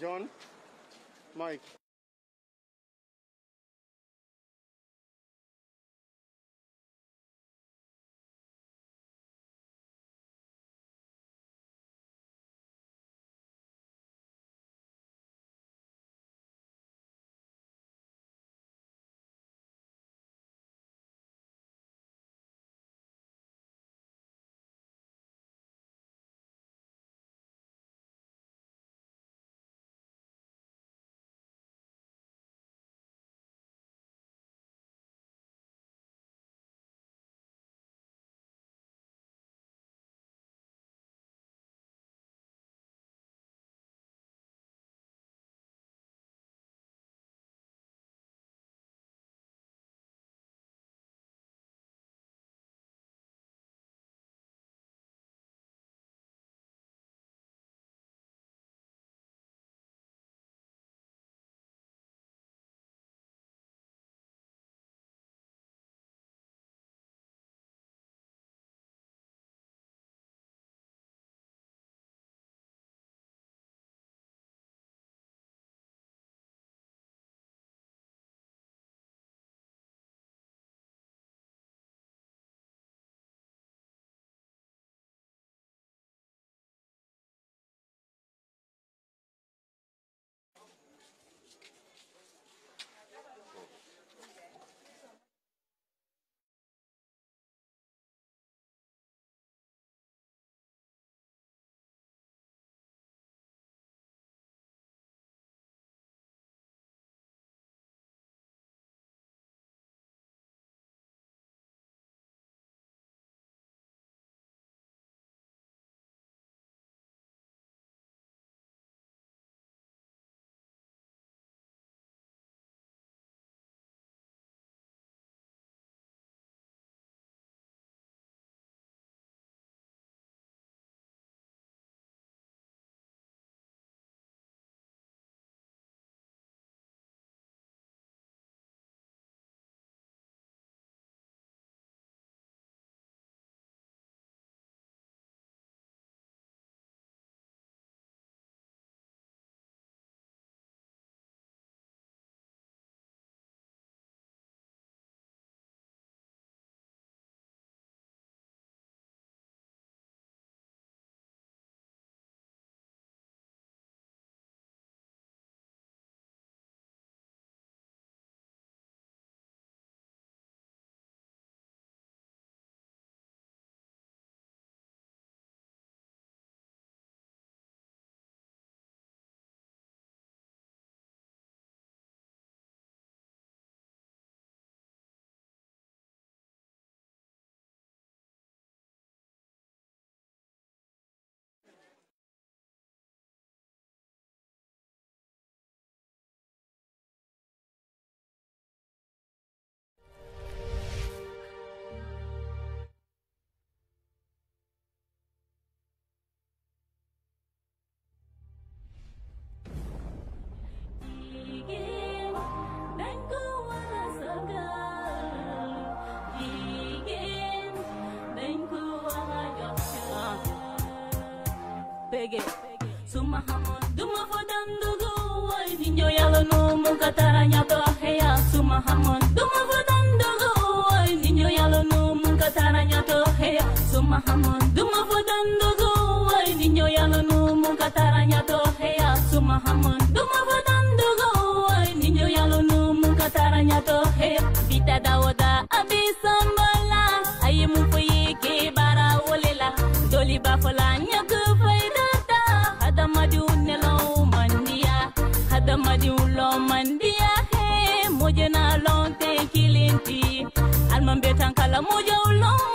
John, Mike. mahama duma fodando go wai dinyo yalo no kataranya to heya sumahama duma fodando go wai dinyo yalo no kataranya to heya bita dawoda abisambala ayi ke bara olela, doli ba fola nyaku faidata hadamadi unelo mandia hadamadi ulo mandia he mojena lonte kilinti almambetan kala mojo ulon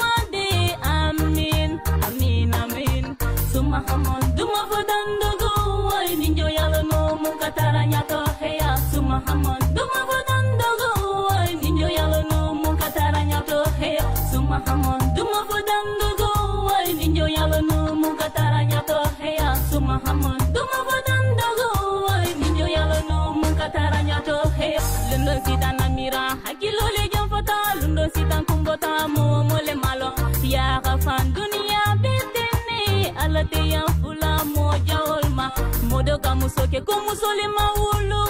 wodo kamusoke kumusole maulu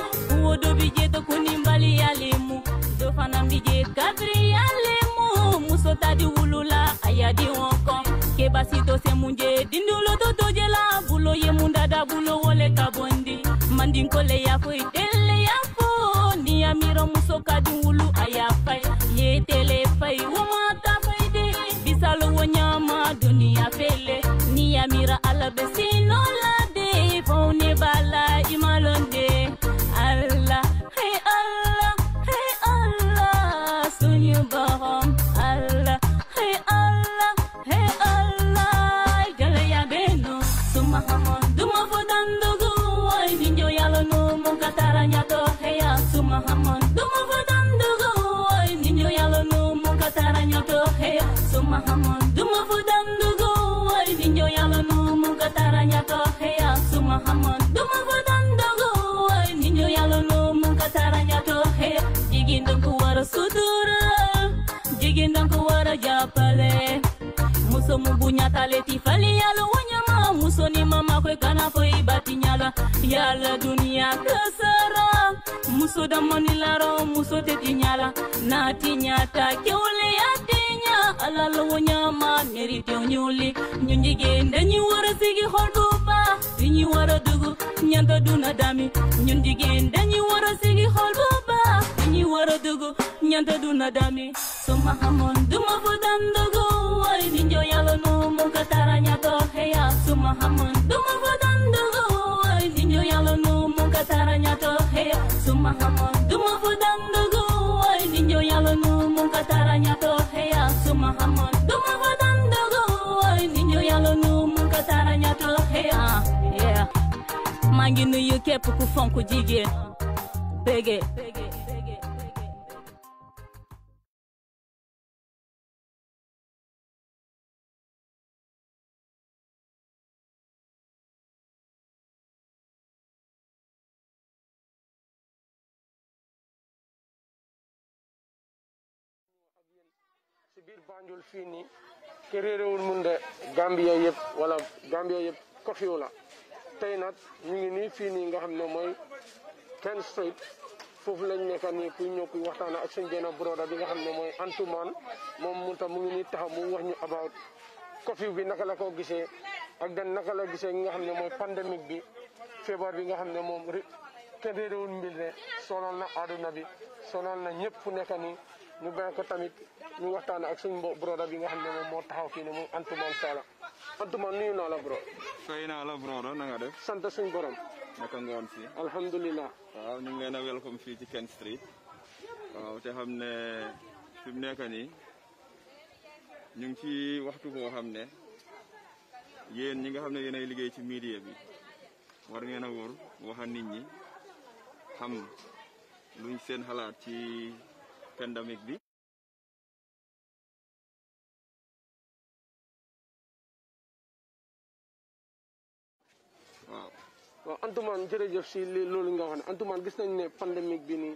wodo bijeto kunimbali ya lemu do fana bije kabiri ya lemu muso tadi wulula a kebasito se dindulo totoje la bulo ye mun dada bulo wole ka bondi mandinkole y'a fo itele y'a fo ni y'a miirɔ muso fai ye tele fai de bisalo wo ɲama duniya fele ni y'a aleti fali yalo wanyama musoni mama kwe kana fo ibati nyala yala dunia kasara muso damoni laro muso teti nyala na tinyata keule yatinya alalo wanyama merite onyuli nyunjige ndanyi warasigi hodupa vinyi waradugu nyanda duna dami nyunjige ndanyi warasigi hodupa vinyi waradugu nyanda duna dami soma hamon duma kataranya tohe ya sumahamun dumago dandago ninyo yalanu mu kataranya tohe ya sumahamun dumago dandago ninyo yalanu mu kataranya tohe ya sumahamun dumago dandago ninyo yalanu mu kataranya tohe ya yeah mangi nuyu képp ku fonk jigéen bége Banjul fii nii ke réeréwul mun de Gambia yëpp wala Gambia yëpp kofiw la tey nag ñu ngi nii fii nii nga xam ne mooy kenn Street foofu lañ nekka nii pour ñëw kuy waxtaan ak suñ benn broda bi nga xam ne mooy Antuman moom mun tam mu ngi nii taxaw mu wax ñu about kofiw bi naka la ko gisee ak dan naka la gisee nga xam ne mooy pandémique bi feebar bi nga xam ne moom kenn réeréwul mbir ne sonal na àdduna bi sonal na ñëpp fu nekka nii ñu bàyyi ko tamit ñu waxtaan ak suñ mbo broda bi nga xam ne moom moo taxaw fii ne moom Antuman Sala Antuman nuyu naa la bro. fay naa la broda na nga def. sant suñu borom. naka nga woon fii. alhamdulilah. waaw ñu ngi leen a welcome fii ci Ken Street. waaw te xam ne fi mu nekk nii ñu ngi ci waxtu boo xam ne yéen ñi nga xam ne yéen ay liggéey ci media bi war ngeen a wóor wax a nit ñi xam luñ seen xalaat ci. pandémique bi waaw waaw Antoumane jërëjëf si li loolu nga wax ne Antoumane gis nañ ne pandémique bi nii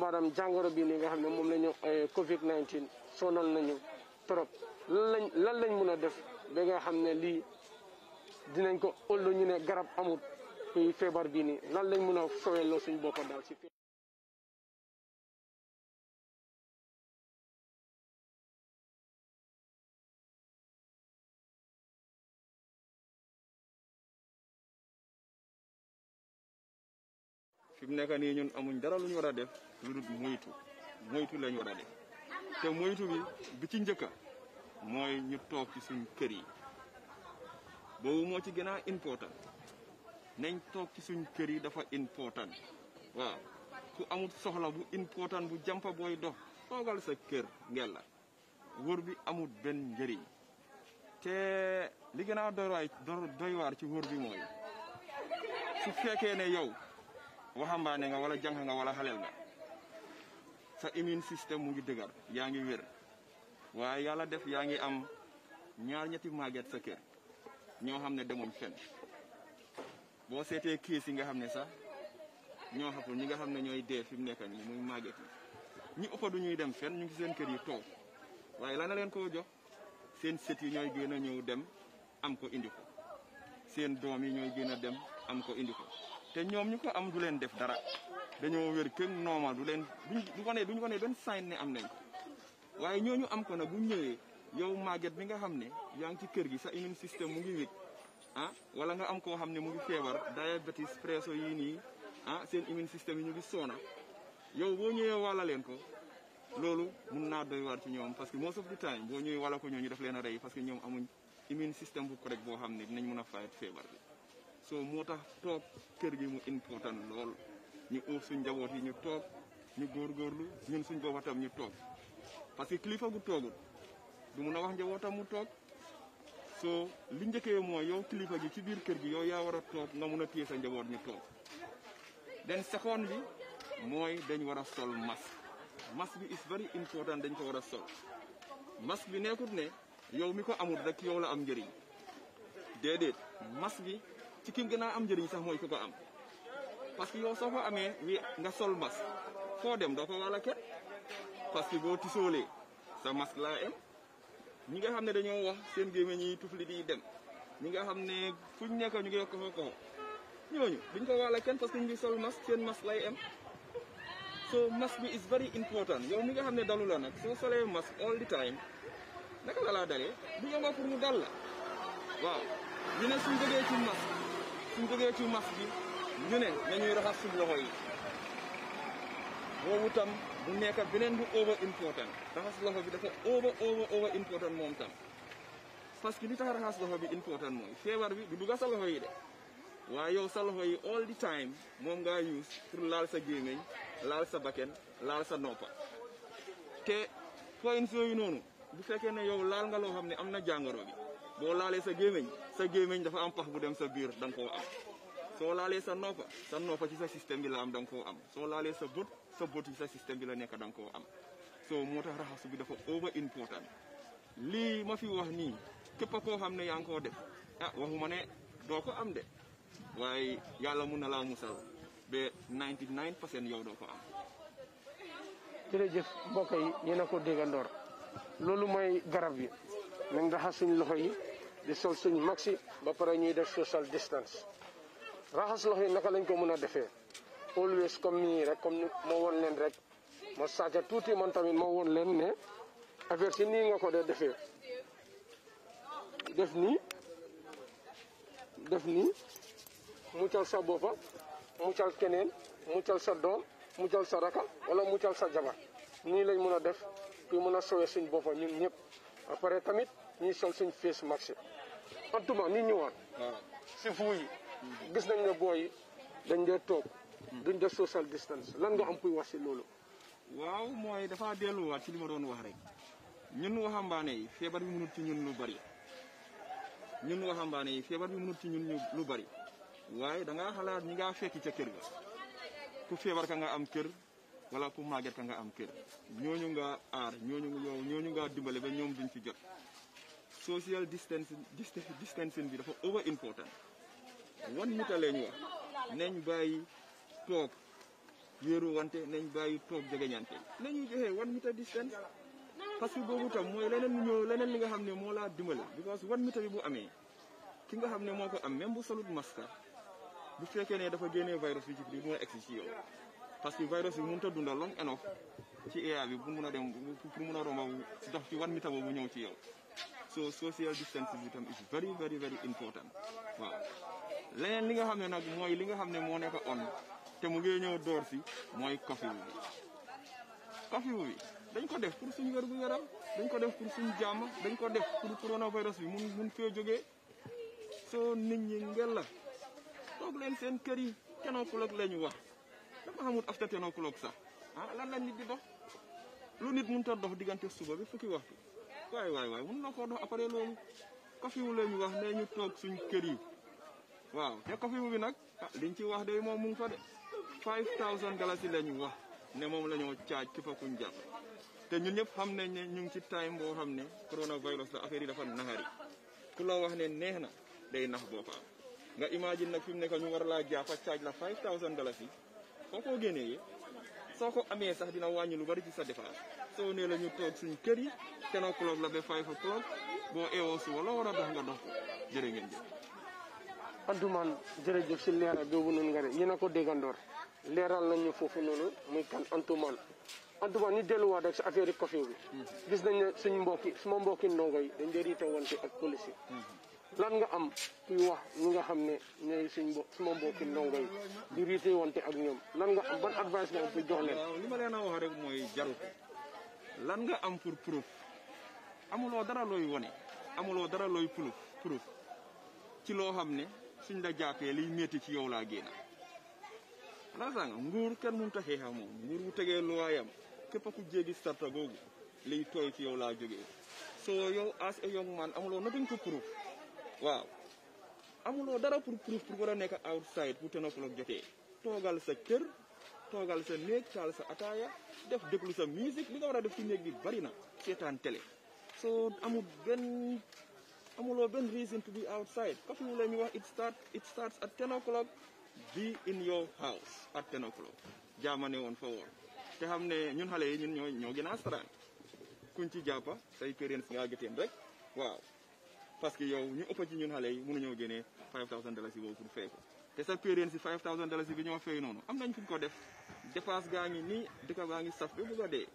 maanaam jàngoro bi nii nga xam ne moom la ñu covid 19 sonal nañu trop lan lañ lan lañ mën a def ba nga xam ne lii dinañ ko ëllu ñu ne garab amut feebar bii nii lan lañ mën a sowelloo suñ boppa daal si fi mu nekk nii ñun amuñ dara lu ñu war a def lu dul moytu moytu lañ war a def te moytu bi bi ci njëkka mooy ñu toog ci suñ kër yi boobu moo ci gën a important nañ toog ci suñ kër yi dafa important waaw ku amul soxla bu important bu jàmpa booy dox toogal sa kër ngel la wër bi amul benn njëriñ te li gën a doy waar ci wër bi mooy su fekkee ne yow waxambaane nga wala jang nga wala halel nga sa immune system mu ngi degar yaa ngi def yangi am ñaar ñetti maget sa kër ño xamne demum fen bo sété seetee kiis yi nga xamne sa ño xaful ñi nga xamne ñoy dé dee fi nekk ni muy maget ñi ëpp du ñuy dem fen ñu ngi seen kër yi waye la na leen ko jox seen set yi ñoy gëna ñew dem am ko indi ko seen doom yi ñoy gëna dem am ko indi ko te ñoom ñu ko am du leen def dara dañoo wér kër normal du leen duñ ko ne duñ ko ne benn sign am nañ ko waaye ñoo ñu am ko nag bu ñëwee yow màgget bi nga xam ne yaa ngi ci kër gi sa immune système mu ngi wékk a ah, wala nga am koo xam ne mu ngi feebar diabetes presso yii nii ah seen immune système yi ñu ngi soona yow boo ñëwee wàlla leen ko loolu mun naa doy waar ñoom parce que most of the time boo ñëwee wala ko ñooñu def leen a rey parce que ñoom amuñ immune système xam ne dinañ mën a fayat feebar so moo tax toog kër gi mu important lool ñu uuf suñ njaboot yi ñu toog ñu góor góorgóorlu ñun suñ booba tam ñu toog parce que kilifa gu toogul du mun a wax njabootam mu toog soo li njëkkee mooy yow kilifa gi ci biir kër gi yow yaa war a toog nga mun a téye sa njaboot ñu toog den seconde bi mooy dañ war a sol masque masque bi is very important dañ ko war a sol masque bi nekkut ne yow mi ko amul rek yow la am njëriñ déedéet masque bi ci kim gëna am jëriñ sax moy ko am parce que yo so fa amé wi nga sol mas fo dem do ko wala ket parce que bo tisoolee sa mas la am ñi nga xamné dañoo wax seen gëmé ñi tufli di dem ñi nga xamné fuñ nekk ñu ngi ko ko ñooñu buñ ko wala kenn parce que ñi sol mas seen mas lay am so mas bi is very important yow mi nga xamné dalu la nak so solé mas all the time naka la laa dalee du yomba pour mu dal la waaw ñu ne suñ jógee ci mas suñ jógee ci mas bi ñu ne nañuy raxas suñ loxo yi boobu tam bu nekk beneen bu over important raxas loxo bi dafa over over over important moom tam parce que li tax raxas loxo bi important mooy feebar bi du dugga sa loxo de waaye yow sa loxo yi all the time moom ngaa use pour laal sa gémmiñ laal sa bakken laal sa noppa te points yooyu noonu bu fekkee ne yow laal nga loo ne am na jàngoro bi bo lalé sa gémmiñ sa gémmiñ dafa am pax bu dem sa biir dang ko am so lalé sa noppa sa noppa ci sa système bi la am dang ko am so lalé sa bët sa bët ci sa système bi la nek dang ko am so motax rahas bi dafa over important Li ma fi wax ni kep ko xam yang ko def ah waxuma ne do ko am de way yalla mu na la musal be 99 yow do ko am jërëjëf mbokk yi yéen a ko déggandoor lolu moy garab yi rahas suñ loxoy di sol suñu maxi ba pare ñuy def social distance raxas loxo yi naka lañ ko mën a defee always comme nii rek comme moo woon leen rek ma saaja tuuti man tamit moo woon leen ne affaire nii nga ko dee defee def nii def nii muccal sa boppa muccal keneen muccal sa doom muccal sa raka wala muccal sa jabar nii lañ mën a def pour mën a sowee suñ boppa ñun ñëpp après tamit Ini sol suñ face marché en tout cas ñu ñëwaat si fuu yi gis nañ ne booy dañ dee toog duñ def social distance lan nga am puy wax si loolu waaw mooy dafa delluwaat ci li ma doon wax rek ñun waxambaane yi feebar bi mënut ci ñun lu bari ñun waxambaane yi feebar bi mënut ci ñun lu bari waaye da ngaa xalaat ñi ngaa fekki ca kër ga ku feebar ka nga am kër wala ku màgget ka nga am kër ñooñu nga aar ñooñu ñooñu nga dimbale ba ñoom duñ ci jot social distancing distancing bi dafa over important wan muta leen wax nañ bàyyi toog wéeru wante nañ bàyyi toog jegeñante nañu joxe wan muta distance parce que boobu tam mooy leneen ñoo leneen li nga xam ne moo laa dimbale because wan muta bi bu amee ki nga xam ne moo ko am même bu salut masque bu fekkee ne dafa génnee virus bi ci biir mën a egsi ci yow parce que virus bi mënut a dunda long enough ci air bi bu mun a dem pour mun a romb dox ci wan muta boobu ñëw ci yow so social distancing itam is very very very important waaw leneen li nga xamne nak moy li nga xamne mo nek on te mu ngey ñew door fi moy coffee bi coffee bi dañ ko def pour suñu wérgu yaram dañ ko def pour suñu jamm dañ ko def pour coronavirus bi mu mu fee jógee so nit ñi ngel la tok leen seen kër yi ko lok lañu wax dafa xamul afta lok sax ah lan nit di dox lu nit mun ta dox digante suba bi fukki waxtu waaye waay waay mun na koo dox après loolu kafiwu la ñu wax ne ñu toog suñ kër yi waaw te kafiwu bi nag ah liñ wax day moom mu ngi fa de 5000 dalasi la ñu wax ne moom la ñoo caaj ki fa kuñ jàpp te ñun ñëpp xam nañ ne ñu ngi ci time boo xam ne coronavirus la affaire yi dafa naxari ku la wax ne neex na day nax boppam nga imagine nag fi mu nekk ñu war laa jàpp caaj la 5000 dalasi foo ko génnee soo ko amee sax dina wàññi lu bari ci sa dépense sewne la ñu tok suñu kër yi ten o'clock la be 5 o'clock bo éwo su wala wara dox nga dox jëre ngeen jëf antu Antuman jërëjëf si leeral boobu noonu nga ne yéen a ko déggandoor leeral nañu fofu nonu muy kan antu man antu man ñu délu delluwaat ak ci affaire café bi gis nañ ne suñ mbokki suma mbokk ndongo yi dañ dee riita wante ak police lan nga am kuy wax ñi nga xam ne suñu suñ suma mbokki ndongay di rité wonte ak ñom lan nga am ban advice nga am jox leen waaw li ma leen wax rek moy jaru lan nga am pur proof amuloo dara looy wone amuloo dara looy proof proof ci loo xam ne suñ la jàppee liy métti ci yow laa génn rasanga nguur kenn mënut a xeexam moom nguur bu tegee luwaayam képp ku jéggi sarta googu liy tooy ci yow laa jógee soo yow as a young man amuloo nothing to proof waaw amuloo dara pour proof pour war a nekk outside bu ten o'clock jotee toogal sa kër toogal sa néeg taal sa ataaya def déglu sa musique li nga war a def ci néeg bi bari na seetaan télé so amul benn amuloo benn reason to be outside kaf lu la ñu wax it start it starts at ten o'clock be in your house at ten o'clock jaamane woon fa woon te xam ne ñun xale yi ñun ñoo ñoo gën a saraan kuñ ci jàppa say parents nga gëteen rek waaw parce que yow ñu ëpp ci ñun xale yi mënuñoo génnee 5000 dollars yi boobu pour fay ko te sa période si 5000 dalasi bi ñoo fay noonu am nañ fu ko def dépense gaa ngi nii dëkk baa ngi saf bi bu ko dee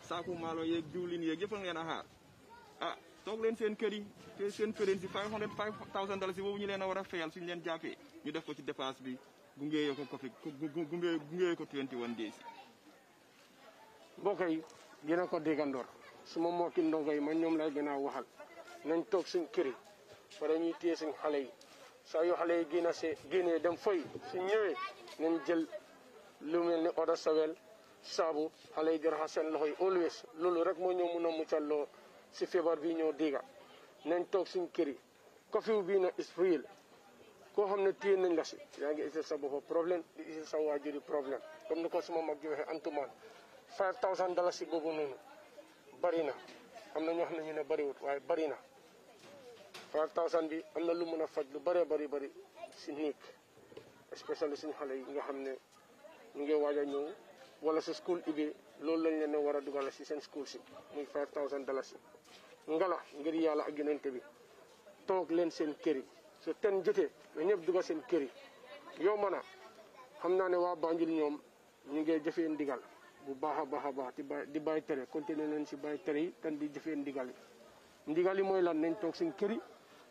saaku maalo yeeg diwlin yeeg yëpp ngeen a xaar ah toog leen seen kër yi te seen période si 500 5000 dalasi boobu ñu leen a war a fayal suñu leen jàppee ñu def ko ci dépense bi gungee ko ko fi gungee gungee ko 21 days mbokk yi dina ko déggandoor su ma mbokki ndongo yi man ñoom lay gën a waxal nañ toog suñ kër yi pare ñuy téye suñ xale yi saa yoo xale yi génn see génnee dem foy si ñëwee nañ jël lu mel ni oda sawel saabu xale yi di raxas seen loxo yi always loolu rek moo ñëw mun a loo si feebar bi ñëw diga nañ toog suñ kër ko curfew bii na is real koo xam ne téye nañ la si yaa ngi isil sa bopp problème di isil sa waajur yi problème comme ni ko suma mag ji waxee antumaan five thousand dalasi boobu noonu bari na am na ñoo xam ne ñu ne bariwut waaye bari na Frank Townsend bi am na lu mën a faj lu bëree bëri bëri si niig especially suñu xale yi nga xam ne ñu ngi waaj ñëw wala su school ibi loolu lañ leen war a dugale si seen school si muy 5000 dalasi ngala ngir yàlla ak yonente bi toog leen seen kër yi su ten jotee na ñëpp dugal seen kër yi yow mën a xam naa ne waa Banjul ñoom ñu ngi jëfee ndigal bu baax a baax a baax di bàyyi tere continuer leen si bàyyi tere yi ten di jëfee ndigal yi ndigal yi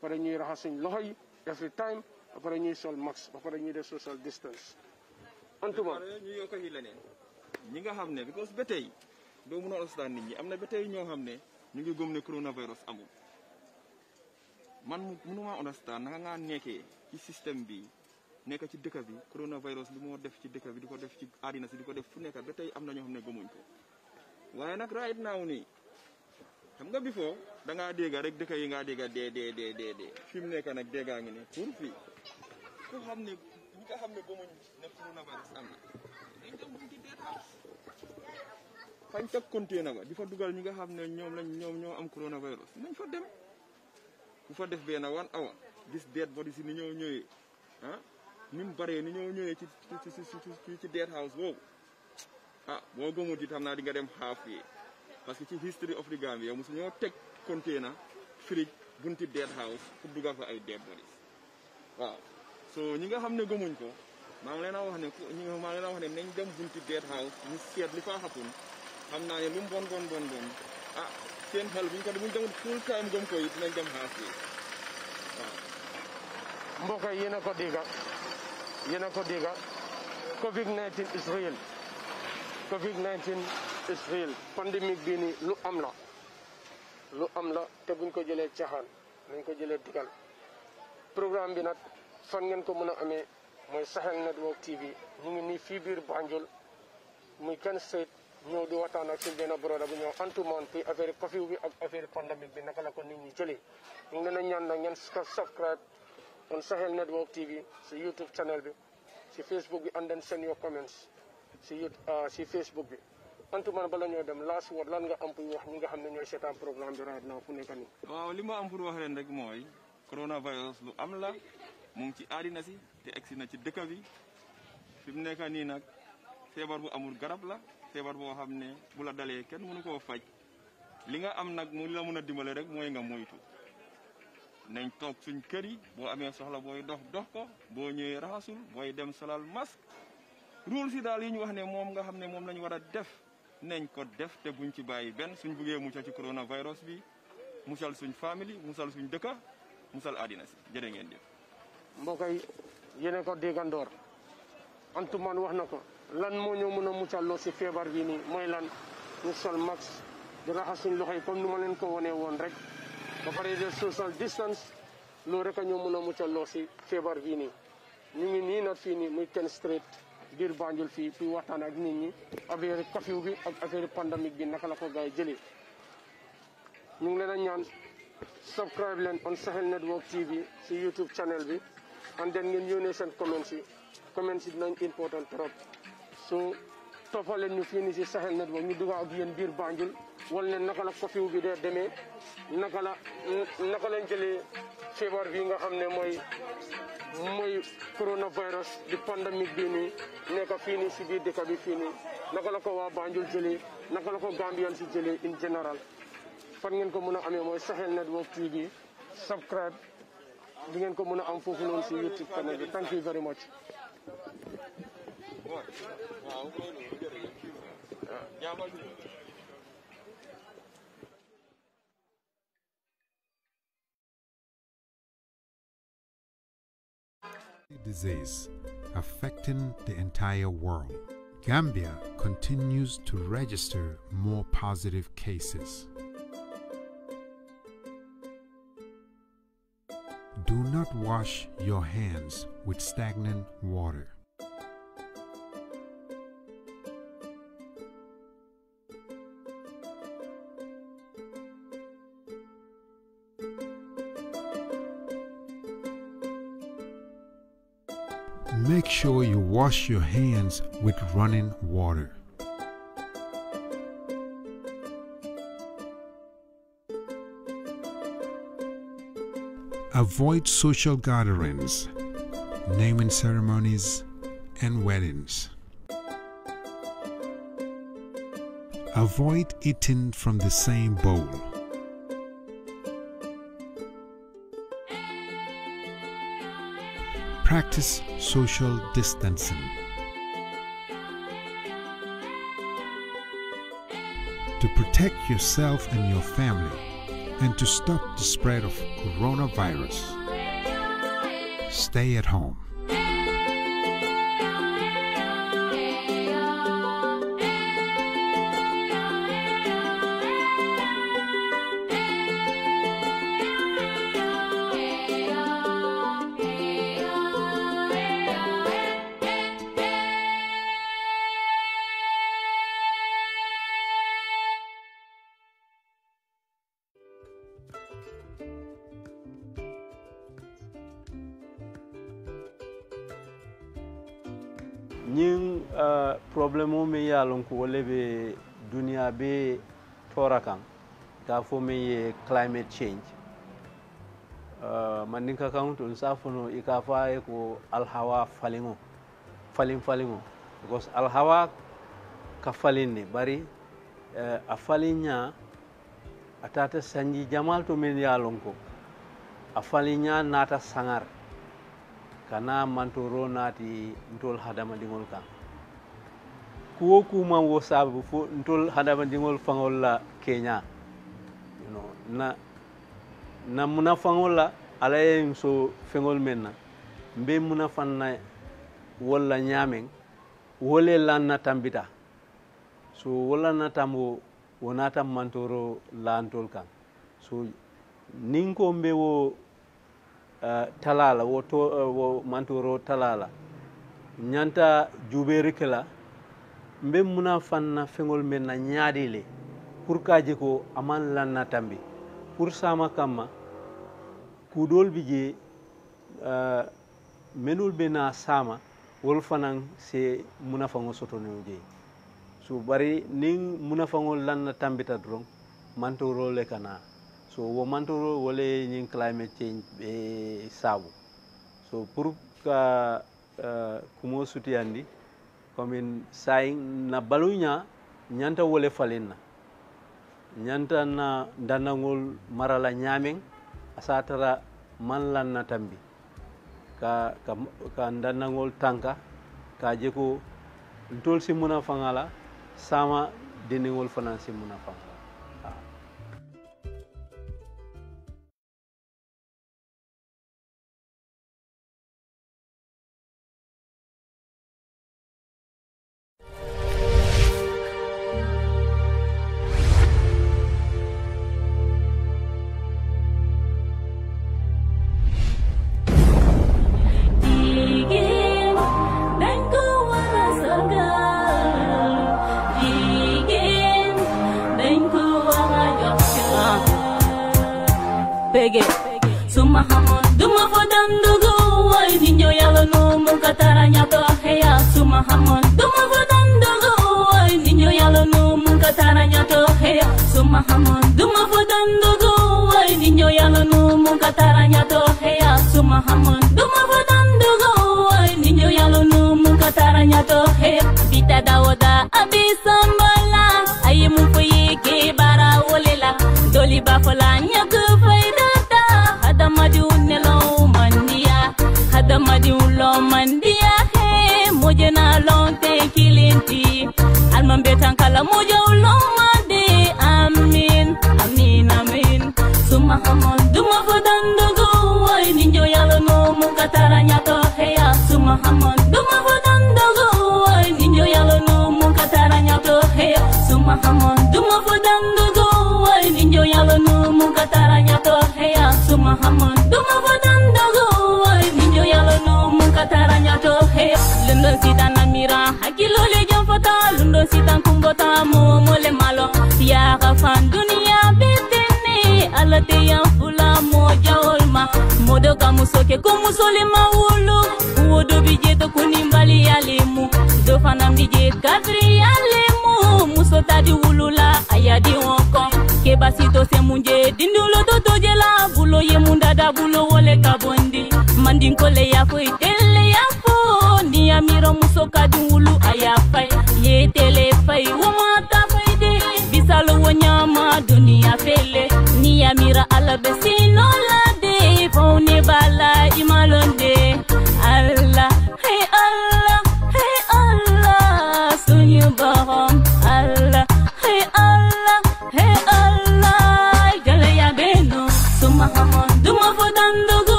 pare ñuy raxas suñ loxo yi every time ba pare ñuy sol max ba pare ñuy def social distance. antuma ñu yokk yi leneen ñi nga xam ne because ba tey doo mun a ostaan nit ñi am na ba tey ñoo xam ne ñu ngi gëm ne coronavirus amul man mënuma understand naka ngaa nekkee ci système bi nekk ci dëkk bi coronavirus li moo def ci dëkk bi di ko def ci àddina si di ko def fu nekk ba tey am na ñoo xam ne gëmuñ ko waaye nag right now nii xam nga bi foo da ngaa dégg rek dëkk yi ngaa dégg dee dee dee dee dee fi mu nekk nag déggaa ngi ni pour fii ku xam ne ñi nga xam ne ba muñ ne coronavirus am na dañ di fa dugal ñi nga xam ne ñoom lañ ñoom ñoo am coronavirus nañ fa dem fa def benn wan awa gis deet body si ni ñoo ñëwee ah ni mu baree ni ñëw ñëwee ci ci ci ci deet house boobu ah boo gëmut xam naa di nga dem xaaf yi parce que ci history of the Gambia mosu ñoo teg container fridge bunti dead house pour dugal fa ay dead bodies waaw so ñi nga xam ne gëmuñ ko maa ngi leen a wax ne ñi nga leen a wax ne nañ dem bunti dead house ñu seet li faa xapun xam naa ne lu bon bon bon bon ah seen xel buñ ko buñ demul full time gëm ko it nañ dem xaas bi waaw yi yéen a ko dégga yéen a ko dégga covid 19 is COVID-19 is real pandemic bii nii lu am la lu am la te buñ ko jëlee caaxaan nañ ko jëlé digal programme bi nak fan ngeen ko mëna amé moy Sahel Network TV ñu ngi ni fi bir Banjul muy kan seet ñoo di waxtaan ak suñ benn broda bu ñëw antu monti affaire Covid bi ak affaire pandemic bi naka la ko nit ñi jëlé ñu ngi leen ñaan na ngeen subscribe on Sahel Network TV si YouTube channel bi si Facebook bi and then send your comments si ah, si Facebook bi Antoumane bala ñoo dem last word lan nga am pour wax ñi nga xam ne ñooy programme bi right now fu nekk ni waaw li ma am pour wax len rek mooy coronavirus lu am la mu ngi ci adina si te egsi na ci dekk bi fim nekk kan ni nak febar bu amul garab la febar bo xamne bu la dalé kenn mënu ko fajj li nga am nak mu la mëna dimbalé rek moy nga moytu nañ tok suñ kër yi bo amé soxla boy dox dox ko bo ñëwee rasul boy dem salal masque rôle si dal yi ñu wax ne mom nga xamne mom lañu wara def nañ ko def te buñ ci bayyi ben suñ bëggee mu ci coronavirus bi musal suñ family musal suñ dëkka musal adina ci jëre ngeen jëf mbokk yi yéen ko antu man wax nako lan moo ñëw mën a lo ci fever bi ni moy lan ñu max di raxas suñ loxo comme ni ma leen ko woné won rek ba pare de social distance lo rek ñu mëna musal a muccalloo si feebar bi ni ñu ngi ni na fini muy ten Street biir Banjul fii pour waxtaan ak nit ñi affaire kafiw bi ak affaire pandémique bi naka la ko gars yi jëlee ñu ngi leen a ñaan subscribe leen on Sahel Network TV si YouTube channel bi and then ngeen yónnee seen comments yi comments yi dinañ important trop so toppal leen ñu fii nii si Sahel Network ñu dugal ak biir Banjul wal ne naka la Covid bi de demé naka la naka lañ jëlee feebar bi nga xamné moy moy coronavirus di pandémie bi ni nekk fii nii si biir dëkk bi fii nii naka la ko wa Banjul jëlé naka la ko Gambian ci jëlé in général fan ngeen ko mën a amee mooy Sahel Network TV subscribe di ngeen ko mëna am fofu non ci YouTube channel bi thank you very much waaw disease affecting the entire world. Gambia continues to register more positive cases. Do not wash your hands with stagnant water. wash your hands with running water. Avoid social gatherings, naming ceremonies, and weddings. Avoid eating from the same bowl. practice social distancing. To protect yourself and your family and to stop the spread of coronavirus, stay at home. performing eh, climate change uh, mandinka count on safono ikafa eh, ko alhawa falingo falin falingo because alhawa ka falin ne bari uh, a falinya a tata sanji jamal to men ya lonko a falinya nata sangar kana mantoro nati ntol hadamadiŋol kaŋ kuwo kuma wo sababu fo ntol hadamadiŋol faŋol la keña na na munafaŋolla ala ye so feŋol men na mbe munafaŋ na wolla ñaameŋ wole lan natambita so wolla natam wo wo naata mantoro laantol kan so niŋ ko mbe wo uh, eh, tala la wo to uh, wo mantoro tala la ñanta juuɓeeri ke la mbe munafaŋ na feŋol men na ñaadi le pour ka je ko a maŋ lan natambi pour eh, sama kamma kudol bi menul be sama wol fanan se munafango soto je so bari nin munafango lanna tambita dron mantoro le kana so wo mantoro wole ning climate change ɓe saabu so pour ka uh, eh, kumo sutiyandi commune sayin na baluña ñanta wole falinna ñantan dandagol marala ñaameŋ a sa tara man lanna na tambi ka, ka, ka dandagol tanka ka jeko ko ntol si la sama diniŋol fanan si muna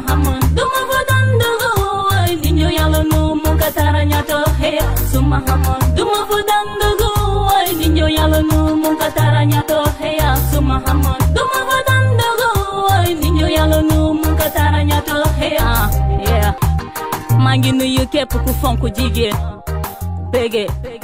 Muhammad Duma fadan daga hoy ninyo yalo no mo kataranya to he summa Muhammad Duma fadan daga hoy ninyo yalo no mo kataranya to he summa Muhammad Duma fadan daga hoy yalo no mo kataranya to he yeah manginu yuke puku fonku jige bege, bege.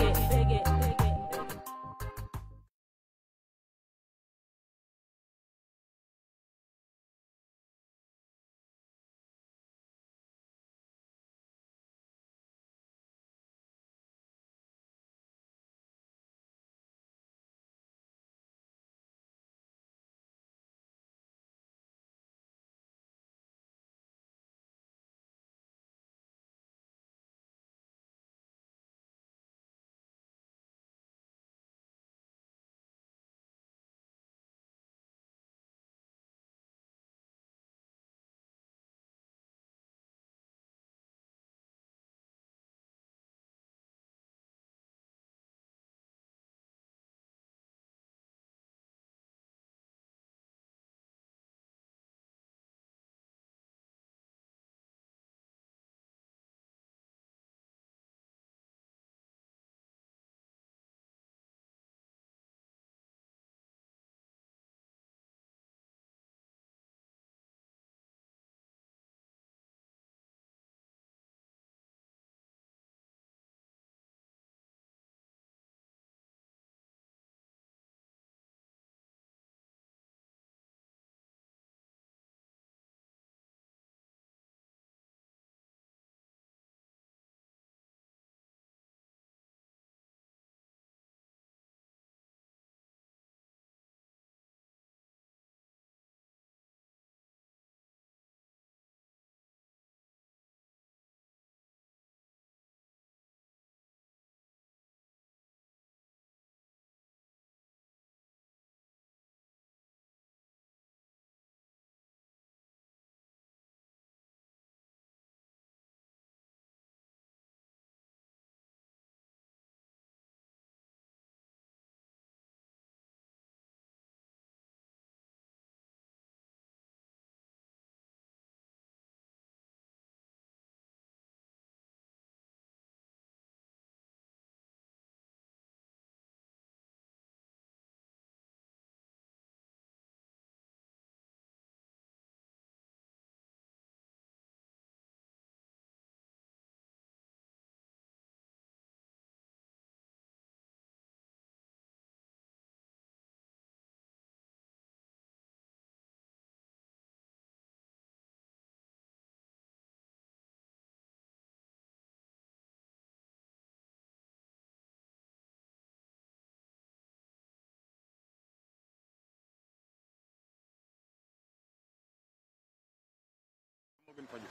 gën faju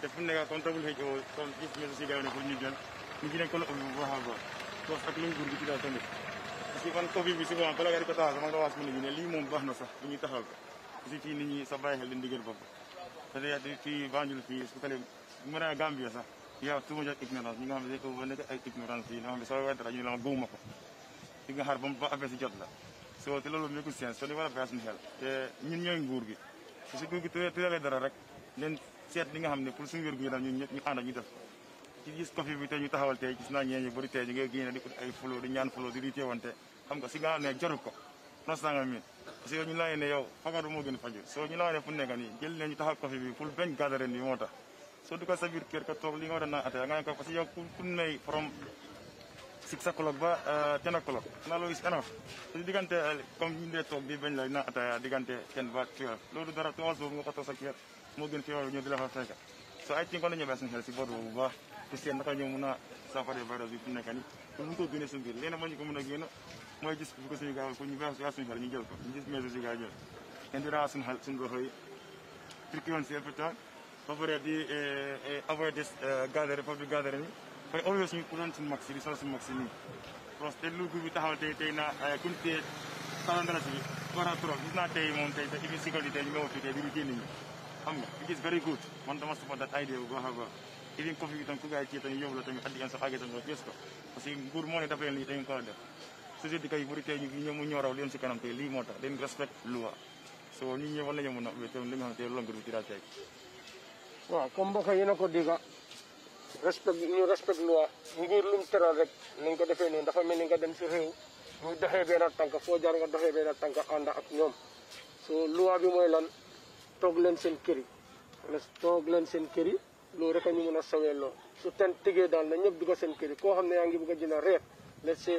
te fu mu nekk comptable xëy ko comme gis nga si gars yi ne pour ñu jël ñu ci nekkoon ubbi bu baax a baax toog ak luñ gur gi ci daal tamit parce que man Covid bi souvent bala nga di ko taxaw sama nga waas mu ne ñu ne lii moom baax na sax bu ñuy taxaw ko parce que fii nit ñi sa bàyyi xel dañ di gën bopp parce que fii Banjul fii su ko mën a Gambie sax yow tuma jot ignorance ñi nga xam ne ko nekk ay ignorance yi nga xam ne soo wante rajo la ma gëmuma ko di nga xaar ba ba affaire si jot la soo te loolu nekkul science soo ni war a bàyyi suñu xel te ñun ñooy nguur gi su si nguur gi tudalee dara rek leen set li nga xamne pour suñu wér gu yaram ñun ñëpp ñu ànd ak ñu def ci gis Covid bi tey ñu taxawal tey gis na ñeñu bari bëri tey ñu ngay génne di ko ay flo di ñaan flo di riitewante xam nga si nga xam ne jaru ko nga mi ci ñu lay ne yow fagaru mo gën faju so ñu lay ne fu nekk nii jël ñu taxaw Covid bi pour bañ gadareen bi moo tax du ko sa bir kër ka tok li nga wara na naan nga ne ko ci yow ku nay from six o'clock ba euh, ten o'clock lo is enough su diggante euh, comme ñu dee tok bi bañ la na ataya diggante ten ba twelve lolu dara to boobu nga ko toog sa kër moo gën fi yow ñëw di la fa fekk so ay ci ko nañu bàyyi suñu xel si boor boobu bu baax te seet naka ñoo mun a saafara virus bi fi nekk nii pour mun koo génne suñu biir léegi nag moo ñu ko mun a génne mooy gis bu ko suñu gaaw pour ñu bàyyi suñu xel ñu jël ko ñu gis mesures yi gaa jël kenn di raxas suñu xel suñu loxo yi précaution si every time ba pare di eh, eh, avoid this eh, gathering public gathering fay always ñu kuloon suñu max yi di sol suñu max yi nii parce que lu gu bi taxaw tey tey na kuñ tee salandras bi war a trop gis naa tey moom tey te ifi si ko di tey ñu nga woo fii tey di génn ñi xam it is very good man dama support that idea bu baax even coffee bi tam ku ci tamit yóbbu la tamit addi yan sa xaage tamit gis ko parce que ne ko kay ñu si kanam respect loi so nit ñi mana yang mën betul betul yang li nga xam te loolu nga comme ko diga respect ñu respect loi nguur lu mu tëral rek nañ ko defee noonu dafa mel nga dem so loi bi toog leen seen kër yi wala toog kër yi loolu rek a ñu mën a sawee lool su ten tëggee daal na ñëpp dugg seen kër yi koo xam ne yaa ngi bëgg a jënd reer let's say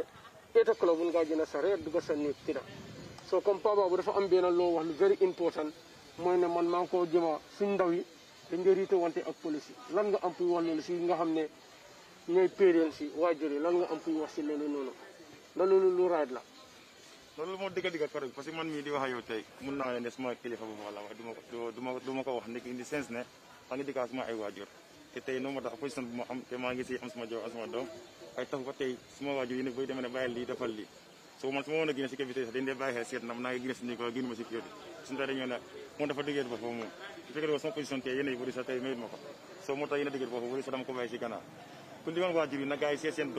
eight o'clock bu ngaa jënd sa reer dugg sa néeg tëdda soo comme papa bu dafa am benn loo wax lu very important mooy ne man maa ngi koo jëma suñ ndaw yi dañ nga riite wante ak police lan nga am puy wax loolu si nga xam ne ñooy parents yi waajur yi lan nga am puy wax si loolu noonu na loolu lu raaj la loolu moo dëgg dëgg correct parce que man mii di wax ak mun naa ne ne suma kilifa bu wax la du ma ko du ma ko wax sens ne am suma doom ay tax ba tey suma waajur yi ne boy demee lii defal lii so man su ma woon a si kër bi tey sax dañ dee bàyyi xel seet na naa ngi génne si ndiko génn ma si kër bi suñu tax dañoo ne moom dafa dëggeet ba foofu moom su fekkee sama position tey yéen a bëri sax tey mayit ma ko so moo a ba foofu bëri sax dama ko na gars yi seet seen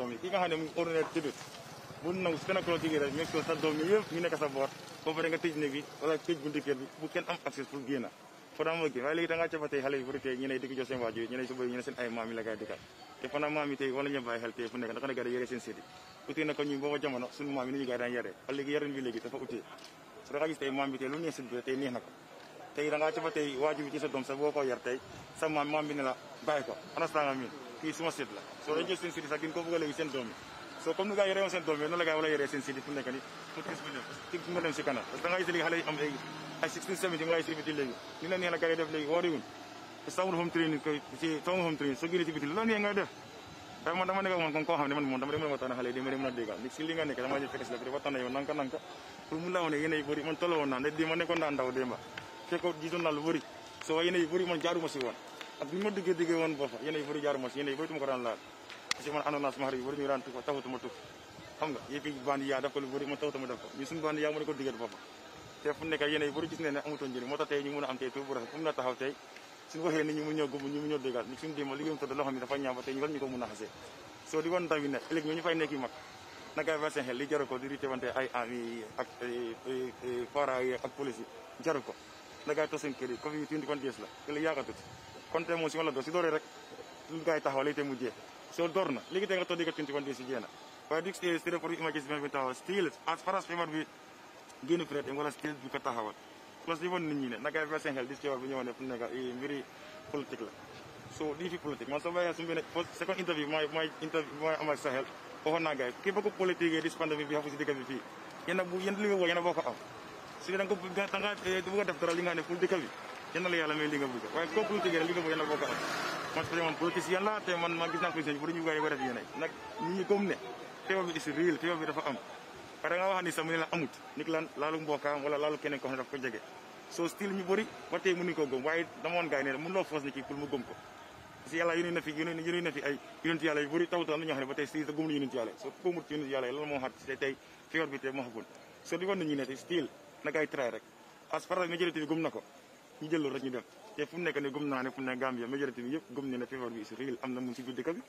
bu nangu su kenn ku la nekk bi wala tëj buntu kër bi bu kenn am accès pour génn fana moo gën waaye léegi gaa dikkaat te léegi yarin bi léegi dafa utee soo dañ jël seen séddi sax gën ko bëgg léegi seen doom so comme ni gars yi réewoon doom yi noonu la gars wala yoree sen sidi fu nekk nii pour gis mu dem fu mu dem si kanam parce que nga gis léegi xale am ay 16 17 mu lay si biti léegi ni la neex la gars yi def léegi wariwuñ sawul home training koy si sawul home training soo génnee si biti lu la nga def waaye man dama nekk moom comme koo xam man moom dama dem waxtaan xale yi dama dem mën ni si li nga nekk dama jël fekk si la ko waxtaan yow nanka nanka pour mu laa wane yéen ay bëri man tolloo woon naa ndé ma nekkoon naa ndaw démba fekk di naa lu bëri so yéen ay bëri man jaaruma si woon ak ni ma duggee duggee woon boofa yéen ay jaaruma tuma ko laal parce que man àndoon naa sama xarit yu bëri ñu daan tukk taxutuma tukk xam nga yëpp bandi yaa def ko lu bëri man taxutuma def ko ñu suñu bandi yaa mën ko digal boppam te fu nekk yéen yi bëri gis ne amutoon njëriñ moo tax tey ñu a mu na taxaw tey suñu waxee a soo di woon ndaw yi ne ëllëg ñu fay nekk mag na ngay seen xel li jaru di rite wante ay ami ak fara ak police yi jaru ko na ngay toog seen kër yi comme yi tuuti kon jees la kon te mu So Dorna, ligi tengah tu dekat 21 days again. But this is still for image is been tower still as far as payment we gain credit and wala still buka tahawat. Plus even ni ni nak ada sen hel this job punya mana pun nak eh politik lah. So di politik masa saya sumber second interview my my interview my my sahel oh naga kipa ko politik di pandemi bi hafu sidika bi yana bu yana liwa yana boko am sidan ko tangga. eh tu buka daftar linga ne politik bi yana le yala me linga buka wai ko politik yana linga yana boko am parce que man politicien laa te man man gis naa politicien ya, yu ya, bëri ñu koy war a yéene nag ñi ñu gëm ne feebar bi is réel feebar bi dafa am pare nga wax ni sama la amut nit lan lalu mbokkaam wala lalu keneen ko xam ne dafa ko jege soo style ñu bëri ba tey mënuñu ko gëm waaye damoon gars yi ne mënuloo force ni kii pour mu gëm ko parce que yàlla yónni na fi yónni na fi ay yónent yàlla yu bëri tawutal am na ñoo xam ne ba tey style sa gëm la yónent yàlla soo gëmut ci yónent lan moo xat te tey feebar bi te moo xagun soo di woon nañu ne style na gars yi rek as far majorité bi gëm na nako, ñu jël loolu rek ñu dem te fu mu nekk ne gëm naa ne fu mu nekk Gambia majorité bi yëpp gëm ne ne feebar bi Israël am na mu ci biir dëkk bi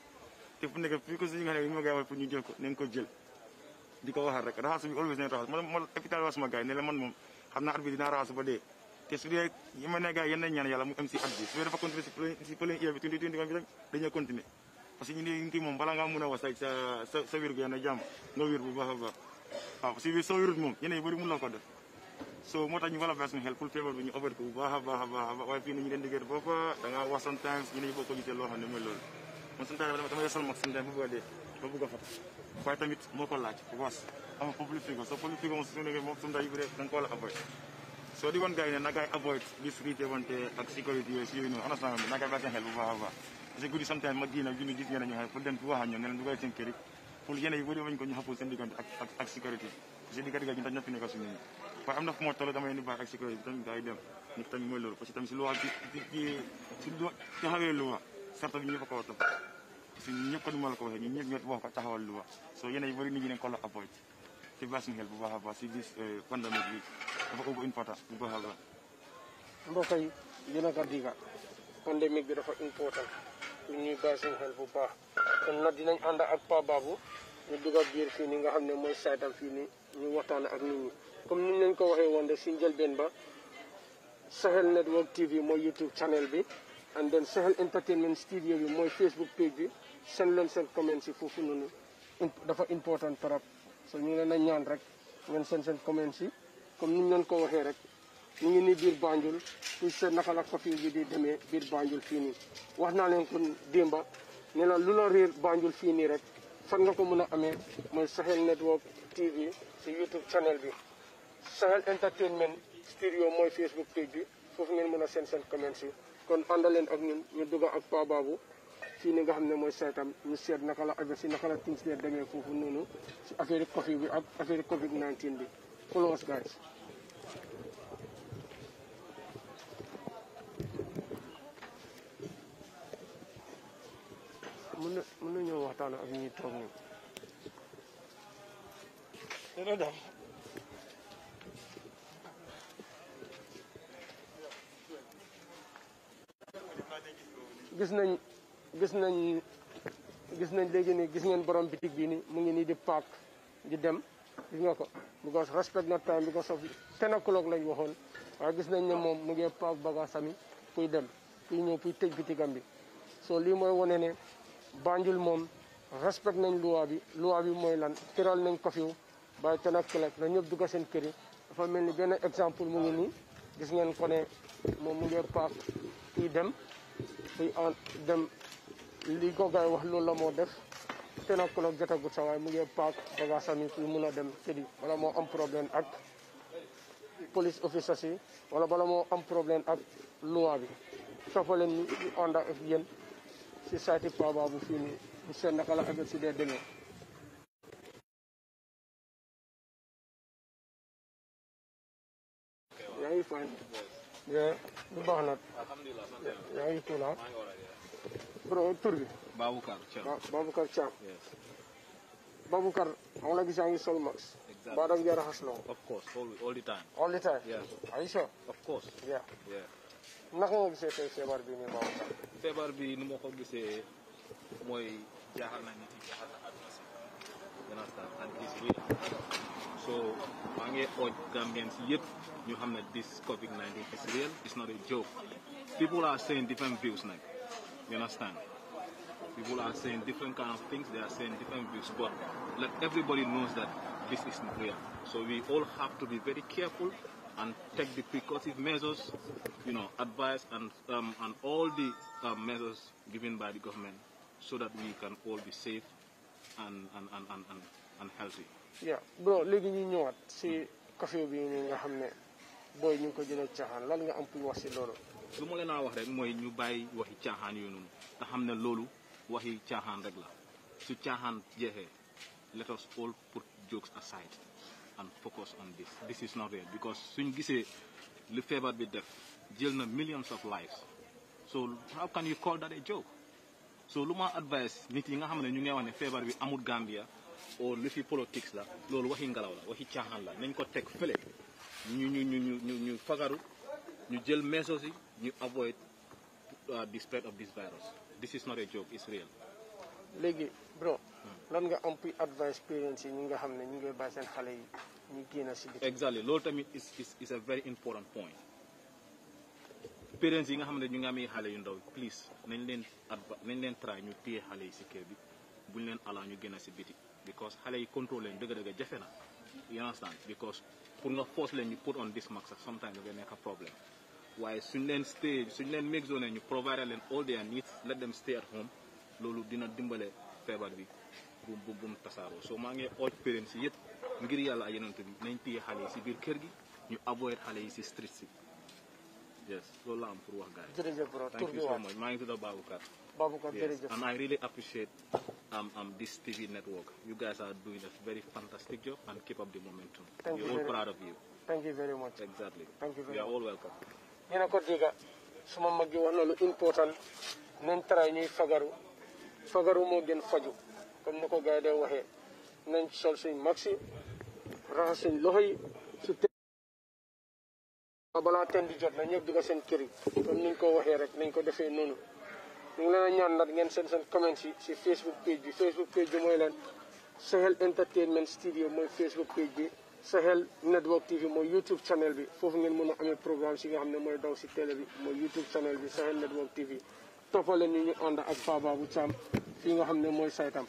fu mu nekk ko suñu nga xam ne ñu ma gaamal ñu jël ko nañ ko jël di ko waxal rek raxasu bi always nañ raxas ma ma hôpital waa suma gars yi ne la man moom xam naa at bi dinaa raxasu ba dee te su dee yi ma ne gars ñaan yàlla mu am si at su dafa continuer si si plein heure bi tuuti tuuti bi rek dañoo continuer parce que ñu ne kii moom balaa nga mën wax sa sa sa wér gu yàlla jàmm nga wér bu baax a baax waaw parce que soo wérut moom ñeneen yi bëri la ko def so moo tax ñu war a bàyyi suñu xel pour feebar bi ñu obat ko bu baax a baax a baax waaye fii ni ñu leen diggante boppa da ngaa wax sometimes ñu ne bokkoo gisee loo xam ne mooy loolu man sometimes dama dama yosal mag sometimes ba bëgg a dee ba bëgg a fat waaye tamit moo ko laaj was ama publicité ko so publicité ko moom suñu nekkee moom sometimes yëpp rek da nga ko war a avoid so di wan gars yi ne na gars yi avoid discrété wante ak sécurité yooyu si yooyu noonu anasana bi na gars yi bàyyi seen xel bu baax a baax parce que guddi sometimes ma diina junni gis ngeen ñoo xam ne pour dem bi wax ñoom ne leen dugal seen kër pour yene yi bëri mañ ko ñu xapul seen diggante ak ak sécurité syndicat ga ñun tam ñoo fi nekkal suñu waaye am na fu moo toll dama leen di baax ak sécurité bi Pas gars yi dem nit tamit mooy loolu parce que tamit si loi bi ci si loi ci xawee loi sarta bi ñëpp a ko war a topp parce que ñëpp kon ma la ko waxee ñun ñëpp ñoo wax ko taxawal loi soo yeneen yu bëri nit ñi ne ko la appoint te baax suñu xel bu baax a baax si gis eh, pandémie bi dafa ëpp important bu baax a baax mbokk yi dina ko diga pandémie bi dafa important ñuy baax suñu bu baax kon nag dinañ ànd ak Pa Babou ñu dugal biir fii nii nga xam ne mooy saytam fii nii ñu waxtaan ak nit ñi comme niñ lañ ko waxee woon de si njëlbeen ba Sahel Network TV mooy YouTube channel bi and then Sahel Entertainment Studio bi mooy Facebook page bi seen leen seen comment si foofu noonu dafa important trop so ñu leen a ñaan rek ngeen seen seen comment si comme niñ ko waxee rek ñu ngi nii biir Banjul kuy seet naka la couvre-feu bi di demee biir Banjul fii nii wax naa leen ko démba ne la lu la réer Banjul fii nii rek fan nga ko mën a amee mooy Sahel Network TV si YouTube channel bi Sahel Entertainment Studio mooy Facebook page bi foofu ngeen mën a seen seen comments yi kon àndaleen ak ñun ñu dugg ak Pa bu fii ni nga xam ne mooy saytam ñu seet naka la agsi naka la things dee demee foofu noonu si affaire Covid bi ak affaire Covid 19 bi close guys mën na mën nañoo waxtaan ak ñi toog nii. gis nañ gis nañ gis nañ léegi ni gis ngeen borom bitig bii mu ngi nii di paak di dem gis nga ko because respect na time because of ten o'clock lañ waxoon waaye gis nañ ne moom mu ngi paak bagage sami dem puy ñëw puy tëj bitigam bi so lii mooy wone ne Banjul moom respect nañ loi bi loi bi mooy lan tëral nañ ko fiw bàyyi te nag kilak na ñëpp dugg seen kër yi dafa mel ni benn exemple mu ngi nii gis ngeen ko ne moom mu ngee paak kuy dem kuy en dem li ko gay wax loolu la moo def te nag kilak jotagut sa waaye mu ngee paak bagaasam yi kuy mun a dem kër yi wala moo am problème ak police officers yi wala bala moo am problème ak loi bi soo fa leen ak yéen society faabaabu fii nii mu seet naka la affaire si dee demee yaa ngi fànn lu baax nag yaa ngi tuula tur bi Baboucar Thiam Baboucar Thiam Baboucar am la gis sol max ba danga raxas all the time all the time naka nga gisee tey feebar bi moo ko feebar bi ni ma ko gisee mooy jaaxal na nit yi jaaxal na àdduna si gis bi so maa ngi ooj Gambian yëpp ñu xam ne COVID-19 is real it's not a joke people are saying different views nag you understand people are saying different kind of things they are saying different views but let everybody knows that this is real so we all have to be very careful and take the precautionary measures, you know, advice and, um, and all the uh, measures given by the government so that we can all be safe and, and, and, and, and, and healthy. Yeah, bro, let me know what. See, coffee being in xam ne booy ñu ngi ko jëlee caaxaan lan nga am pour wax si loolu. lu ma leen a wax rek mooy ñu bàyyi waxi caaxaan yooyu noonu te xam ne loolu waxi caaxaan rek la let us all put jokes aside and focus on this this is not real because suñ gisee lu feebar bi def jël na millions of lives so how can you call that a joke so lu ma advice nit yi nga xam ne ñu ngi wax ne feebar bi amul Gambia o lu fi politics la loolu waxi ngelaw la waxi caaxaan la nañ ko teg fële ñu ñu ñu ñu ñu fagaru ñu jël measures yi ñu avoid uh, the spread of this virus this is not a joke it's real léegi bro lan nga am advice parents yi nga xale yi exactly loolu tamit is is a very important point parents yi nga xam ne ñu ngi amee xale yu ndaw please nañ leen nañ leen try ñu téye xale yi si kër bi buñ leen alaa ñu because xale yi contrôle leen degg na you understand because pour nga force leen ñu put on this mask sometimes dafay nekk problème waaye suñ leen stay suñ leen make zone ñu provide leen all their needs let them stay at home loolu dina dimbale feebar bi bu bu bu mu tasaaroo soo maa ngi parents yi ngir yalla ay yonent bi nañ téye xalé ci bir kër gi ñu avoid xalé yi street ci yes lo la am pour wax gaay yi. jërëjëf bro tur bi waaw maa ngi kat. Babu kat. jërëjëf yes and I really appreciate um, um, this TV network you guys are doing a very fantastic job and keep up the momentum. thank you very we all proud of you. thank you very much exactly. thank you very much you are all welcome. ñena ko diga suma mag yi lu important nañ try ñuy fagaru fagaru mo gën faju comme ni ko gars yi day waxee nañ sol suñ maxi raxas loxo yi su te balaa ten di jot na ñëpp dugg seen kër yi comme niñ ko waxee rek nañ ko defee noonu ñu ngi leen a ñaan nag ngeen seen seen comments yi si facebook page bi facebook page bi mooy leen Sahel Entertainment Studio mooy facebook page bi Sahel Network TV mooy YouTube channel bi foofu ngeen mën a amee programme si nga xam ne mooy daw si télé bi mooy YouTube channel bi Sahel Network TV toppal leen ñu ñu ànd ak Faba bu Thiam fii nga xam ne mooy saytam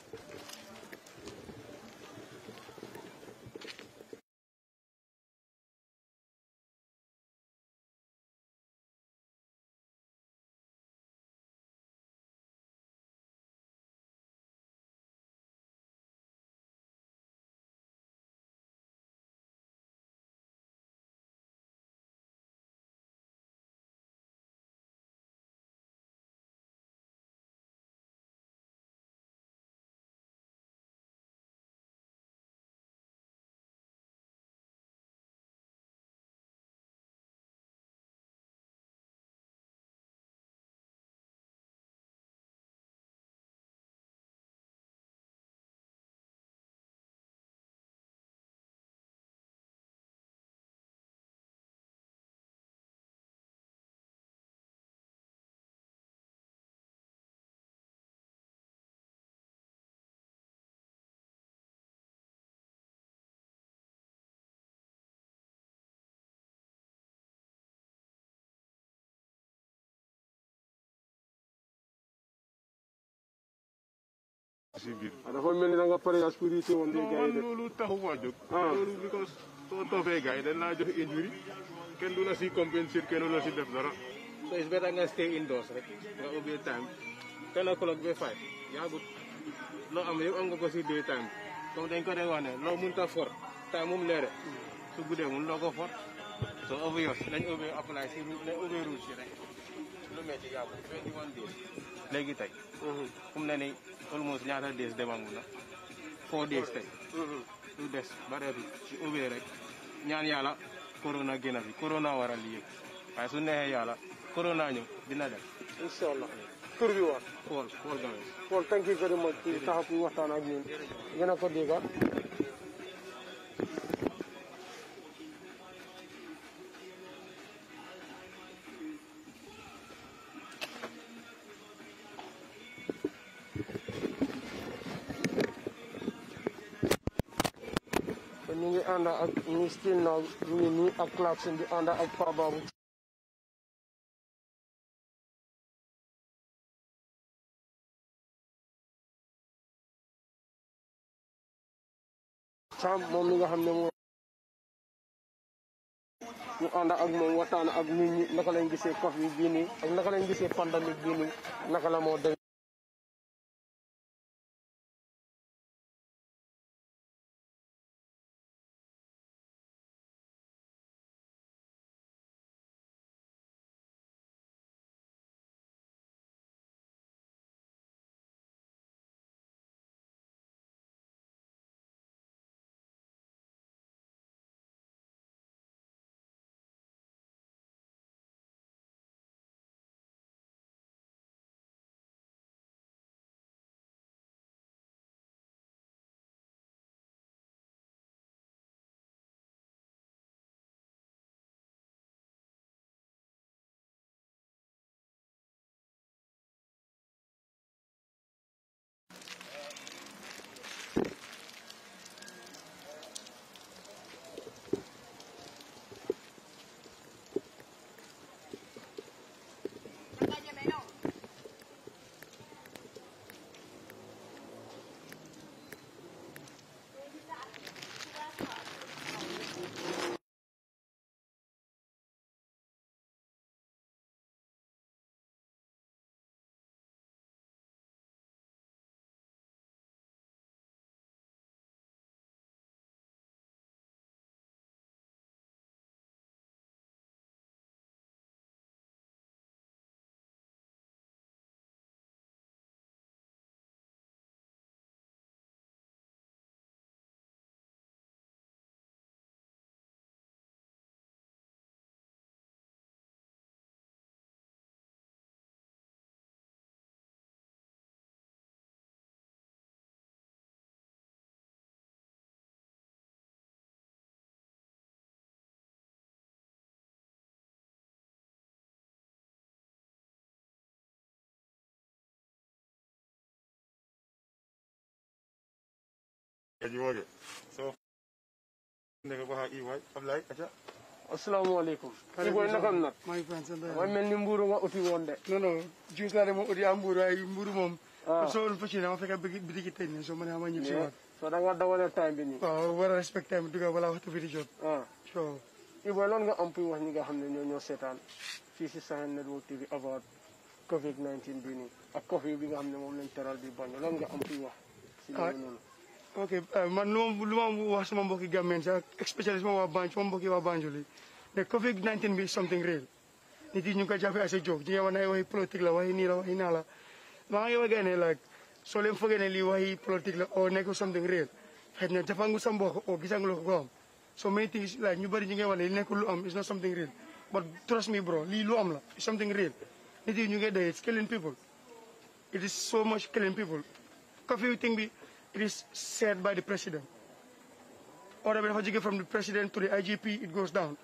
si biir dafa mel ni da nga pare aspirité woon. ko jóg. Ah. loolu bi ko soo toppee gars yi dañ laa jox injuri du la si compensé kenn du la si def dara. so it's nga stay indoors rek nga obey time ten loo am yëpp am ko si day time dañ ko dee wax ne loo mënut a for time moom leere su guddee mun loo ko for so obey yoon dañ obey apply si dañ लगी था तुमने नहीं तुम उस जहाँ था दे मांगू ना फोर डेज था टू डेज बारे अभी उबे रहे यानी याला कोरोना के ना भी कोरोना वाला लिए ऐसे सुनने हैं याला कोरोना नहीं बिना डर इंशाल्लाह फिर भी वार फॉल फॉल guys thank you very much ànd ak Miss Till Now ak Klaxon di ànd ak Pa Babou moom mi nga xam ne moom ñu ànd ak moom waxtaan ak nit naka lañ gisee Covid bii nii ak naka lañ gisee pandémie bii nii naka la moo dem Я не могу. So, naka ko xaar Ivoire Ablaye am nag. maa ngi fay sant yàlla. mel ni mbuuru nga uti woon de. non non juus moom. waaw soo woon fas yéene ma fekk bitiki tëj na soo mënee ma ñëw si waat. soo da nga dawale time bi nii. waaw war a respect time bi dugg balaa waxtu bi di jot. waaw loolu nga am wax ñi nga xam ne ñoo ñoo seetaan fii si Sahel Network TV about COVID 19 bii ak COVID bi nga xam ne moom lañ teral di bañ loolu nga am wax. si noonu ok uh, man lu ma lu ma wax sama mbokki gambien sax especially sama waa Banjul sama mbokki waa Banjul yi The Covid 19 is something real nit yi ñu ko a joke ñu ngi politique la waxi nii la waxi naa la maa ngi wax ne like soo leen foogee ne lii waxi politique la oo oh, nekk something real xëy na jafangu sa mbokk oo oh, gisangu la ko so many things like ñu bëri ñu ngi wax li nekkul lu am is not something real but trust me bro lii lu am la is something real nit ñu ngi dee it's killing people it is so much killing people curfew thing be. it is said by the president. Order Benafajiga from the president to the IGP, it goes down.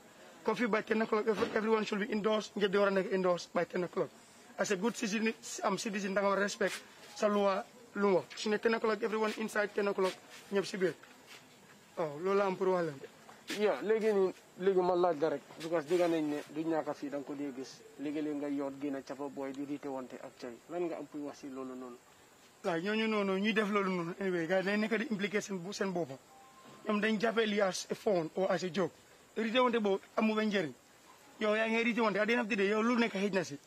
Coffee by 10 o'clock, everyone should be indoors, get the order indoors by 10 o'clock. As a good citizen, I'm citizen, I respect Salua Lua. Soon 10 o'clock, everyone inside 10 o'clock, Nyab Sibir. Oh, Lola Ampuru Island. Yeah, legi ni legi ma laaj rek because diga nañ ne du ñaaka fii da nga ko dee gis léegi-léegi nga yoot gën a cafa booy di riite wante ak cay lan nga am puy wax si loolu noonu waaw ñooñu noonu ñuy def loolu noonu anyway gars yi dañ nekk di impliqué seen seen bopp ñoom dañ jàppee as a phone or as a joke rité wante boobu amu ba njëriñ yow yaa ngi rité wante at the end of the day yow lu nekk xëj na si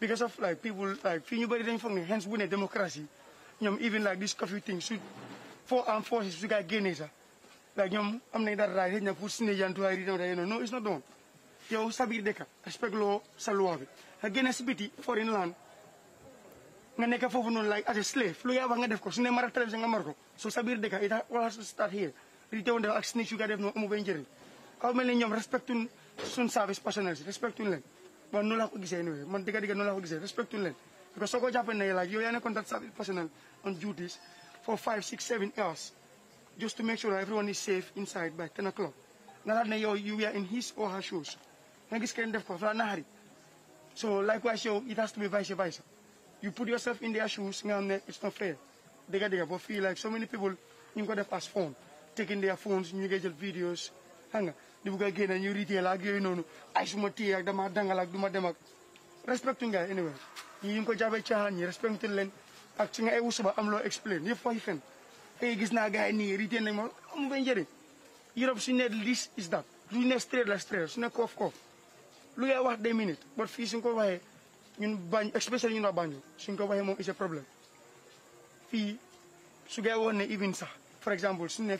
because of like people like fii ñu bëri dañ foog ne hence bu ne démocratie ñoom even like this coffee thing su foo am forces su gaa génnee sax like ñoom am nañ dara raay xëj na pour sine yantuwaay rité wante non non it's not done yow sa biir dëkk respect loo sa loi bi nga génne si biti foreign land nga nekk foofu noonu like as a slave lu yaa wax nga def ko su ne mara télévision nga mar ko so sa biir dëkk ita wala su start here li teewoon def ak snitch you gaa def noonu amu bay njëriñ xaw mel ne ñoom respectuñ suñ service personnel si respectuñ leen bon noonu laa ko gisee anyway man dëgg dëgg noonu laa ko gisee respectuñ leen because soo ko jàppee ne like yow yaa nekkoon that service personnel on duties for five six seven hours just to make sure that everyone is safe inside by ten o'clock nga laat ne yow you are in his or her shoes nga gis kenn def ko fa naxari so likewise yow it has to be vice versa you put yourself in their shoes, it's not fair. They get there, but feel like so many people, you got to pass phone, taking their phones, you get your videos, hang on. Di buka gena ñu retail ak yoy I ay suma tey ak dama dangal ak do my ak respect nga anyway ñi ngi ko jabé ci han ñi respect len ak ci nga ay wusuba am lo explain yëf fay fen ay gis na gaay ni retail nak mo am to jëri Europe su ne this is that lu ne straight la straight su ne kof kof lu ya wax 2 minutes but fi su ko waxe ñun bañ especially in waa Banjul suñ ko is a problème fii su ngay even sax for example suñ ne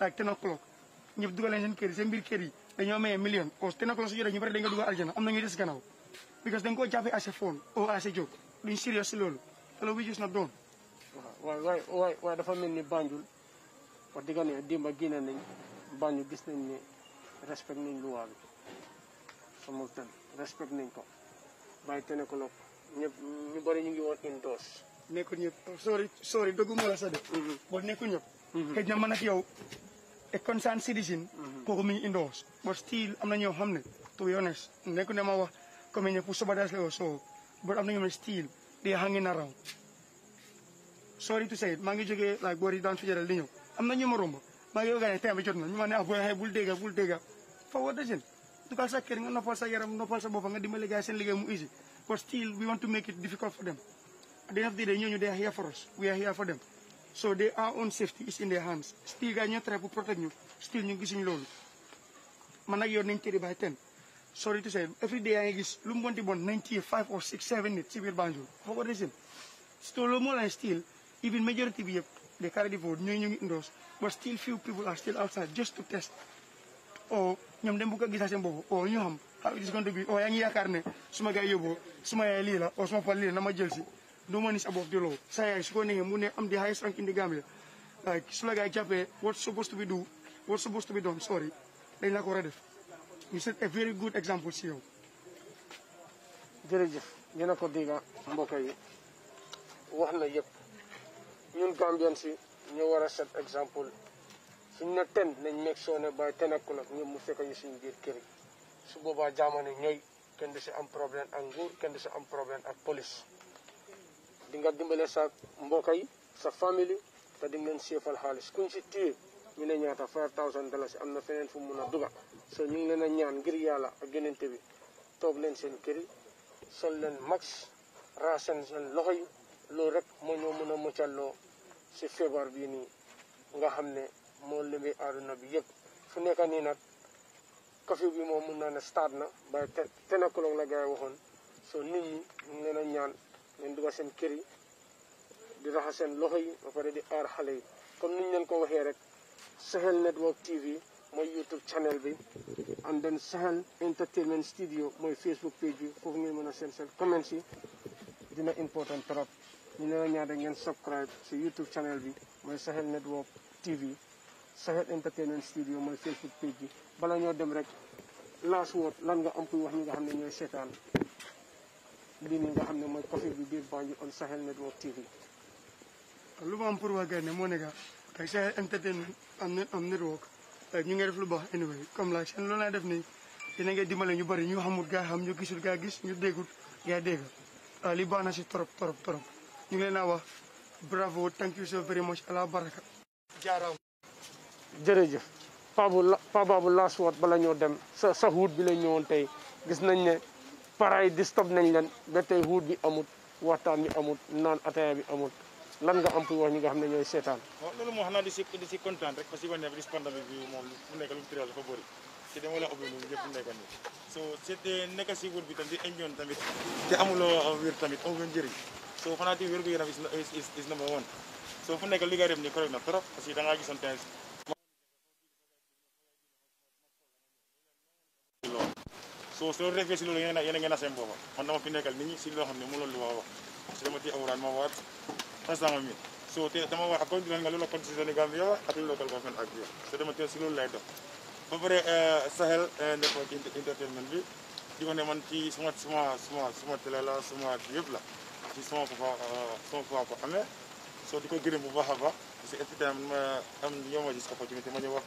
like ten o'clock ñëpp dugal leen seen kër yi seen biir kër yi dañoo maye million o ten o'clock su jotee ñu bari dañ ko dugal aljana am na ñuy des gannaaw because dañ koo jàppee as a phone or as a joke duñ serious si alors we just not done. waaw waay waay waay dafa mel Banjul wax dëgg dimba génne nañ Banjul gis nañ ne respect nañ luwaa bi sama respect nañ ko bàyyi tene ko nopp ñëpp ñu bëri ñu ngi woon indoors nekkul ñëpp sori sori dogguma la sa de mhm. boo nekkul ñëpp mhm. xëy na man ak yow a concerned citizen kooku mi ngi indoors but still am na ñoo xam ne to be honest nekkul ne ma wax comme ñëpp soba das la so but am na ñoo xam ne still they are hanging around sorry to say maa ngi jógee like boori daan fi jëral di ñëw am na ñu ma romb maa ngi yoga ne temps bi jot na ñu ma ne ah booy xëy bul dégga bul dégga fa wa dajen Ducal Sakir nga nofal sa yaram nofal sa bopp nga dimbali gars yi seen liggéey mu easy but still we want to make it difficult for them at the end of the day ñooñu they are here for us we are here for them so they our own safety is in their hands still gars ñoo try to protect ñu still ñu gisuñu loolu man nag yoon nañ tëri by ten sorry to say every day I ngi gis lu mu bon ninety five or six seven nit si biir for what reason Still, loolu moo still even majority bi yëpp they carry the vote ñooñu ñu ngi indoors but still few people are still outside just to test o oh, ñoom dem bu ko gisal seen bopp o ñu xam xaw gis kon oh, ah, dëgg o oh, yaa ngi yaakaar ne suma gars yóbboo ma yaay lii la o suma pal lii na ma jël si no man is above the sa yaay su ko neexee mu ne am the highest rank in the Gambia su la gars yi jàppee what's supposed to be do sorry dañ la ko war a def ñu set a very good example si yow jërëjëf dina ko diga mbokk wax na yëpp ñun Gambian si ñu war a set exemple suñ ne ten nañ nekk soo ne by ten o'clock ñëpp mu fekk ñu suñu biir kër su boobaa jaamano ñooy kenn du si am problème ak nguur kenn du si am problème ak police di nga dimbale sa mbokk yi sa famille te di ngeen seefal xaalis kuñ si téye ñu ne ñaata five thousand dollars am na feneen fu mun a duga so ñu ngi leen a ñaan ngir yàlla ak yonente bi toog leen seen kër yi sol leen max raasen seen loxo yi loolu rek moo mën a muccalloo si feebar bii nii nga xam ne moo lëmbee àdduna bi yëpp fu nekk nii nag curfew bi moom mun naa ne start na ba te ten o'clock la gars yi waxoon so nit ñi ñu ngi leen a ñaan ngeen dugal seen kër yi di raxas seen loxo yi ba pare di aar xale yi comme ni ñu leen ko waxee rek Sahel Network TV mooy YouTube channel bi and then Sahel Entertainment Studio mooy Facebook page bi foofu ngeen mën a seen seen comments yi dina important trop ñu ne la ñaata ngeen subscribe si YouTube channel bi mooy Sahel Network TV Sahel Entertainment Studio mooy Facebook page bi bala ñoo dem rek last word lan nga am kuy wax ñi nga xam ne ñooy seetaan lii nii nga xam ne mooy coffee bi biir Banjul on Sahel Network TV lu ma am pour wax gars ne moo nekka like Sahel Entertainment am network ñu nga def lu baax anyway comme like seen loolu naa def nii dina nga dimbale ñu bari ñu xamul gaa xam ñu gisul gaa gis ñu déggut gaa dégg ah, li baax na si torop torop torop ñu ngi leen a wax bravo thank you so very much ala baraka jërëjëf Pabu Pa Babu last word bala ñoo dem sa sa huut bi la ñëwoon tey gis nañ ne pareil disturb nañ leen ba tey huut bi amut waxtaan bi amut naan ataaya bi amut lan nga am pour wax ñi nga xam ne ñooy seetaan. waaw loolu moo xam naa di si di rek parce que wane na bi pandémie bi moom mu nekk lu mu tëral tam di tamit te amuloo wér tamit amuloo njëriñ so fanaa di wér gu yaram nekk li nga da ngaa gisoon soo soo refee si loolu yéen a ngeen a seen booba man dama fi nekkal nit ñi si loo xam ne mu loolu lu wax wax si dama téye awuraan ma waat instant mi soo te dama wax ko loolu lay dox ba pare euh, Sahel euh, network entertainment bi di ko ne man ci suma suma suma suma télé la suma yëpp la ci suma papa euh, suma papa ko amee soo di ko gërëm bu baax a baax parce que every time am ñoo ma gis opportunité ma ñëw wax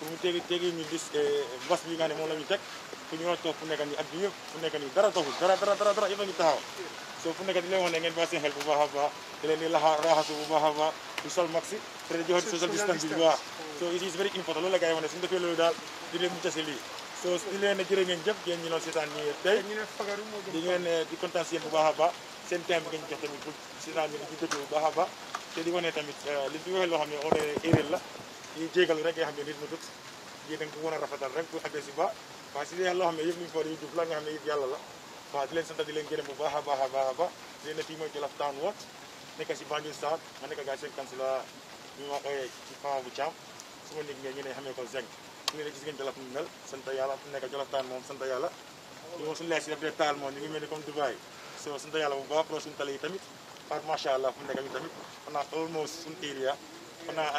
pour ñu tegi tegi ñu gis eh, mbas nga ne moom la ñu teg fu ñu a toog fu nekk nii at bi yëpp fu nekk nii dara taxul dara dara dara dara ngi taxaw soo fu nekk di leen wax ne ngeen bàyyi seen xel bu ba a di leen di laxa raxasu di sol di joxe ne suñu defee loolu di leen mucc di leen ne jërë ngeen jëf ngeen ñu doon seetaan ñi di ngeen eh, di kontaan si yéen bu seen temps bi ngeen jox tamit di déglu di wane tamit eh, li fi waxee loo xam ne on est erreur la yi jégalu rek yoo xam mu dut yi da nga ko mën a rafetal rek bu àggee si ba waaye si loo xam ne yëpp lu ñu ko la nga xam ne yëpp yàlla la waaw di leen sant di leen gërëm bu baax a baax a baax a baax di leen ne fii mooy Jollof ma nekk gaa seen kansilaa ñu ma ma nit ngeen ñu ne xamee ko Zeng su ngeen gis moom sant yàlla ñu moom suñu lees yi daf dee taal moom ñu ngi mel ni comme Dubaï so sant yàlla bu baax pour suñu tali yi tamit par macha allah fu nekk ñu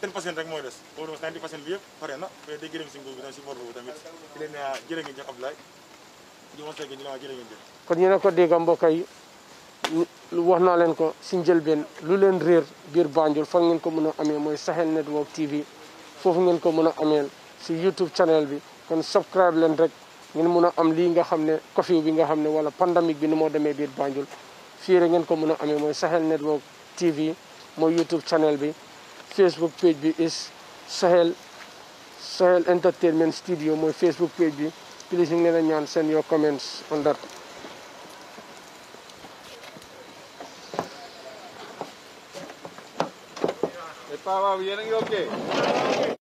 ten patient rek mooy des boobu dama naan bi yëpp pare na mais day gërëm si nguur bi tam si bor boobu tamit di leen naa ah, jërë ngeen jëf Abdoulaye di wax kon ñu ko dégg mbokk yi wax naa leen ko si njëlbeen lu leen réer biir Banjul fan ngeen ko mën a amee mooy Sahel Network TV foofu ngeen ko mën a ameel si YouTube channel bi kon subscribe leen rek ngeen mën a am lii nga xam ne Covid bi nga xam ne wala pandémique bi ni moo demee biir Banjul fii rek ngeen ko mën a amee mooy Sahel Network TV mooy YouTube channel bi Facebook page bi is Sahel Sahel Entertainment Studio My Facebook page bi please ngi leen ñaan send your comments on that Papa, are okay?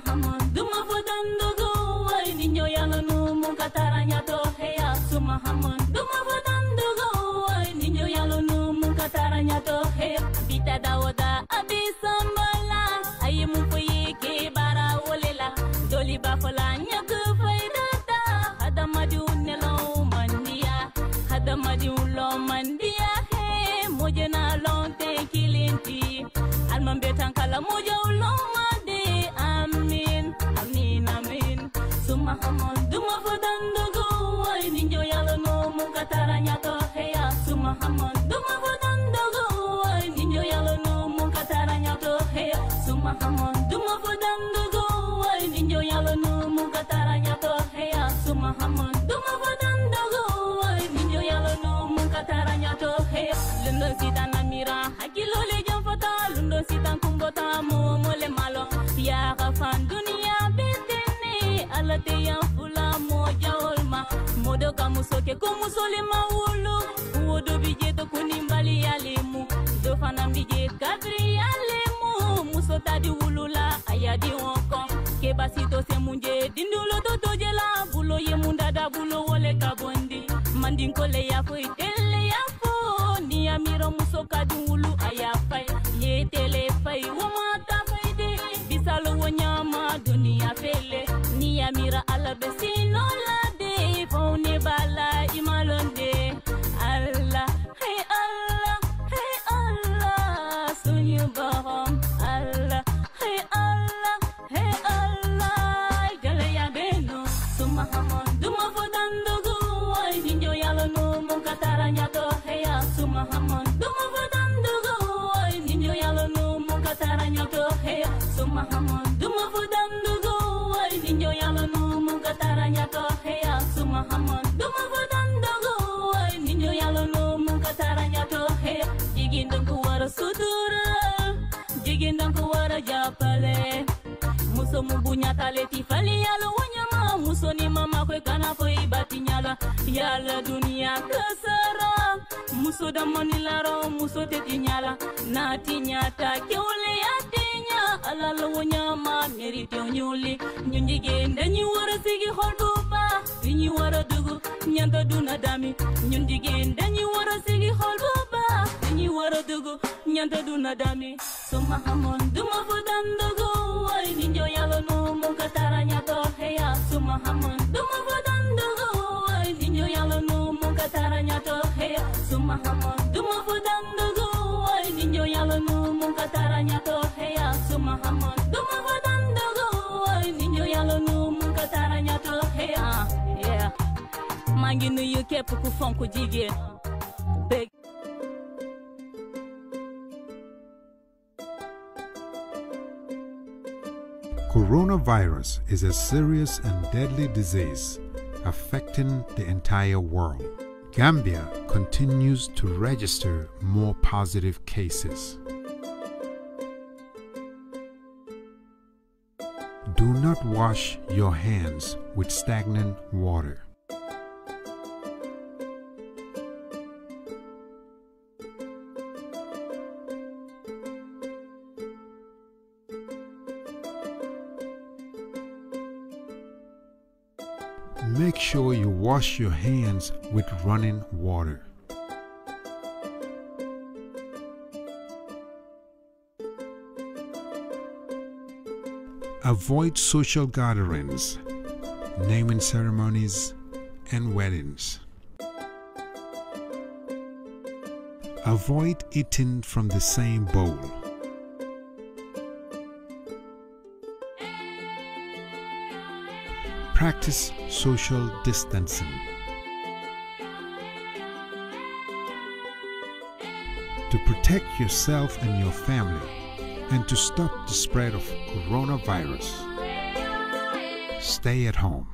Muhammadu mafudando wai ninyo yalanu mukataranya tohe. heya su Muhammadu mafudando wai ninyo yalanu mukataranya to heya bita dawoda abi sambala ayi bara wolela doli bafola nyaku faidata hadamadi unelo mandia hadamadi ulo mandia he mojena lonte kilinti almambe tankala mojo uloma yote ya mfula moja olma modo kamusoke kumusole maulu, uwodo bijeto kunimbali ya lemu dofana mbije kadri ya lemu musota di wulula ayadi wonkon ke basito se munje dindulo totojela bulo ye mundada bulo wole kabondi mandinkole ya foyi ale tifali fali yalo wanyama muso ni mama kwe kana fo ibati nyala yala dunia kasara muso da manilaro muso te ti nyala na ti nyata ya te nya ala lo wanyama meri te nyuli nyunji gende nyi wara sigi holduba nyi wara dugu nyanda duna dami nyunji gende nyi wara sigi holduba nyi wara dugu nyanda duna dami so duma fudandugu Muhammad duma fa danda goy ni ñu yàlla nu mu ka tara ñato heya su Muhammad duma fa danda goy ni ñu yàlla nu mu ka tara duma fa danda goy ni ñu yàlla nu mu ah, yeah maa ngi nuyu képp ku fonk coronavirus is a serious and deadly disease affecting the entire world. Gambia continues to register more positive cases. Do not wash your hands with stagnant water. make sure you wash your hands with running water. Avoid social gatherings, naming ceremonies, and weddings. Avoid eating from the same bowl. practice social distancing. To protect yourself and your family and to stop the spread of coronavirus, stay at home.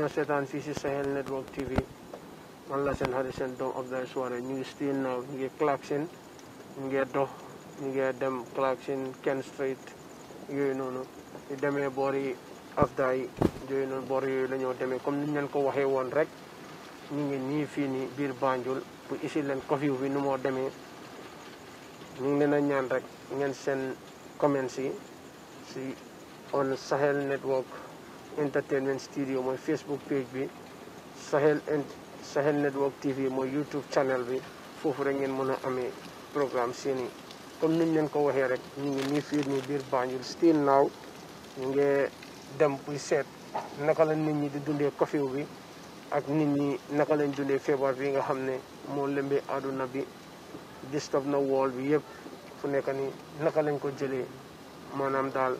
ñoo seetaan fii si Sahel Network TV man seen xarit seen doom Abdoulaye Souare ñu ngi still now ñu ngi Clarkson ñu ngi dox ñu ngi dem Clarkson Ken Street yooyu noonu ñu demee boori afda yi yooyu noonu boor yooyu la demee comme niñ leen ko waxee woon rek ñu ngi nii fii nii biir Banjul bu isi leen curfew bi nu moo demee ñu ngi a ñaan rek ngeen seen comments yi si on Sahel Network entertainment studio mooy facebook page bi saxel Sahel network tv mooy youtube channel bi foofu rek ngeen mën a amee programme seeni comme niñ leen ko waxee rek ñu ngi nii fii nii biir Banjul still naaw ñu ngi dem buy seet naka lañ nit ñi di dundee kofiw bi ak nit ñi naka lañ dundee feebar bi nga xam ne moo lëmbee àdduna bi disturb na wool bi yëpp fu nekk ni naka lañ ko jëlee maanaam daal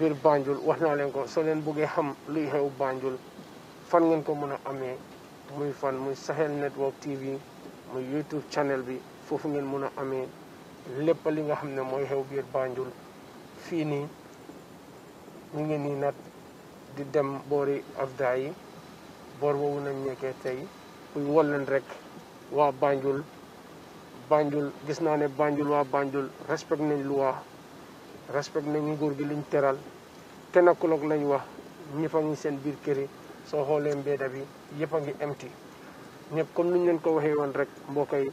biir Banjul wax naa leen ko soo leen bëggee xam luy xew bànjul fan ngeen ko mën a amee muy fan muy Sahel Network TV muy YouTube channel bi foofu ngeen mën a amee lépp li nga xam ne mooy xew biir Banjul fii nii ñu ngi nii nag di dem boori afda yi boor boobu nañ nekkee tey muy wol leen rek waa Banjul Banjul gis naa ne Banjul waa Banjul respect nañ lu waa respect nañ nguur gi liñ teral te nakuloog lañ wax ñëpp a ngi seen biir kër yi soo xoolee mbeeda bi yëpp a ngi emti ñëpp comme niñ leen ko waxee woon rek mbokk koy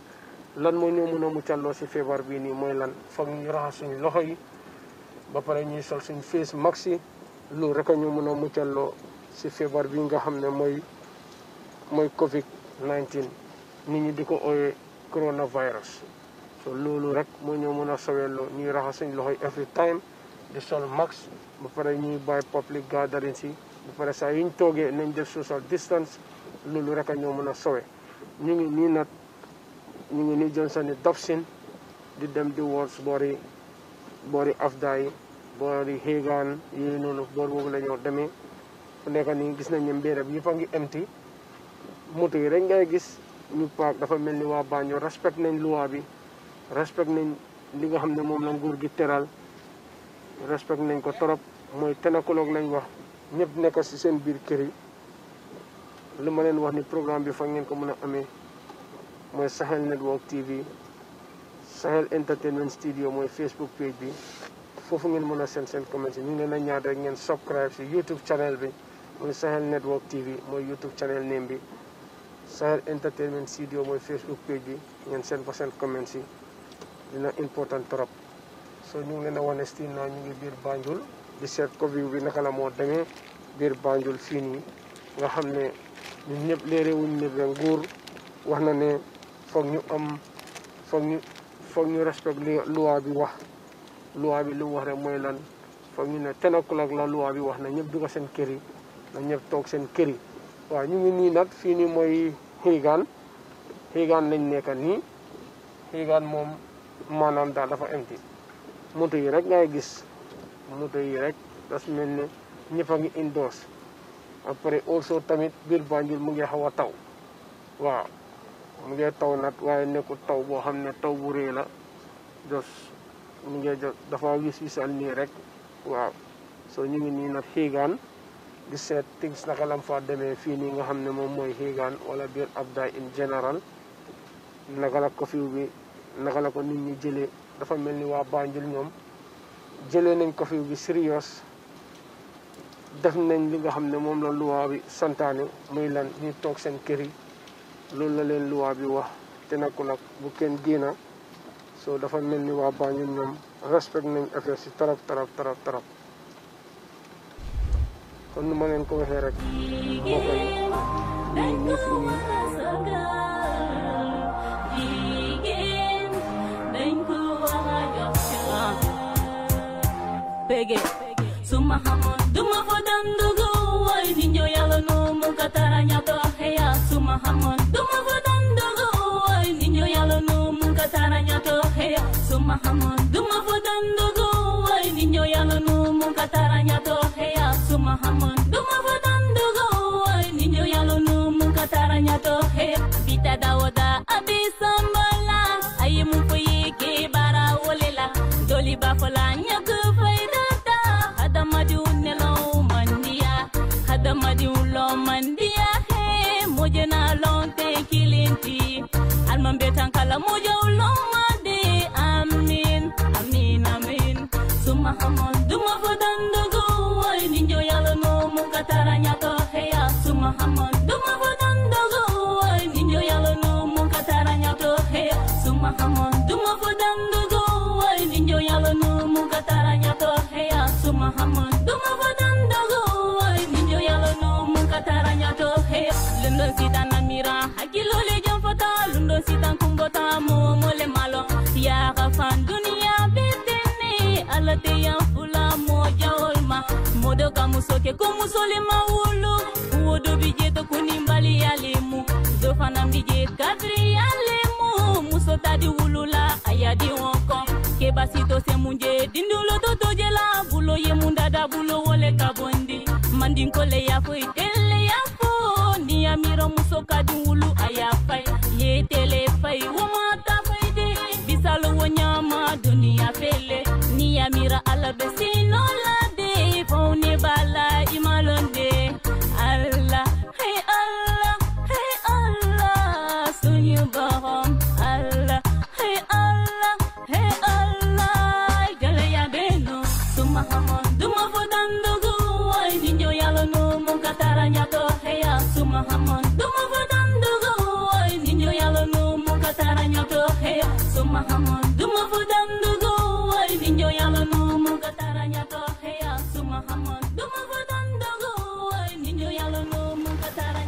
lan moo ñoo mun a muccalloo si feebar bii nii mooy lan foog ñu raxas suñ loxo yi ba pare ñuy sol suñ face mag si loolu rek a ñu mën a muccalloo si feebar bi nga xam ne mooy mooy covid 19 nit ñi di ko ooyee coronavirus so lolu rek mo ñoo mëna a ñuy raxas suñ loxoy every time di sol max ba paré ñuy bay public gathering ci ba paré sa yiñ togué nañ def social distance lolu rek a ñoo mëna sawé ñu ngi ni nak ñu ngi ni Johnson ni dofsin di dem di Wards bori bori afday, bori hegan, yi yooyu bor boor la ñoo démé fu nekk ni gis nañ ne mbéy yi fa ngi empty moto yi rek ngay gis ñu park dafa melni wa bañu respect nañ loi bi. respect nañ li nga xam ne moom la nguur gi teral respect nañ ko trop mooy tenakoloog lañ wax ñëpp nekk si seen biir kër yi li ma leen wax ni programme bi fa ngeen ko mën a amee mooy Sahel Network TV Sahel Entertainment Studio mooy Facebook page bi foofu ngeen mën a seen seen comments yi leen a ñaar rek ngeen subscribe si YouTube channel bi mooy Sahel Network TV mooy YouTube channel name bi Sahel Entertainment Studio mooy Facebook page bi ngeen seen fa seen comments dina important trop so ñu ngi leen a wane si naa ñu ngi biir Banjul di seet Covid bi naka la moo demee biir Banjul fii nii nga xam ne ñun ñëpp léere wuñ ne nguur wax na ne foog ñu am foog ñu foog ñu respect li loi bi wax loi bi lu wax rek mooy lan foog ñu ne ten o'clock la loi bi wax na ñëpp dugg seen kër yi na ñëpp toog seen kër yi waaw ñu ngi nii nag fii nii mooy xiigaan xiigaan lañ nekka nii xiigaan moom maanaam daal dafa empty moto yi rek ngay gis moto yi rek das mel ni ñëpp a ngi indoors après also tamit biir Banjul mu ngi xaw a taw waaw mu ngi taw nag waaye nekku taw boo xam ne taw bu rëy la jos mu ngi jos dafa wis wisal nii rek waaw soo ñu ngi nii nag xiigaan di seet things naka lam fa demee fii nii nga xam ne moom mooy xiigaan wala biir Abda in general naka la ko fiw bi naka la ko nit ñi jëlee dafa mel ni waa Banjul ñoom jëlee nañ ko bi sérieux def nañ li nga xam ne moom la luwaa bi santaane muy lan ñu toog seen kër yi loolu la leen luwaa bi wax te nag ku nag bu kenn génna soo dafa mel ni waa Banjul ñoom respect nañ affaire si tarap tarap tarap tarap kon nu ma leen ko waxee rek pege suma hamon duma fodan dugu wai ninjo yalo no mu katara nyato heya suma hamon duma fodan dugu wai ninjo yalo no mu katara nyato heya suma hamon duma fodan dugu wai ninjo yalo no mu katara nyato heya suma hamon duma fodan dugu wai ninjo yalo no mu katara nyato heya bita dawoda abisambala ayi mu fuyi ke bara wolela doli bafolanya la mu yow loo ma di amiin amiin amiin su ma xamoon du ma fa dandugu way ni ñu yàlla noo mu ka tara ñato xeya su ma ko musole maulu, wolo wodo bi jeto ko nimbali yalemu do fanam di jet kadri yalemu muso tadi wulula ayadi wonkon ke basito se munje dindulo to toje la bulo ye mundada bulo wole kabondi mandinkole yafo itelle yafo ni amiro muso kadi wulu ayafai ye tele fai woma ta faide bisalo wonyama dunia fele ni amira alabe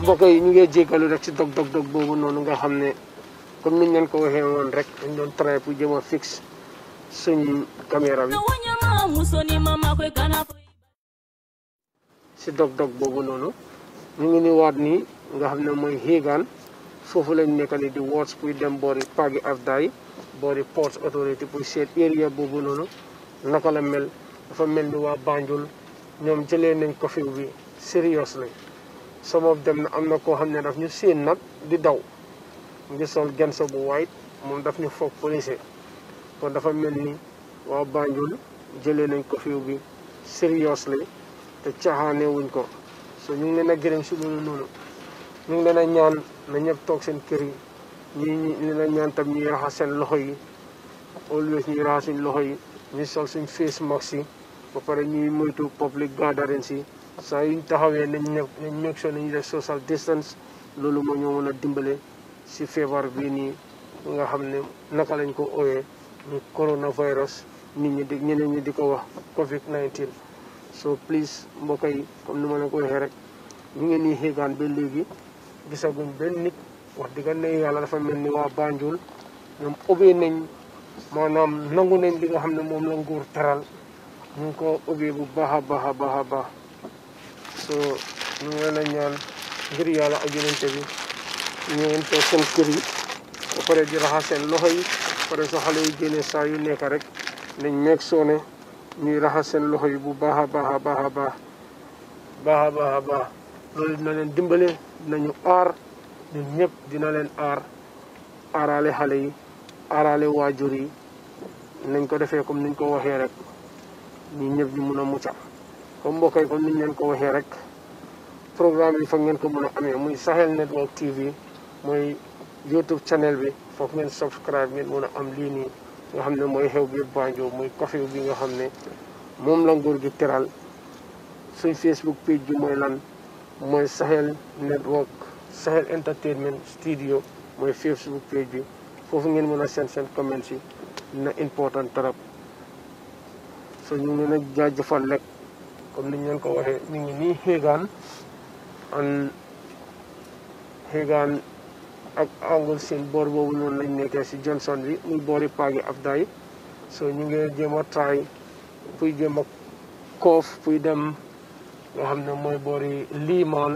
mbokk ñu ngi jégalu rek si dog-dog-dog boobu noonu nga xam ne comme niñ leen ko waxee woon rek dañ doon traité pour jëm a fixe suñ caméra bi. si dog-dog boobu noonu ñu ngi ni waat nii nga xam ne mooy Higaan foofu lañ nekk ni di woot puy dem boori Pagi Afdaay boori Port Authority pour seet area boobu noonu naka la mel dafa mel ni waa Banjul ñoom jëlee nañ ko fiw bi sérieux lañ sama dem na am na koo xam ne daf ñu séen nag di daw mu ngi sol genso bu white moom daf ñu foog policier kon dafa mel ni waa Banjul jëlee nañ ko fiw bi seriously te caaxaane wuñ ko so ñu ngi leen a gërëm si loolu noonu ñu ngi leen a ñaan na ñëpp toog seen kër yi ñi leen a ñaan tam ñuy raxas seen loxo yi always ñuy raxas suñ loxo yi ñu sol suñ face mask yi ba pare ñuy moytu public gatherings si saa yu ñu taxawee nañ ne nañ make sure nañu def social distance loolu moo ñu mën a dimbale si feebar bii nii nga xam ne naka lañ ko ooyee mu coronavirus nit ñi di ñeneen ñi di ko wax Covid 19. so please mbokk yi comme ni ma leen rek ñu ngi nii xéegaan ba léegi gisaguñ benn nit wax dëgg yàlla dafa mel ni waa Banjul ñoom ubbee nañ maanaam nangu nañ li nga xam ne moom la nguur teral ñu ko ubbee bu baax a baax a baax a baax. so ñu ngi leen ñaan ngir yàlla ak yonente bi ñu ngeen toog seen kër yi ba pare di raxas seen loxo yi pare soo xale yi génnee saa yu nekk rek nañ meeg soone ñuy raxas seen loxo yi bu baax a baax a baax a baax a baax loolu dina leen dimbale nañu aar ñun ñëpp dina leen aar aaraale xale yi aaraale waajur yi nañ ko defee comme niñ ko waxee rek ñun ñëpp ñu mun a mucc comme mbokk yi comme niñ leen ko waxee rek programme yi foog ngeen ko mën a amee muy Sahel Network TV mooy YouTube channel bi foog ngeen subscribe ngeen mën a am lii nii nga xam ne mooy xew biir Banjul mooy cofe bi nga xam ne moom la nguur gi teral suñ Facebook page bi mooy lan mooy Sahel Network Sahel Entertainment Studio mooy Facebook page bi foofu ngeen mën a seen seen comments yi na important trop so ñu ngi leen a jaajëfal rek comme ni ñu leen ko waxee ñu ngi nii Hegan an Hegan ak angle seen boor boobu noonu lañ nekkee si Johnson bi muy boori paagi Afdaay so ñu ngi jéem a try puy jéem a koof puy dem nga xam ne mooy boori liimaan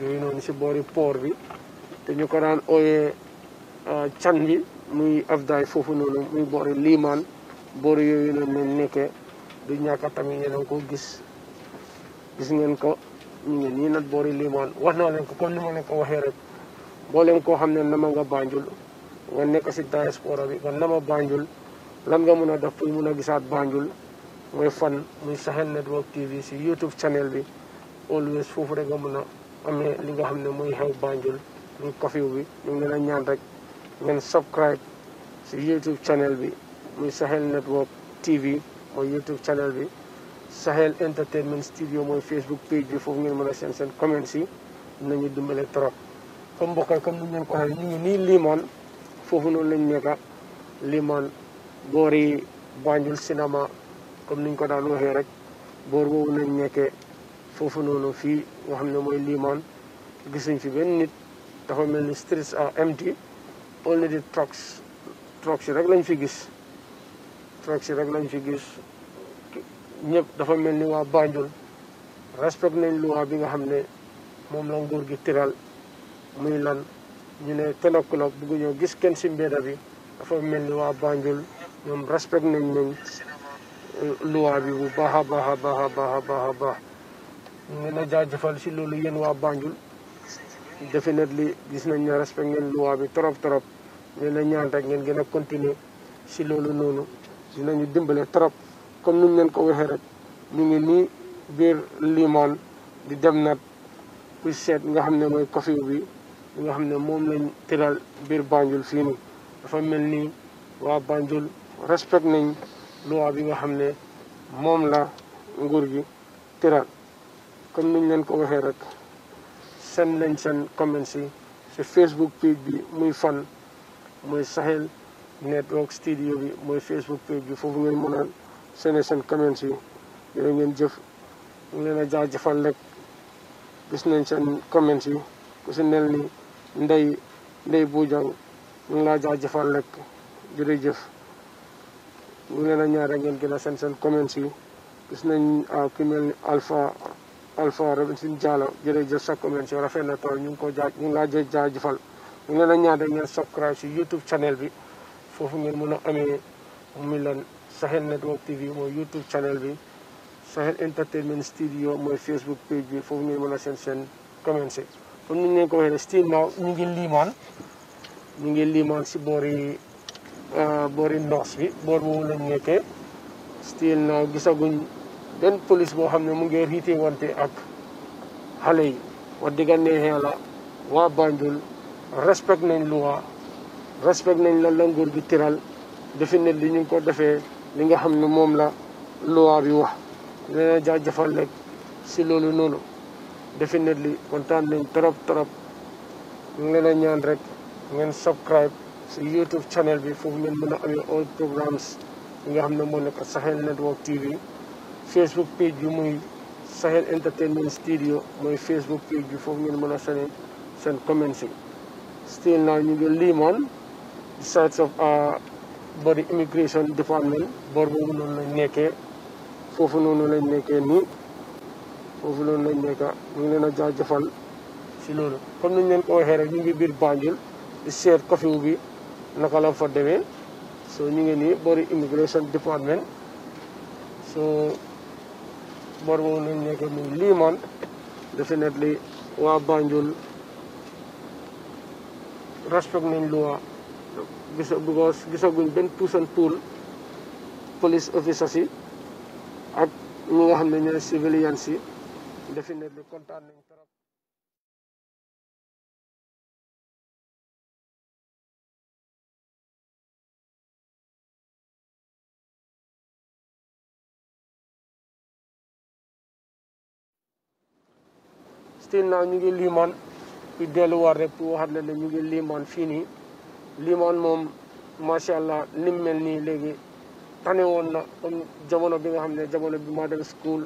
yooyu noonu si boori port bi te ñu ko daan ooyee ah, can bi muy Afdaay foofu noonu muy boori liimaan boori yooyu noonu lañ nekkee du ñàkk tamit yéen a koo gis gis ngeen ko ñu ngi nii nag boori limaan wax naa leen ko comme ni ma leen ko waxee rek mboolem koo xam ne nama nga Banjul nga nekk si diaspora bi nga nama Banjul lan nga mun a def pour mun a gisaat Banjul mooy fan muy Sahel Network TV si YouTube channel bi always foofu rek nga mun a amee li nga xam ne muy xew Banjul bi ñu ngi ñaan rek ngeen subscribe si YouTube channel bi muy Sahel Network TV mooy YouTube channel bi Sahel Entertainment Studio mooy Facebook page bi foofu ngeen mën a seen seen comments si nañu dimbale trop comme mbokk comme ni ngeen ñu nii Limoon foofu noonu lañ nekka Limoon boor yi Banjul cinéma comme niñ ko daan waxee rek boor boobu nañ nekkee foofu noonu fii nga xam ne mooy Limoon gisuñ fi benn nit dafa mel ni streets are empty only the trucks trucks yi rek lañ fi gis trucks yi rek lañ fi gis ñëpp dafa mel ni waa Banjul respect nañ loi bi nga xam ne moom la nguur gi tiral muy lan ñu ne ten o'clock ñoo gis kenn si mbedda bi dafa mel ni waa Banjul ñoom respect nañ nañ loi bi bu baax a baax a baax a baax a baax a baax ñu ngi na jaajëfal si loolu yéen waa Banjul definitely gis nañ ne respect ngeen loi bi trop trop leen na ñaan rek ngeen gën a continuer si loolu noonu dinañu dimbale trop comme ni leen ko waxee rek ñu ngi nii biir Limon di dem nag buy seet nga xam ne mooy curfew bi nga xam ne moom lañ tëral biir Banjul fii dafa mel ni waa Banjul respect nañ loi bi nga xam ne moom la nguur gi tëral comme ni leen ko waxee rek seen lañ seen comments yi si Facebook page bi muy fan mooy Sahel Network Studio bi mooy Facebook page bi foofu ngeen mën a seen seen comments yi yooyu ngeen jëf ñu leen a jaajëfal rek gis nañ seen comments yi ku si mel ni ndey ndey buujang ñu ngi laa jaajëfal rek jërëjëf ñu leen a ñaar ngeen gën a seen seen comments yi gis nañ ah, ku mel ni alpha alpha Robinson Diallo jërëjëf sa comments yi rafet na tool ñu ngi ko jaaj ñu ngi laa jaajëfal ñu leen a ñaar ngeen subscribe si YouTube channel bi foofu ngeen mën a amee mu lan Sahel Network TV mooy YouTube channel bi Sahel Entertainment Studio mooy Facebook page bi foofu ngeen mën a seen seen commencé comme ni ñu leen ko waxee ne still now ñu ngi liimaan ñu ngi liimaan si boori boori ndox bi boor boobu lañ nekkee still now gisaguñ benn police boo xam ne mu ngi riite wante ak xale yi wax dëgg neexee la waa Banjul respect nañ loi respect nañ la la nguur gi tiral definitely ñu ngi ko defee li nga xam ne moom la loi bi wax dina jaajëfal rek si loolu noonu definitely kontaan nañ trop trop ñu ngi leen ñaan rek ngeen subscribe si YouTube channel bi foofu ngeen mën a all programmes nga xam mo moo Sahel Network TV Facebook page bi muy Sahel Entertainment Studio mooy Facebook page bi foofu ngeen mën a seen seen still now ñu ngi limoon the sides of uh, bari immigration department bor boobu noonu lañ nekkee foofu noonu lañ nekkee nii foofu noonu lañ nekka ñu ngi leen a jaajëfal si loolu comme nañ leen ko waxee rek ñu ngi biir Banjul di seet curfew bi naka la fa demee so ñu ngi nii bori immigration department so bor boobu lañ nekkee nii lii man definitely waa Banjul respect nañ loi gisa because gisaguñ benn push and pull police officers yi ak ñi nga xam ne ñooy definitely kontaan nañ still now ñu ngi limoon ñu delluwaat rek pour waxat leen ne ñu ngi limoon fii limoon moom macha allah ni mu mel nii léegi tane woon na jamono bi nga xam ne jamono bi ma dem school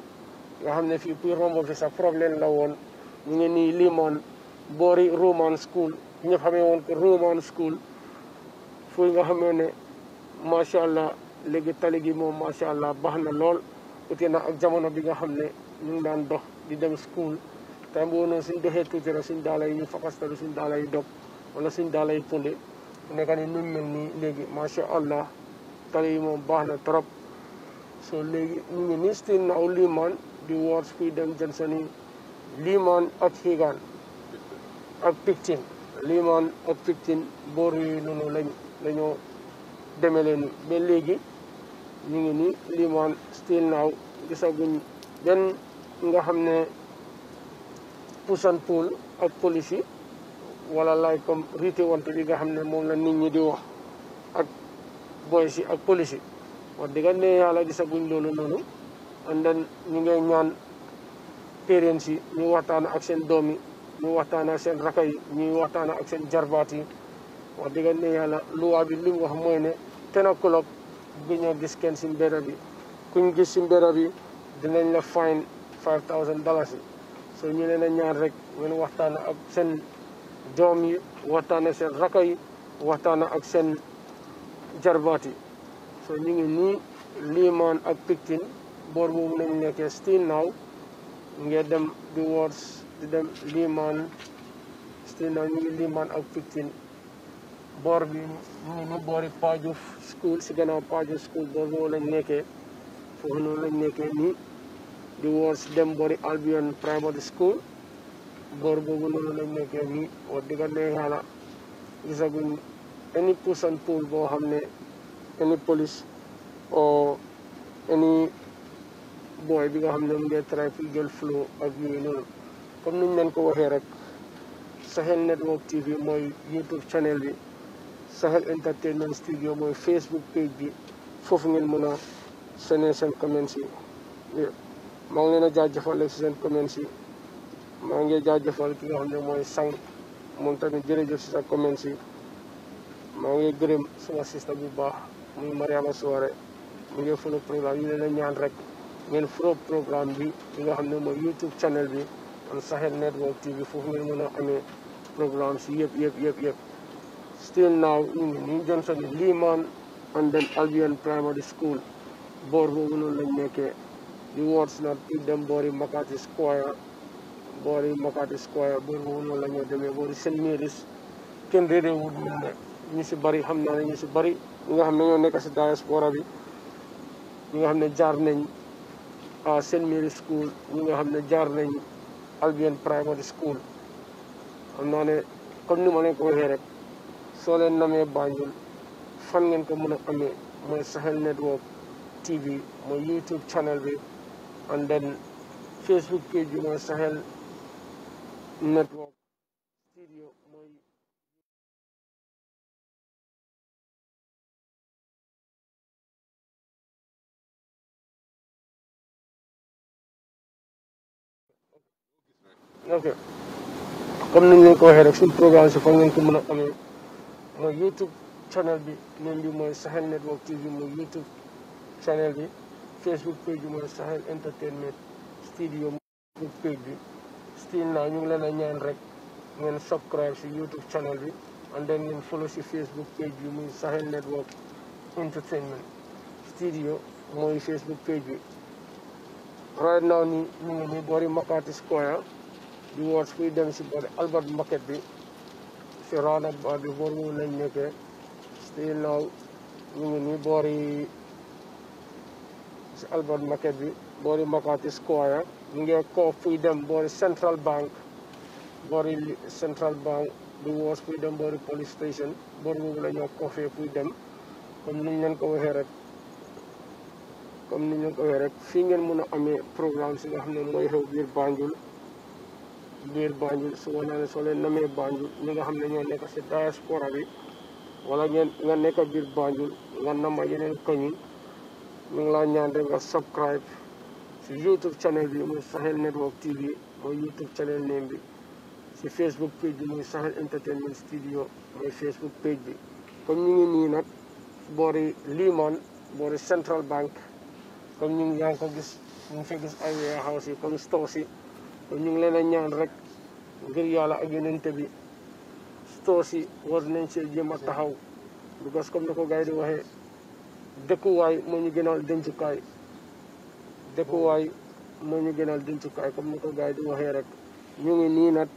nga xam ne fii kuy mo fi sax problème la woon ñu ngi nii limoon boori Roman school ñu xamee woon ko Roman school fu nga xamee ne macha allah léegi tali gi moom macha allah baax na lool ute na ak jamono bi nga xam ne ñu ngi daan dox di dem school te boo noonu suñ doxee tuuti rek suñ daala yi ñu fakastalu suñ daala yi dog wala suñ daala yi punde nekka ni nu mel nii léegi macha allah tali yi moom baax na trop so léegi ñu ngi nii still now liimaan di woor fii dem Johnson yi liimaan ak xiigaan ak Pictin liimaan ak Pictin boor yooyu noonu lañ lañoo demele ni ba léegi ñu ngi nii liimaan still now gisaguñ benn nga xam ne pusan pool ak police wala lay comme rité wonte li nga xamné mom la nit ñi di wax ak boy si ak police yi wax dëgg ne yàlla gisaguñ loolu noonu and then ñu ngay ñaan parents yi ñu waxtaan ak seen doomi ñu waxtaan ak seen rakay ñu waxtaan ak seen jarbaat di nga né yalla lu wa bi li mu wax mooy ne ten o'clock bi ñu gis kenn ci mbéra bi kuñ gis ci mbéra bi dinañ la fine 5000 dollars so ñu leena ñaan rek ñu waxtaan ak seen doom yi waxtaan seen raka yi waxtaan ak seen jarbaat yi so ñu ngi nii liimaan ak Pictin boor boobu nañu nekkee still now dem di wars ñu ngi liimaan ak Pictin boor bi ñu ngi nii boori school si ganaaw Pajuf school boor boobu lañ nekkee foofu noonu lañ nekkee nii di wars dem boori Albion primary school गौरबोगे अभी और दिगर नहीं हारा जिस एनी पोषण पूर्व हमने एनी पुलिस और एनी बॉय भी का हमने उनके ट्रैफिक गर्ल फ्लो अभी इन्होंने कम नहीं मैंने को वह रख सहेल नेटवर्क टीवी मोई यूट्यूब चैनल भी सहेल एंटरटेनमेंट स्टूडियो मोई फेसबुक पेज भी फोफिंगल मुना सने सेंड मांगने ना जाए जफा लेक्स maa ngi jaajëfal ki nga xam ne mooy sang moom tamit jërëjëf si sa commune si maa ngi gërëm suma sista bu baax muy Mariama Soare mu ngi folo programme ñu leen ñaan rek ngeen folo programme bi ki nga xam ne mooy YouTube channel bi am Sahel Network TV foofu ngeen mën a amee programme si yëpp yëpp yëpp yëpp still now ñu ngi nii Johnson bi Liman and then Albion Primary School boor boobu noonu la nekkee di woot si naan dem boori Makati Square boori Makati Square boori boobu noonu la ñoo demee boori St Mary's kenn réeré wut ñu ne ñu si bari xam naa ne ñu si bari ñi nga xam ne ñoo nekk si diaspora bi ñi nga xam ne jaar nañ St Mary's School ñi nga xam ne jaar nañ Albion Primary School xam naa ne comme ni ma leen ko waxee rek soo leen namee Banjul fan ngeen ko mën a amee mooy Sahel Network TV mooy YouTube channel bi and then Facebook page bi mooy Sahel network studio mooy ok comme niñ leen ko waxee rek suñu programme si fan ngeen ko mën a amee mooy YouTube channel bi leen bi mooy Sahel Network TV mooy YouTube channel bi Facebook page bi mooy Sahel Entertainment Studio mooy Facebook page bi still now ñu ngi leen a ñaan rek ngeen subscribe si YouTube channel bi and then ngeen follow si Facebook page bi muy Sahel Network Entertainment studio mooy Facebook page bi right now ni ñu ngi ni boori Makati Square di woot fuy dem si boori Albert Market bi si roundabout bi boor boobu lañ nekkee still now ñu ngi ni boori si Albert Market bi boori Makati Square ñu ngi koo fuy dem boori Central Bank boori Central Bank di woos fuy dem boori police station boori boobu la ñoo fuy dem comme niñ ngeen ko waxee rek comme niñ leen ko rek fii ngeen mën a amee programme si nga xam ne mooy xew biir Banjul biir Banjul su ma nee soo leen namee Banjul ñi nga xam ne ñoo nekk si diaspora bi wala ngeen nga nekk biir Banjul nga nama yeneen koñi ñu ngi laa ñaan rek nga subscribe YouTube channel भी मुझे Sahel network TV वो YouTube channel name भी से Facebook page भी मुझे Sahel entertainment studio मेरे Facebook page भी coming नी नक बोरे लीमन बोरे सेंट्रल बैंक कमिंग यहाँ को किस मुझे किस आई हाउस ही कम स्टोर सी कमिंग लेने यहाँ रख गिरियाला अगेन इंटर भी स्टोर सी वर्ड नहीं चाहिए ये मत हाउ बिकॉज़ कम लोगों गए रहे देखो आई मुझे गिनाल दिन चुका है dëkkuwaay moo ñu gënal dencukaay comme ni ko gars di waxee rek ñu ngi nii nag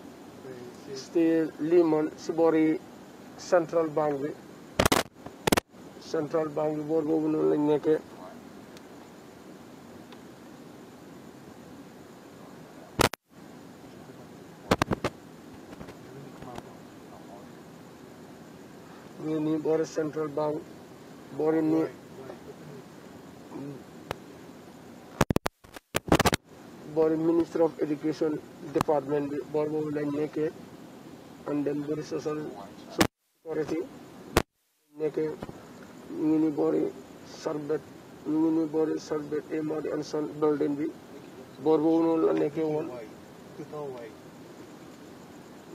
te lii man si boor yi central bank bi central boor boobu noonu lañ nekkee ñu ngi nii boori central boori ministry of education department bi boor boobu la nekkee woon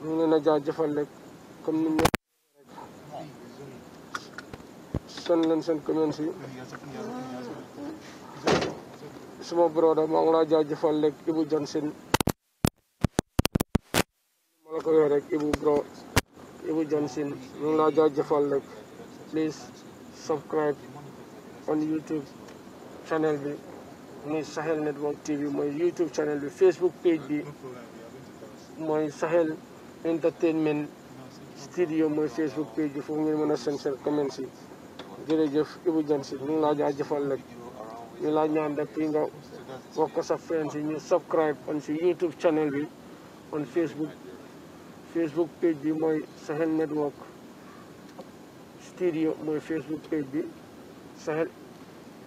ñu ngi leen a jaajëfal rek comme ni nekk son leen seen communes suma broda maa ngi laa jaajëfal rek Ibou Johnson ma la ko wax rek Ibou bro Ibou Johnson ñu ngi laa jaajëfal rek please subscribe on YouTube channel bi mooy Sahel Network TV mooy YouTube channel bi Facebook page bi mooy Sahel Entertainment studio mooy Facebook page bi foofu ngeen mën a seen seen comments yi jërëjëf Ibou Johnson ñu ngi laa jëfal rek ñu la ñaan rek fii nga wax ko sa friends yi ñu subscribe on si YouTube channel bi on Facebook Facebook page bi mooy Sahel Network Studio mooy Facebook page bi Sahel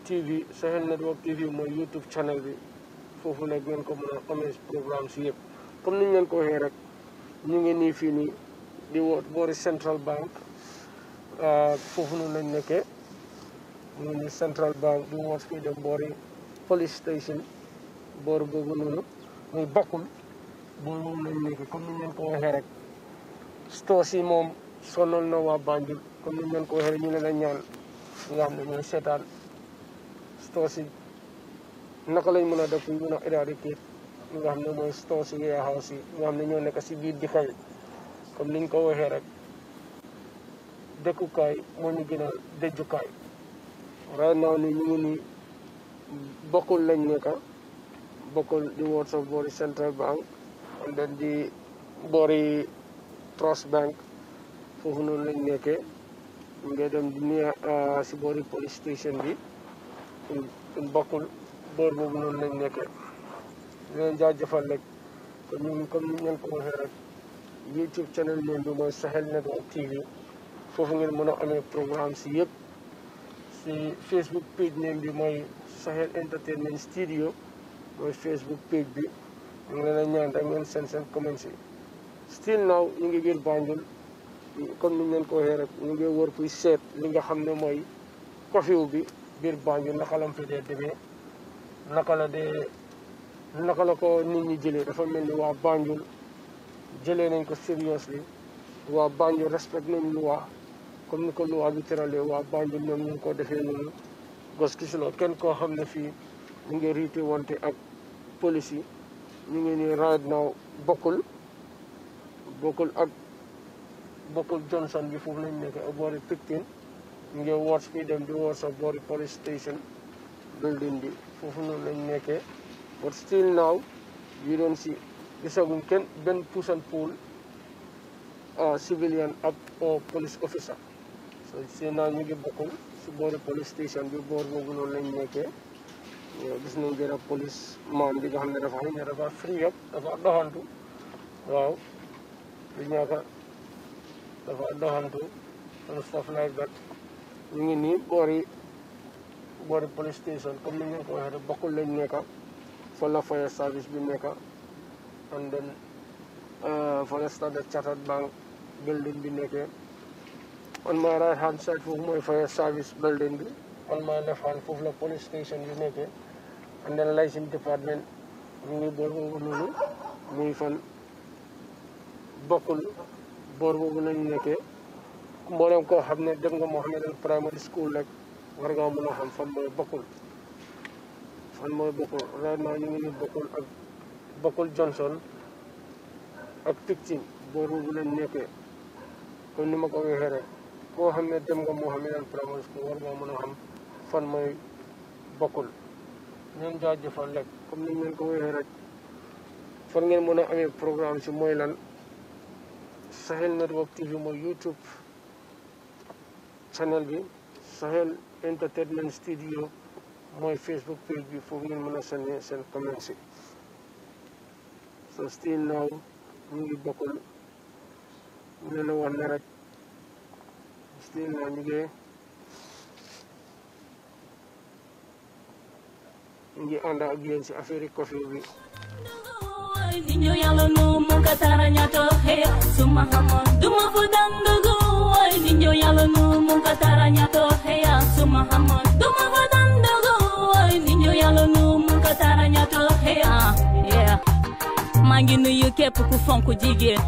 TV Sahel Network TV mooy YouTube channel bi foofu nag ngeen ko mën a amee programme si yëpp comme niñ leen ko waxee rek ñu ngi nii fii nii di woot boori Central Bank ah, foofu noonu lañ nekkee noonu central bank bi moo fii dem boori police station bokkul boo moom lañ nekk comme ni rek store si moom sonal na waa Banjul comme ni ko waxee rek ñu a ñaan ñi nga xam ne ñooy seetaan store si naka lañ mën a def mën a éradiquer ñi nga xam ne mooy store si warehouse yi ñi nga xam ne ñoo nekk si biir dëkk yi comme niñ ko waxee rek dëkkukaay moo ñu gënal dëjjukaay right now nii ñu ngi nii bokkul lañ nekka bokkul di Ward's of Central Bank di boori Trust Bank foofu noonu lañ nekkee ñu dem di ah, si boori police station bi bokkul boor boobu noonu lañ nekkee di leen jaajëfal rek kon ñun comme ñu ngeen ko waxee rek YouTube channel leen bi mooy Sahel Network TV foofu ngeen mën a amee programme si yëpp. si Facebook page name bi mooy Sahel Entertainment Studio mooy Facebook page bi ñu ngi leen a ñaan rek ngeen seen seen comments yi still now ñu ngi biir Banjul comme ni ñu leen ko waxee rek ñu ngi seet li nga xam ne mooy curfew bi biir Banjul naka la fi dee demee naka la dee naka la ko nit ñi jëlee dafa mel ni waa Banjul jëlee nañ ko seriously waa Banjul respect nañ lu waa كل واحد ترى له وابان بنم كو دفين goskislo ken ko xamne fi ñu ngi rité wonté ak police ñu ngi ni right now bokul bokul ak bokul johnson bi fofu lañ nekk ak boori pictin ñu ngi wars bi dem di wars ak boori police station building bi fofu noonu lañ nekkee but still now you don't see gisaguñ kenn benn push and pull uh, civilian up or police officer So sinabi ko siguro police station before nagulolin niya ke जिसने मेरा पुलिस मान दी हम मेरा भाई मेरा बाप फ्री अब दफा दहन टू वाओ दुनिया का दफा दहन टू and stuff like that. Ni ni bori bori police station kami ni ko hare bakul len ne ka fola fire service bi ne ka and then uh, forest the chartered bank building bi ne ke On my right hand side Fugmoy Fire Service building bi on my left hand foofu la police station bi nekkee and then licensing department mu ngi boor boobu noonu muy fan bokkul boor boobu lañ nekkee mboolem koo xam ne dem nga moo xam ne dal primary school rek war ngaa mën a xam fan mooy bokkul fan mooy bokkul right now ñu ngi ni bokkul ak bokkul Johnson ak Picton boor boobu lañ nekkee Kau ni makan ko waxee koo xam ne dem nga moo xam ne primary school war mën a xam fan mooy bokkul ñoom jaajëfal comme ni ngeen ko waxee rek fan ngeen mën a amee programme si mooy lan Sahel Network TV mooy YouTube channel bi Sahel Entertainment Studio mooy Facebook page bi foofu ngeen mën a sànnee seen comments yi so still now ñu ngi bokkul ñu a wax ne rek still navigate ngi Ini ak yéen si Afiri Kofiwi Ninyo yalo nu mu ka tara ñato xeer su ma xamoon du ma fu nu mu ka tara ñato xeer su ma xamoon du ma fu nu mu ka tara ñato xeer yeah maa ngi nuyu képp ku fonk jigéen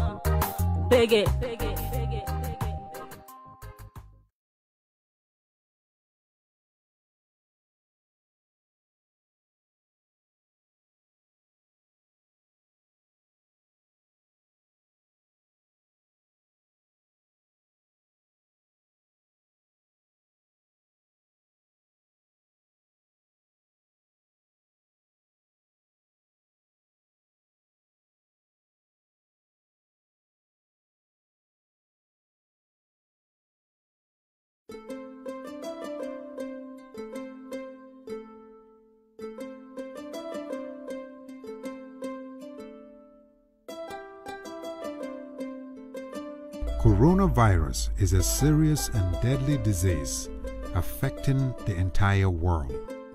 Coronavirus is a serious and deadly disease affecting the entire world.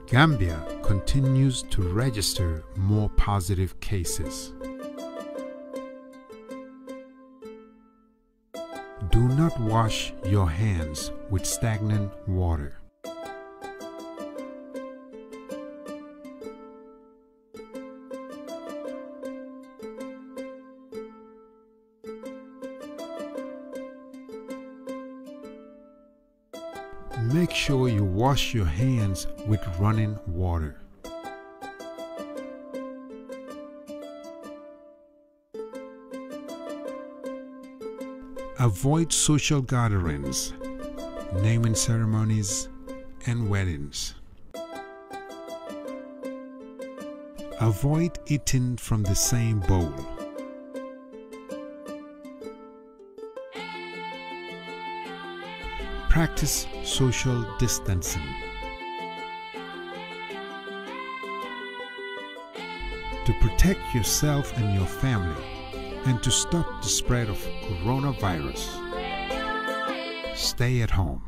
Gambia continues to register more positive cases. Do not wash your hands with stagnant water. sure you wash your hands with running water. Avoid social gatherings, naming ceremonies, and weddings. Avoid eating from the same bowl. practice social distancing. To protect yourself and your family and to stop the spread of coronavirus, stay at home.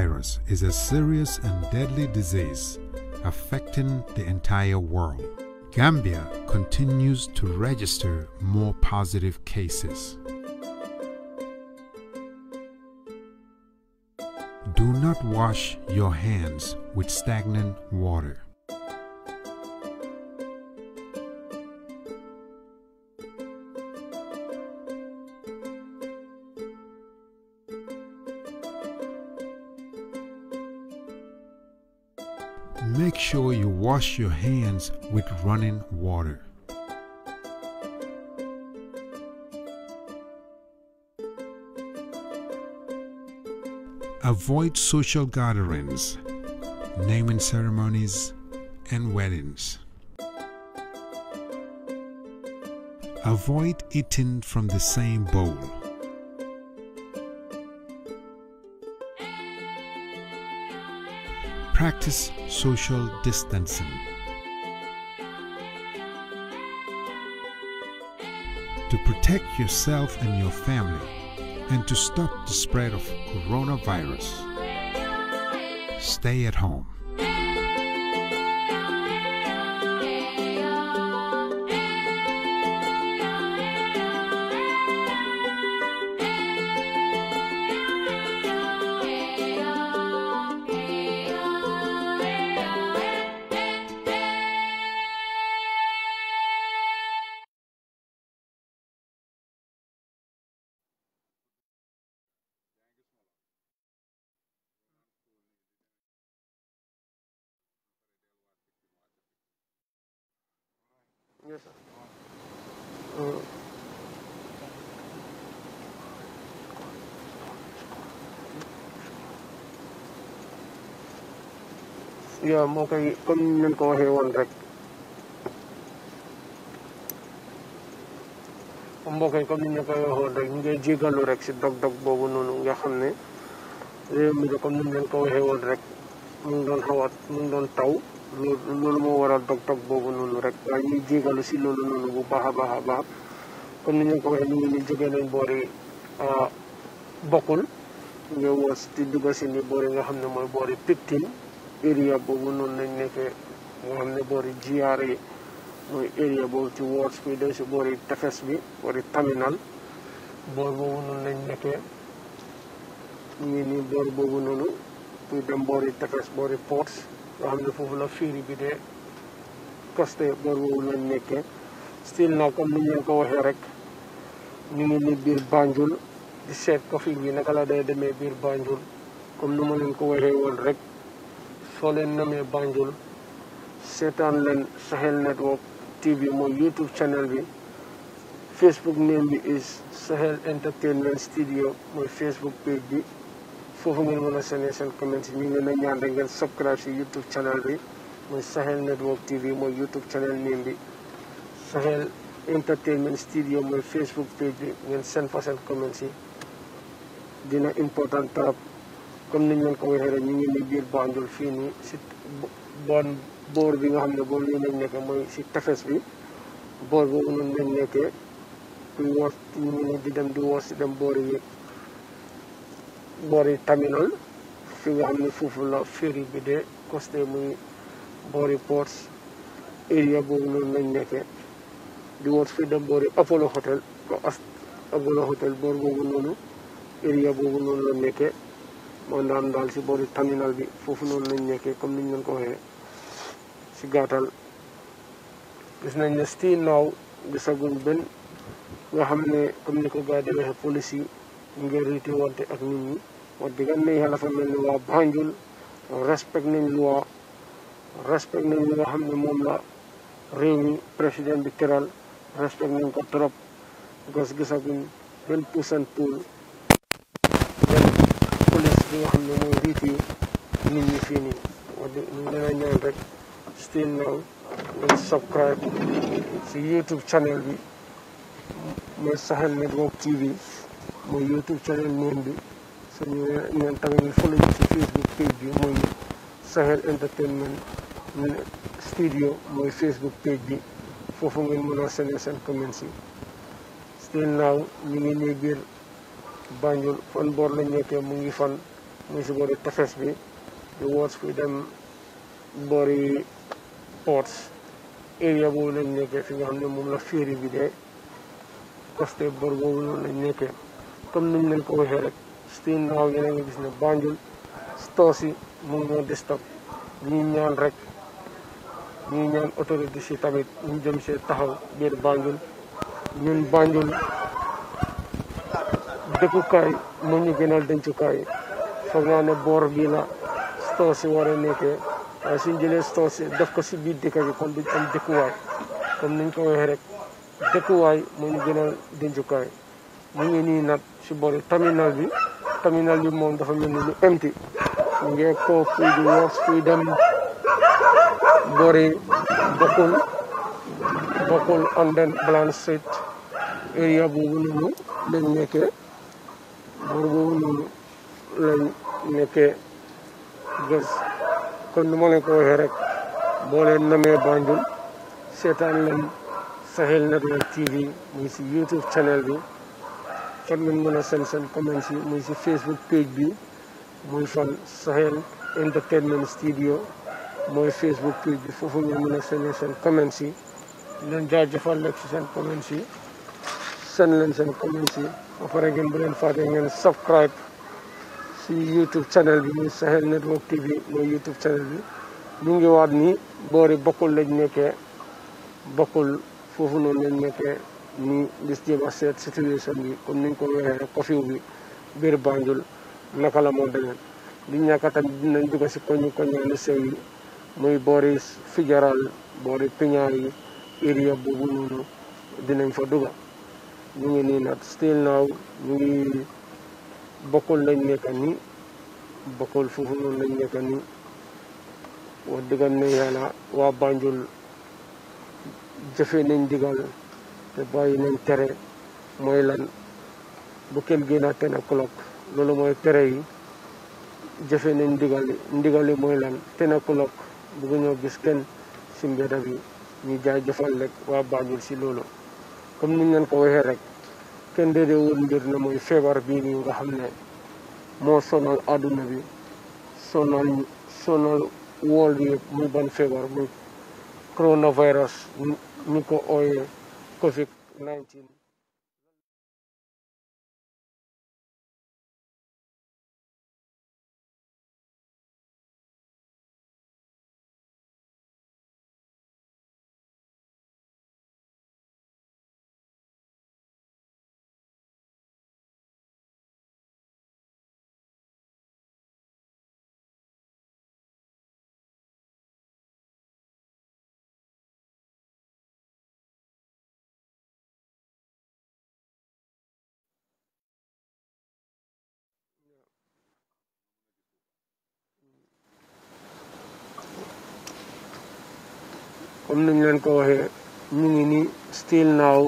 virus is a serious and deadly disease affecting the entire world. Gambia continues to register more positive cases. Do not wash your hands with stagnant water. wash your hands with running water. Avoid social gatherings, naming ceremonies, and weddings. Avoid eating from the same bowl. practice social distancing. To protect yourself and your family and to stop the spread of coronavirus, stay at home. moo koy comme ni leen ko waxee woon rek mbokk yi comme ni ñu koy waxoon rek ñu ngay jégalu rek si dog-dog boobu noonu nga xam ne réew mi de comme ni leen ko waxee woon rek mu ngi doon xawaat mu doon taw loolu moo waral dog-dog boobu noonu rek waaye ñuy jigalu si loolu noonu bu baax a baax a baax comme ni ñu ko waxee ñu ngi ni jógee nañ boor yi ah, bokkul nga woos di dugg si ni boor yi nga xam ne mooy boor yi area बहुत नन्हे के वो हमने बोरी जीआरए वो एरिया बहुत जो वॉर्स भी देश बोरी टेक्स भी बोरी टर्मिनल बोर बहुत नन्हे के मिनी बोर बहुत नन्हे तो इधर बोरी टेक्स बोरी पोर्ट्स वो हमने फुला फीरी भी दे कस्टे बोर बहुत नन्हे के स्टील ना कम नियम का वो हैरेक मिनी बिर बांजुल डिसेट कॉफी भी � Colin Name Banjul seetaan leen Sahel Network TV mooy YouTube channel bi Facebook name bi is Sahel Entertainment Studio mooy Facebook page bi foofu ngeen mën a seenee seen comments ñu ngi leen a ñaan rek ngeen subscribe si YouTube channel bi mooy Sahel Network TV mooy YouTube channel name bi Sahel Entertainment Studio mooy Facebook page bi ngeen seen fa seen comment yi dina important trop. comme niñ leen ko waxee rek ñu ngi ni biir bandul fii nii si bon boor bi nga xam ne boobu li lañ nekkee mooy si tefes bi boor boobu noonu lañ nekkee kuy woos ñu ngi di dem di woos si dem boor yi boor yi terminal fi nga xam ne foofu la ferry bi de coste muy boori ports area boobu noonu lañ nekkee di woos fi dem boori Apollo Hotel ko as Apollo Hotel boor boobu noonu area boobu noonu la nekkee mooy naan dal ci boori terminal bi fofu non lañ nekké comme niñ leen ko waxé ci gatal gis nañ ne sti now gisaguñ ben nga xamné comme niko ko gars yi police yi ñu ngi riiti wante ak nit ñi wax dëgg yalla fa melni wa Banjul respect nañ loi respect nañ nga xamné mom la réew mi président bi tëral respect nañ ko trop gis gisaguñ benn puusan puul li nga xam ne mooy riit yi nit ñi fii nii wax dëgg ñu mooy Sahel Network TV mooy YouTube channel moom si Facebook page mooy Sahel Entertainment studio mooy Facebook page bi foofu ngeen mën a seen seen comments yi still now ñu ngi nii Banjul fan boor lañ mu ngi fan ñu si boori tefes bi di woot fi dem boori port area boobu lañ nekkee fi nga xam ne moom la féeri bi dee costé bor boobu noonu lañ nekkee comme niñ leen ko waxee rek steen ndaxaw yéen a gis ne Banjul stores yi mu ngi doon di stop ñaan rek ñuy ñaan autorité si tamit ñu jëm see taxaw biir Banjul ñun Banjul dëkkukaay moo ñu gënal dencukaay foog naa ne boor bii la store si war a nekkee waaye suñ jëlee store si def ko si biir dëkk bi kon duñ am kon comme niñ ko waxee rek dëkkuwaay moo ñu gënal dencukaay mu ngi nii nag si boori terminal bi terminal bi moom dafa mel ni lu empty mu ngi ko kuy di woos kuy dem boori bokkul bokkul and then Bland area boobu noonu lañ nekkee nekee gës kon nu ma leen ko waxee rek boo leen namee Banjul seetaan leen Sahel Network TV muy si YouTube channel bi fan ngeen mën a seen seen comments yi muy si Facebook page bi muy fan Sahel Entertainment Studio mooy Facebook page bi foofu ngeen mën a seen seen comments yi leen jaajëfal rek si seen comments yi seen leen seen comments yi ba pare ngeen bu leen fàtte ngeen subscribe ci YouTube channel bi muy Sahel Network TV mooy YouTube channel bi ñu ngi waat ni boori bokkul lañ nekkee bokkul foofu noonu lañ nekkee ni dis jéem a seet situation bi comme niñ ko waxee rek kofiw bi biir Banjul naka la moo demee di ñàkk tamit dinañ dugg si koñu koñaani sew yi muy boori Fijaral boori Piñaar yi area boobu noonu dinañ fa dugg ñu ngi nii nag still now ñu ngi bokkul lañ nekk ni bokkul foofu noonu lañ nekk ni wax dëggal ne yàlla waa Banjul jëfe nañ digal te bàyyi nañ tere mooy lan bu kenn génn ak ten o'clock loolu mooy tere yi jëfe nañ ndigal ndigal yi mooy lan ten o'clock bëggu ñoo gis kenn si mbedd bi ñu jaay jëfal rek waa Banjul si loolu comme niñ leen ko waxee rek kenn déedéewul mbir na mooy feebar bii nii nga xam ne moo sonal àdduna bi sonal sonal wool bi ban feebar muy coronavirus ñu ko ooyee covid 19 nañ leen ko waxee ñi ngi ni still now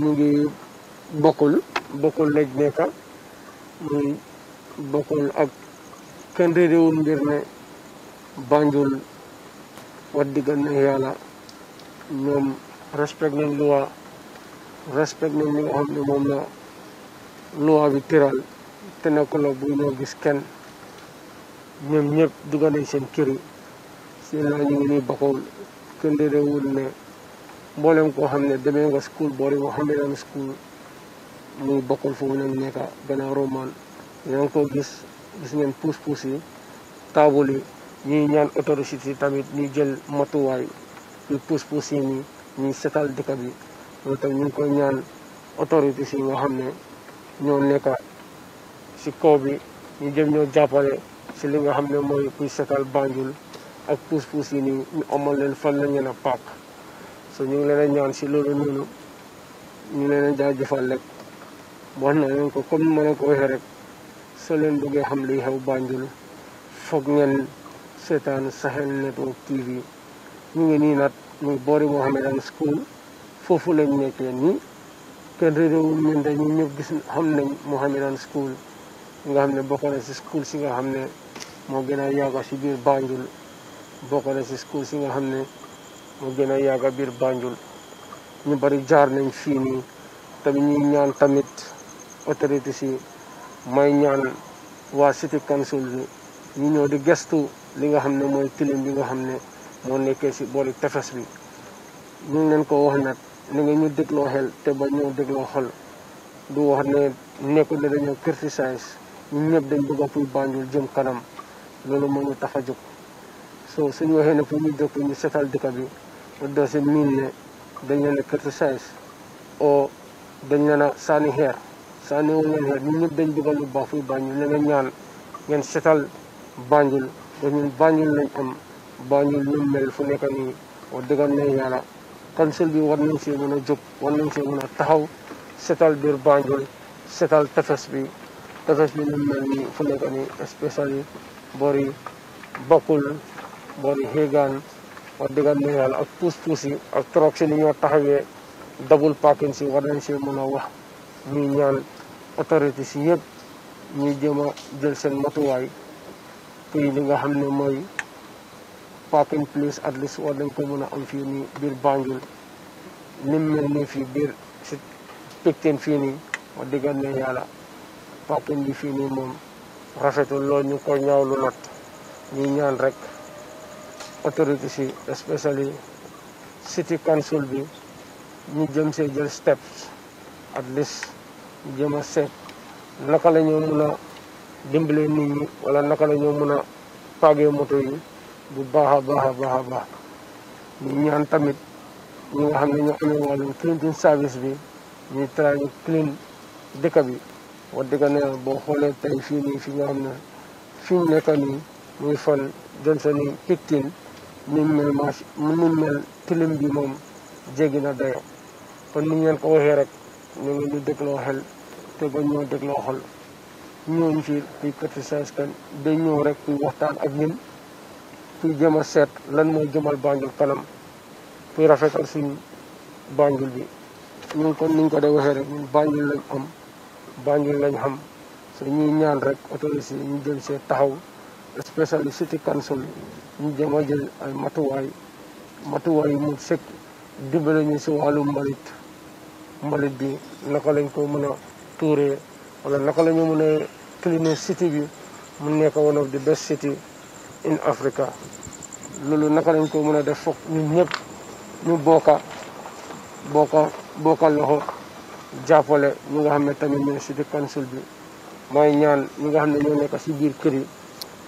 ñi ngi bokul bokul lañ nekk muy bokul ak kenn wu ngir ne Banjul wax diggan na yalla ñom respect nañ loi respect nañ li nga xam mom moom la loi bi tëral te nekk la bu ñu gis kenn ñom ñëpp dugga seen kër yi seen la ñu ngi bokul kenn réewul ne mboolem koo xam ne demee nga school boori Mohammedan school muy bokkul fu mu ne nekk gannaaw roman yaa ngi ko gis gis ngeen puus-puus yi taabul yi ñuy ñaan autorité yi tamit ñu jël matuwaay yu puus-puus yi nii ñuy setal dëkk bi loolu ñu ngi koy ñaan autorité yi nga xam ne ñoo nekk si kaw bi ñu jëm ñoo jàppale si li nga xam ne mooy kuy setal Banjul ak puus-puus yi nii ñu amal leen fan la ñu a pàq so ñu ngi leen ñaan si loolu noonu ñu leen jaajëfal rek wax na leen ko comme ma ne ko waxee rek soo leen bëggee xam liy xew Banjul foog ngeen seetaan Sahel Network TV ñu ngi nii nag muy boori Mohammedan school foofu lañ nekkee nii kenn réeréwul ñun dañu ñëpp gis xam nañ Mohammedan school nga xam ne bokk na si school si nga xam ne moo gën a yàgg si biir Banjul bokk na si school si nga xam ne moo gën a yàgg biir Banjul ñu bari jaar nañ fii nii tamit ñuy ñaan tamit autorité si may ñaan waa city council bi ñu ñëw di gestu li nga xam ne mooy tilim bi nga xam ne moo nekkee si booli tefes bi ñu ngi leen ko wax nag na nga ñu dégloo xel te ba ñëw dégloo xol du wax ne nekkul ne dañoo criticize ñu ñëpp dañ bëgg fuy Banjul jëm kanam loolu moo ñu tax a jóg so suñu waxee ne pour ñu dëkk ñu setal dëkk bi it doesn't mean ne dañ leen a criticize o dañ leen a sànni xeer sànni wuñ leen xeer ñun ñëpp dañ bëgg lu baax fuy Banjul la nga ñaan ngeen setal Banjul te ñun lañ am Banjul ñu mel fu nekk nii wax dëgg am yàlla council bi war nañ see mën a jóg war nañ see mën a taxaw setal biir Banjul setal tefes bi tefes bi ñu mel nii fu nekk nii especially boori bokkul boori Hégane wax dëggal ne yàlla ak puus-puus yi ak troog si ni ñoo taxawee double parking si war nañ si mën a wax ñuy ñaan autorité si yëpp ñu jéem a jël seen matuwaay pour li nga xam ne mooy parking place at least war nañ ko mën a am fi ni biir Banjul nim mel nii fii biir si Picton fii nii wax dëggal ne yàlla parking bi fi nii moom rafetul loolu ñu ko lu not ñuy ñaan rek autorité si especially city council bi ñu jëm see jël steps at least ñu jëm a seet naka la ñoo mun a dimbalee nit ñi wala naka la ñoo mun a paagee moto yi bu baax a baax a baax a baax ñu ñaan tamit ñi nga xam ne ñoo amee wàllum cleaning service bi ñuy try ñu clean dëkk bi wax dëgg ne boo xoolee tey fii nii fi nga xam ne fi mu nekk nii muy fan Johnson yi Picton ni mu mel marché ni mel tilim bi moom jéggi na dayo kon ni ngeen ko waxee rek ñu ngi ñu dégloo xel te ba ñoo dégloo xol ñëwoñ fii kuy criticiser kan day ñëw rek kuy waxtaan ak ñun kuy jëm a seet lan mooy jëmal Banjul kanam kuy rafetal suñ Banjul bi ñun kon niñ ko de waxee rek ñun Banjul lañ am Banjul lañ xam su ñuy ñaan rek autorité yi ñu jël see taxaw especially city council ñu jéem jël ay matuwaay matuwaay mu sëkk dimbale ñu si wàllu mbalit mbalit bi naka lañ ko mën a tuuree wala naka mën a city bi mu nekk one of the best city in Africa loolu naka lañ ko mën a def foog ñun ñëpp ñu bokka bokka bokka loxo jàppale ñi nga xam ne tamit ñooy city council bi mooy ñaan ñi nga xam ne ñoo nekk si biir kër yi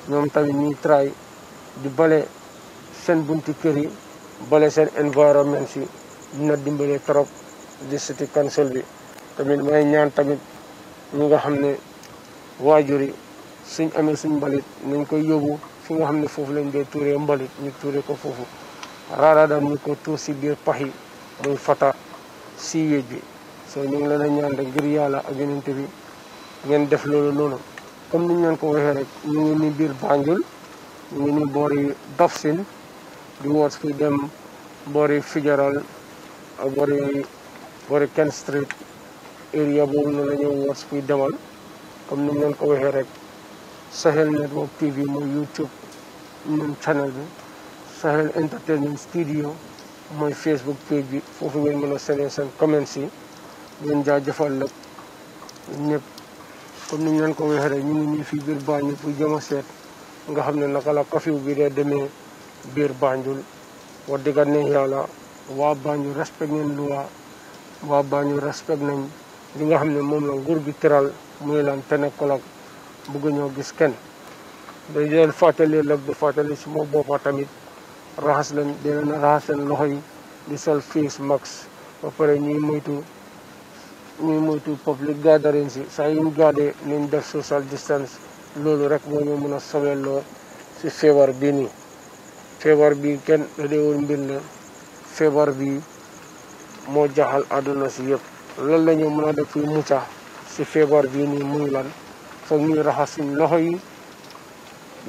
ñoom tamit ñuy try di bale seen bunti kër yi bale seen environnement si dina dimbalee trop di city council bi tamit may ñaan tamit ñi nga xam ne waajur yi suñ amee suñ mbalit nañ koy yóbbu fi nga xam ne foofu lañ dee tuuree mbalit ñu tuure ko foofu raara daal ñu ko tuur si biir pax yi muy fata si yéej bi soo ñu ngi leen a ñaan rek ngir yàlla ak yonent bi def loolu noonu comme niñ leen ko waxee rek ñu ngi ni biir Banjul ñini bori dofsin towards them body bori Figueral body body can Street area boobu noonu la ñëw wars fi demal comme ni mu leen ko waxee rek Sahel Network TV mooy YouTube moom channel bi Sahel Entertainment Studio mooy Facebook page bi foofu ngeen mën a seenee seen comments yi ngeen jaajëfal nag ñëpp comme ni ñu leen ko waxee rek ñu ngi nii fii biir Banjul pour jëm a seet nga xam ne naka la kafiw bi dee demee biir Banjul wax dëgg yàlla waa Banjul respect nañ loi waa Banjul respect nañ li nga xam ne moom la nguur bi tëral muy lan te nekkul ak bëgg ñoo gis kenn. day leen fàttali rek di fàttali suma boppa tamit raxas leen di na raxas seen loxo yi di sol face mask ba pare ñuy moytu ñuy moytu public gathering si saa yu ñu gaadee nañ def social distance. loolu rek moo ñu mën a sobelloo si feebar bi nii feebar bi kenn dadeewul mbir la feebar bi moo jaxal àdduna si yëpp lan la ñu mën a def mucca si feebar bi nii muy lan foog ñuy raxas suñ loxo yi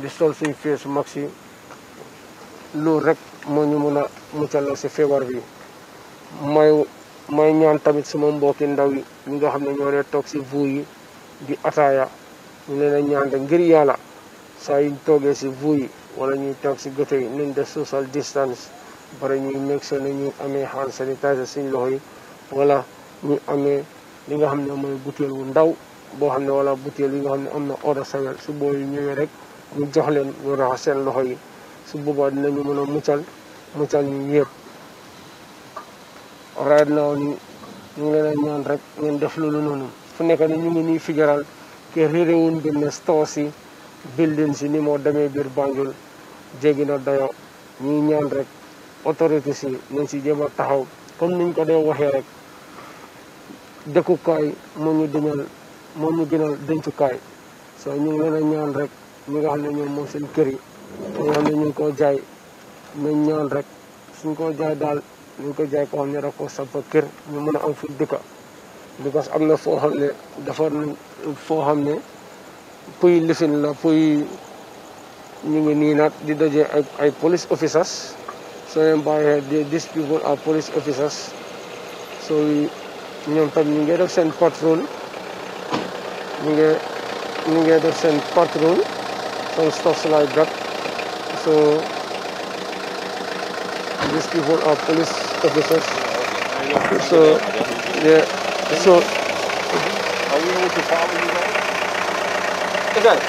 di sol fee su mag si loolu rek moo ñu mën a muccaloo si feebar bi may may ñaan tamit sama mbokki ndaw yi ñi nga xam ne ñoo ne toog si vuu yi di ataaya ñu leen a ñaan de ngir yàlla saa yuñ toogee si vuu yi wala ñuy toog si gote yi nañ def social distance bare ñuy nekk seen ñu amee hand sanitizer suñ loxo yi wala ñu amee li nga xam ne mooy butéel wu ndaw boo xam ne wala butéel yi nga xam ne am na eau de javel su booy ñëwee rek ñu jox leen ñu seen loxo yi su boobaa a muccal muccal ñu yëpp right now ni ñu ngi leen a ñaan rek ngeen def loolu noonu fu nekk ni ñu ngi nii fijaral hearing din ne stores yi buildings yi ni moo demee biir Banjul jéggi na dayo ñuy ñaan rek autorités yi nañ si jéem a taxaw comme niñ ko dee waxee rek dëkkukaay moo ñu diñal moo ñu gënal dencukaay soo ñu ngi leen a ñaan rek ñi nga xam ne ñoom moom seen kër yi ñi xam ne ñu ngi koo jaay nañ ñaan rek suñ koo jaay daal ñu ko jaay ko xam ne da ko saba kër ñu mën a am fu dëkka because am na foo xam ne dafa foo xam ne puy lifin la puy ñu ngi nii nag di daje ay ay police officers soo leen bàyyee these people are police officers so ñoom tam ñu ngi def seen patrol ñu ngi ñu ngi def seen patrol some stuff like that so these people are police officers so yeah So, are we able to follow you guys?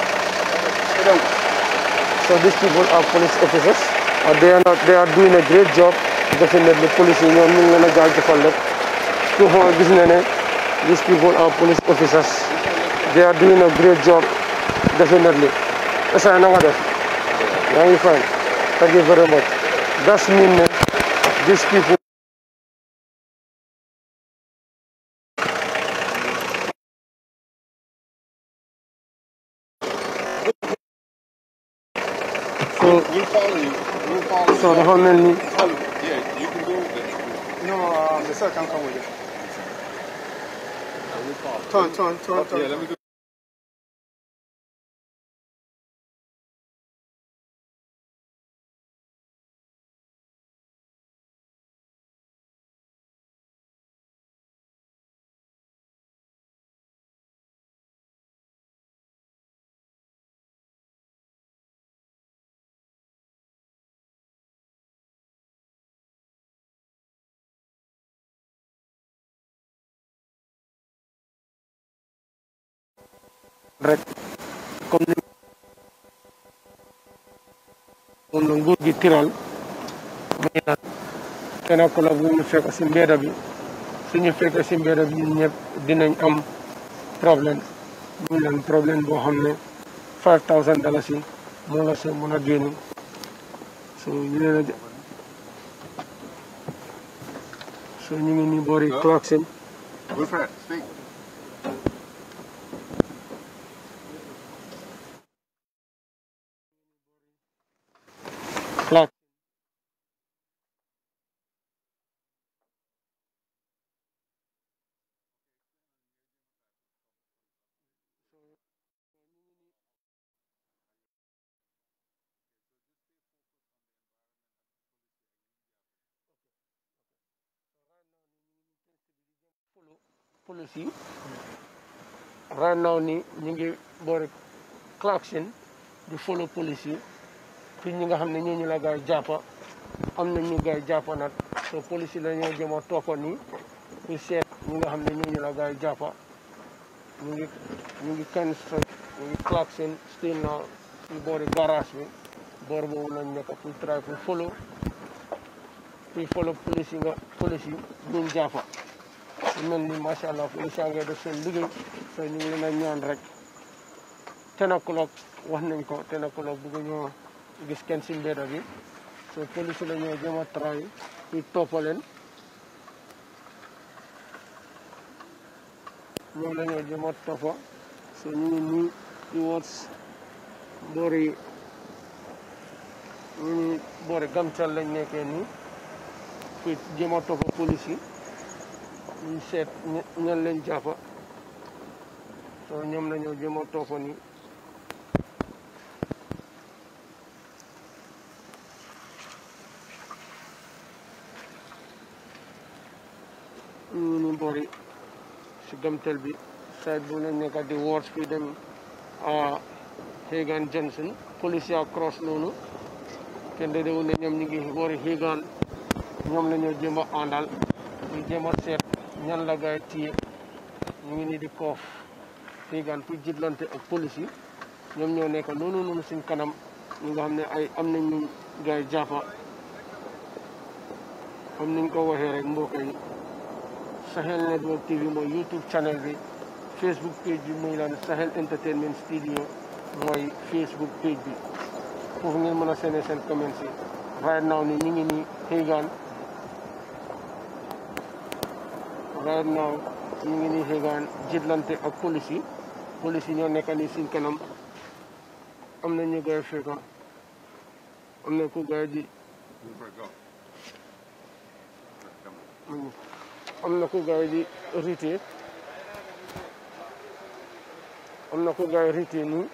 So these people are police officers. Uh, they are not. They are doing a great job. Definitely, police. You know, I'm gonna judge for that. So how is it? These people are police officers. They are doing a great job. Definitely. That's another. Thank you, friend. Thank you very much. That's mean these people. on Yeah, you can go with it. No, uh, the sir can't come with it. Turn, turn, turn, turn. Yeah, let me go. comme moom la nguur gi tiral muy naan kenn la bu ñu fekk si mbedd bi suñu fekk bi ñun dinañ am problème problème five thousand dollars yi moom la see so ñu leen a so ñu ngi police yi right ni ñu ngi boori Clarkson di follow police fi ñi nga xam ne ñooñu la gaay jàppa am na ñu gaay jàppa nag so police yi la ñoo jëm a toppa nii ñu nga xam ne ñooñu la gaay jàppa ñu ngi ngi kenn street ñu ngi Clarkson still now si boori garage bi boor boobu lañ nekk pour try pour follow pour follow police nga police yi duñ ñu mel ni macha allah policiers ngay def seen liggéey te ñu ngi leen a ñaan rek tenacloog wax nañ ko tenacloog bëgg ñoo gis kenn si mbedd bi so police la ñoo jéem a try ñu toppaleen moom la ñoo jéem ñu ngi nii towards boori ñu lañ nekkee nii fi a toppa police yi ñu seet ñan lañ jàppa soo ñoom la jëm jëma toofa nii ñu ni mbori si gamtel bi side bu leen nekka di wars bi dem a Johnson police yaa cross noonu kenn de dewu ne ñoom ñu ngi wari Hagan ñoom la ñoo a àndal ñu jéem a seet ñallaga téye ñu ngi nii di koof séegaan kuy jiitlante ak police yi ñoom ñoo nekk noonu noonu suñ kanam ñi nga xam ne ay am nañ ñu gars yi jàppa comme niñ ko waxee rek mbokk yi Sahel Network TV mooy YouTube channel bi Facebook page bi muy laan Sahel Entertainment Studio mooy Facebook page bi foofu ngeen mën a seenee seen comments yi right now ni ñu ngi nii séegaan right now ñu ngi nii xëgaan jiitlante ak police yi police yi ñoo nekk nii suñ kanam am na ñu gaay fekka am na ku gaay di am na ku gaay di ritee am na ku gaay ritee nii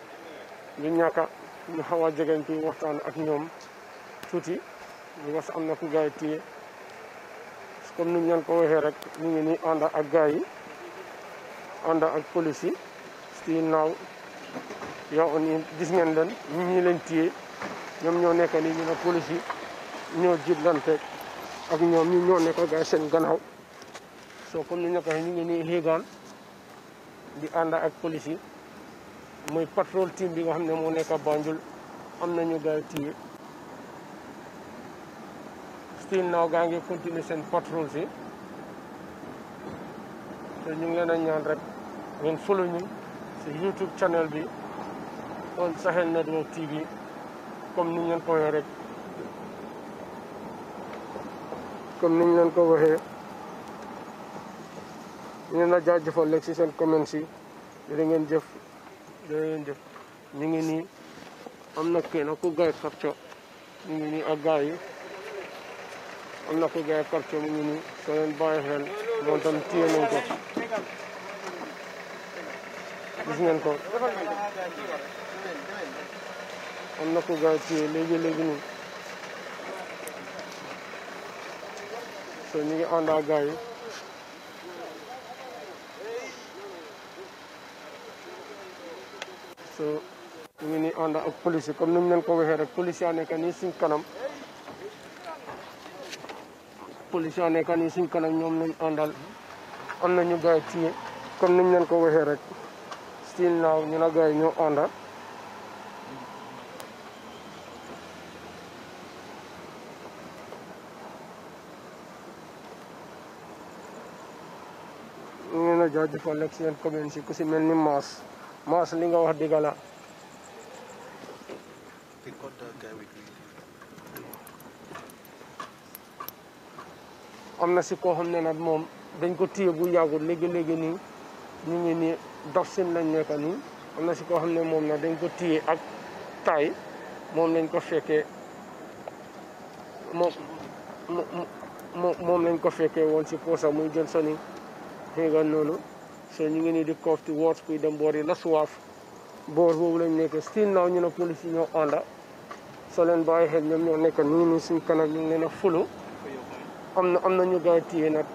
ñu ñàkka ñu xaw a jegeñ ci waxtaan ak ñoom tuuti parce que am na ku gaay téye comme niñ leen ko waxee rek ñu ngi nii ànd ak gars yi ànd ak police yi si naaw yow gis ngeen leen ñu ñi leen téye ñoom ñoo nekk nii ñu ne police yi ñoo jiitlante ak ñoom ñu ñoo nekk gars seen gannaaw soo comme ni ñu ko ñu ngi nii xéegaan di ànd ak police mooy patrol team bi nga xam ne moo nekk Banjul am nañu gars yi téye naaw gaa ngi continuer seen patrouille si te ñu ngi lay ñaan rek ngeen follow ñu ci YouTube channel bi on Sahel Network TV comme niñ ñen ko wé rek comme niñ ñen ko waxé ñu na a lek ci sen comment ci yi ngeen jëf jërë ngeen jëf ñu ngi ni amna keen ko ku gaay capture ñu ngi ni ak gaay yi am na ko gars yi capté mu ngi nii soo leen bàyyi xel moom tam téye nañ ko gis ngeen ko am na ko gars yi téye léegi léegi nii soo ñu ngi ànd ak gars yi soo ñu ngi nii ànd ak police comme ni mu leen ko waxee rek police yaa nekk nii suñ kanam police yoo nekkoon yi suñ kanam ñoom lañ àndal am na ñu gars yi téye comme niñ leen ko waxee rek still now ñu na gars yi ñoo àndal ñu na jaajëfal rek seen commune si ku si mel ni maas li nga wax dëgg la am na si koo xam ne nag moom dañ ko téye bu yàggul léegi-léegi nii ñu ngi nii dox sin lañ nekka nii am na si koo xam ne moom nag dañ ko tiye ak tay moom lañ ko fekkee moom moom lañ ko fekkee woon si poosa muy jël soni xéegan noonu so ñu ngi nii di koof ti woot kuy dem boor yi la suwaaf boor boobu lañ nekk still naaw ñu ne police yi ñoo ànda so leen bàyyi xel ñoom ñoo nekk nii nii suñ kanam ñu ngi leen a fulu am na am na ñu gaa yi nag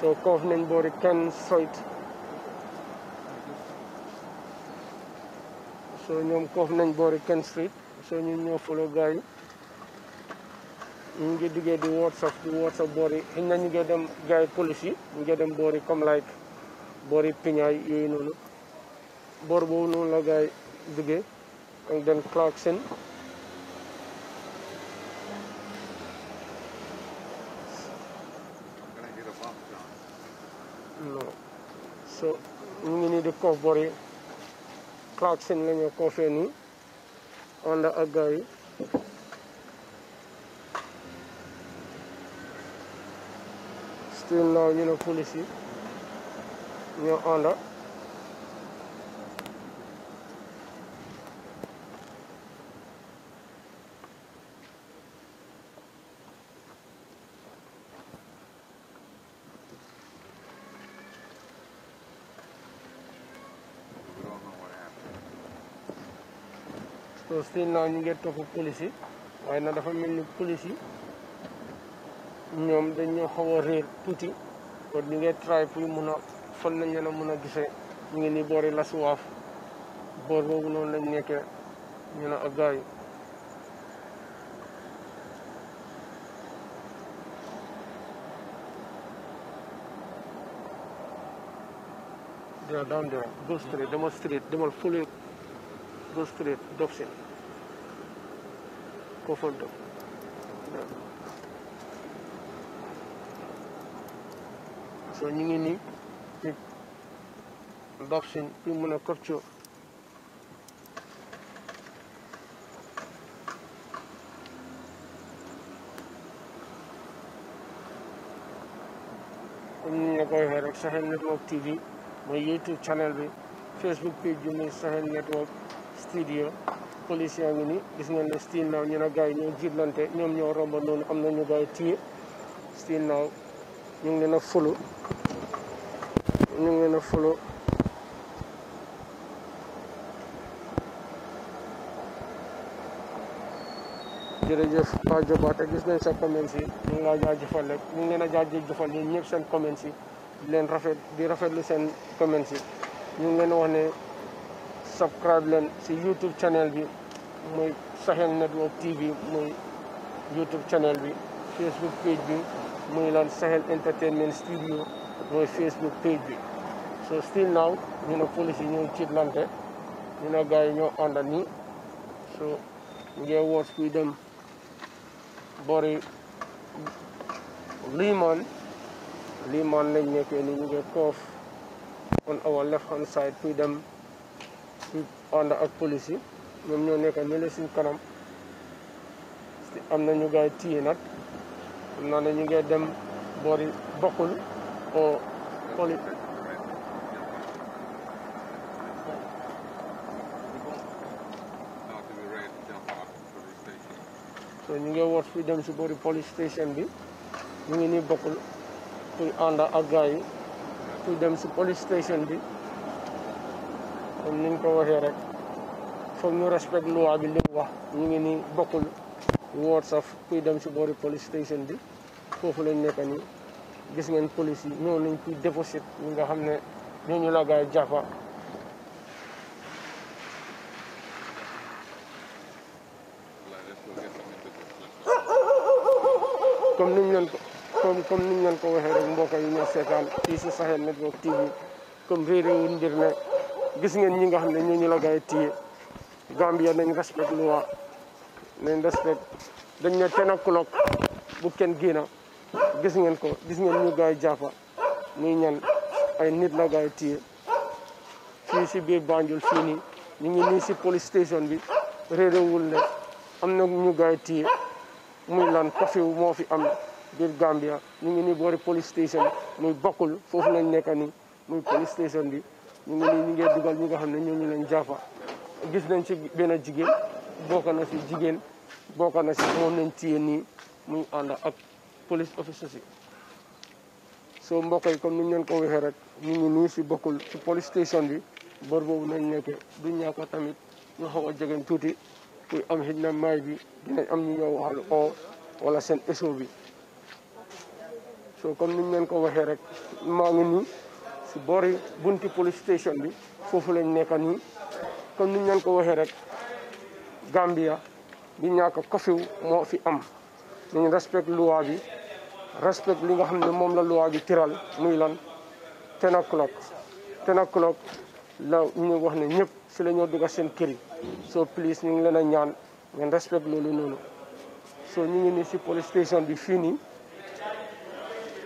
so koof nañ boori kenn soit so ñoom koof nañ boori kenn street so ñu ñoo follow gaa yi ñu ngi duggee di WhatsApp di WhatsApp boori xëy na ñu dem gaa yi police yi ñu dem boori comme like boori piñaay yooyu noonu boor boobu noonu la gaa yi duggee ak den Clarkson so ñu ngi nii di koof bor yi Clarkson la ñu koofee ak gars yi still now ñu ne police ñoo ànd so sinon ñu ngi topp police yi waaye nag dafa mel ni police yi ñoom dañoo xaw a réer tuuti kon ñu ngi try pour mun a fan lañ leen a mun a gise ñu ngi nii boori lasuwaaf boor boobu noonu lañ nekkee ñu ne ak gars yi down there goes through it, drops in. Profondo. No. So ñu ngi nii ci dopsin bi mu ne corcho comme ni nga ko waxee rek Sahel Network TV mooy YouTube channel bi Facebook page bi muy Sahel Network studio police ngi nii gis ngeen ne still now ñu na gaay ñu ñoo ñom ñoo romb non amna ñu gaay yi téye still now ñu ngi na fulu ñu ngi na a fulu jërëjëf Pa Jobaate gis nañ sa comment yi ñu ngi laa jaajëfal rek ñu ngi leen a jaajëfal yéen ñëpp seen comment yi di leen rafet di rafetlu seen comment yi ñu ngi leen wax ne subscribe leen si YouTube channel bi muy Sahel Network TV muy YouTube channel bi Facebook page bi muy lan Sahel Entertainment Studio mooy Facebook page bi so still now ñu ne police yi ñoo ciitlante ñu ne gars yi ñoo ànda nii so ngee woos kuy dem bori Limon Limon lañ nekkee ni ñu ngi koof on our left hand side kuy dem ànd ak police ñom ñoo nekk ñële suñ kanam amna ñu gay téye nak amna na ñu gay dem bori bokul o xooli so ñu ngi woot fi dem ci bori police station bi ñu ngi nii bokkul kuy ànd ak gars yi kuy dem ci police station bi building cover here rek foog ñu respect loi bi li wax ñu ngi ni bokul woor of kuy dem ci bori police station bi fofu lañ nekk nii gis ngeen police yi ñoo lañ ci déposit ñi nga xamne ñu ñooñu la gaay jafa comme ñu ñaan ko comme comme ñu ñaan ko waxe rek mbokk yi ñoo ci sa xel Sahel Network TV comme réeréewu njër ne gis ngeen ñi nga xam ne ñooñu la gars yi téye Gambia nañ respect loi nañ respect dañ ne ten o'clock bu kenn génna gis ngeen ko gis ngeen ñu gars yi jàppa muy ñan ay nit la gars yi fii si biir Banjul fii nii ñu ngi nii si police station bi réerewul ne am na ñu gars yi téye muy lan kafiw moo fi am biir Gambia ñu ngi nii boori police station muy bokkul foofu lañ nekka nii muy police station bi ñu ngi nii ñu ngi dugal ñi nga xam ne ñooñu lañ jàppa gis nañ ci benn jigéen bokk na si jigéen bokk na si moom lañ téye nii muy ànd ak police officers yi soo mbokk yi comme ni ñu leen ko waxee rek ñu ngi si bokkul ci police station bi bor boobu nañ nekkee du ñàkk tamit ñu xaw a jegeñ tuuti am xëj na maay bi dinañ am ñu ñëw wala seen eso bi soo comme ni leen ko waxee rek nii si boori bunti police station bi foofu lañu nekk nii comme niñ leen ko waxee rek Gambia bi ñàkk kafiw moo fi am ñu respect loi bi respect li nga xam ne moom la loi bi tiral muy lan ten o'clock ten o'clock la ñu wax ne ñëpp si la ñoo seen kër yi plus please ñu ngi leen a ñaan ngeen respect loolu noonu soo ñu ngi ni si police station bi fii nii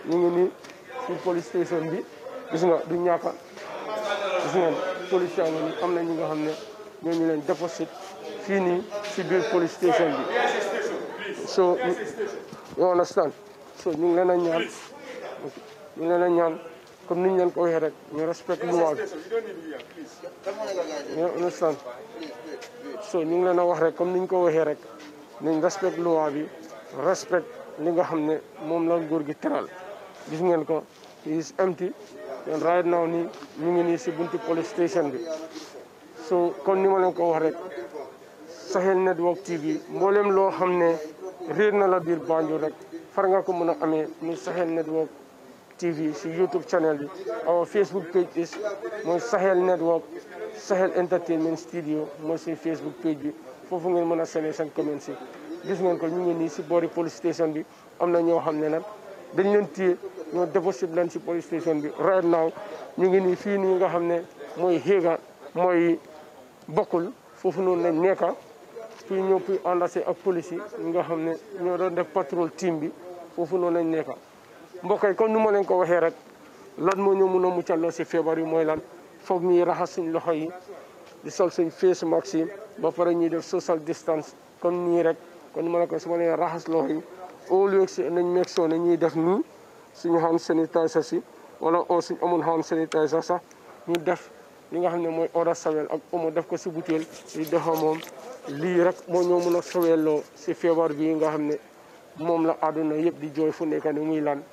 ñu ngi ni si police station bi gis nga du ñàkk gis ngeen am na ñi xam ne ñoo ñu leen deposit fii nii si biir police station bi so ñu ngi leen a ñaan ñu leen a ñaan comme niñ leen ko waxee rek ñu respect loi bi ñu ngi leen a wax rek comme niñ ko waxee rek nañ respect loi bi respect li nga xam ne moom la góor gi teral gis ngeen ko is and right now ni ñu ngi nii si buntu police station bi so kon ni ma leen ko wax rek Sahel Network TV mboolem loo xam ne réer na la biir Banjul rek far nga ko mën a amee muy Sahel Network TV si YouTube channel bi our Facebook page is mooy Sahel Network Sahel Entertainment Studio mooy suñu Facebook page bi foofu ngeen mën a sene seen comment si gis ngeen ko ñu ngi nii si boori police station bi am na ñoo xam ne nag dañ leen téye ñoo deposit lan si police station bi right now ñu ngi nii fii nii nga xam ne mooy Higa mooy bokkul foofu noonu lañ nekka pour ñëw pour ak police yi nga xam ne ñoo doon def patrol team bi foofu noonu lañ nekka mbokk yi comme ni ma leen ko waxee rek lan moo ñu mun a muccalloo si feebar yi mooy lan foog ñuy raxas suñ loxo yi di sol suñ face mask yi ba pare ñuy def social distance kon nii rek kon ni ma ne ko su ma nee raxas loxo yi au lieu nañ meeg soo ñuy def nii suñu hand sanitizer si wala oo suñ amul hand sanitizer sax ñu def li nga xam ne mooy eau de ak omo def ko si butéel si doxoo moom lii rek moo ñoo mën a sowelloo si feebar bi nga xam ne moom la àdduna yëpp di jooy fu nekk ni muy lan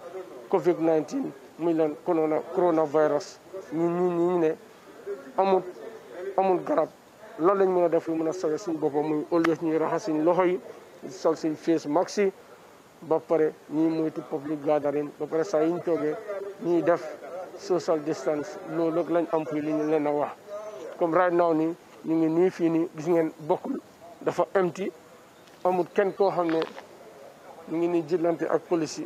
covid 19 muy lan corona coronavirus ñun ñun ñu ne amul amul garab loolu lañ mën a def mën a sowe suñ boppam muy always ñuy raxas suñ loxo yi sol suñ face mask si ba pare ñuy public gathering ba pare saa yiñ toogee def social distance loolu ak lañ am li ñu leena wax comme right now ni ñu ngi ni fi ni gis ngeen dafa empty amul ken ko xamne ñu ngi ni jillante ak police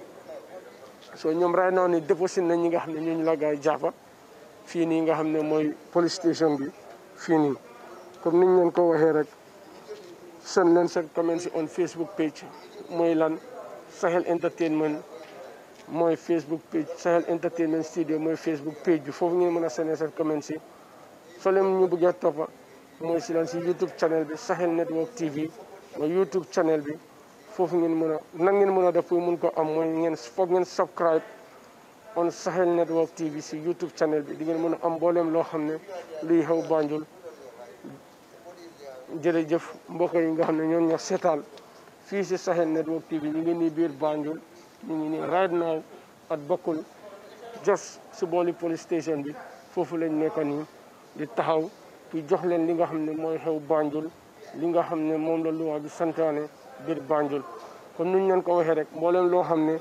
so ñom right now ni déposé nañ ñi nga xamne ñu la gaay jafa fi ni nga xamne moy police station bi fi ni comme niñ leen ko waxee rek sen len sen comments on Facebook page moy lan Sahel entertainment mooy Facebook page Sahel entertainment studio mooy Facebook page bi foofu ngeen mën a sene seen comment si soo leen ñu bëggee toppa mooy si leen si YouTube channel bi Sahel Network TV mooy YouTube channel bi foofu ngeen mën a nan ngeen mën a def pour mun ko am mooy ngeen foog ngeen subscribe on Sahel Network TV si YouTube channel bi di ngeen mën a am mbooleem loo xam ne luy xew Banjul jërëjëf mbokk yi nga xam ne ñoo ñoo seetaal fii si Sahel Network TV ñu ngi nii biir Banjul ñu ngi nii right now at Bokkul jos si booli police station bi foofu lañ nekk nii di taxaw di jox leen li nga xam ne mooy xew Banjul li nga xam ne moom la loi bi santaane biir Banjul comme nuñ leen ko waxee rek mbooleem loo xam ne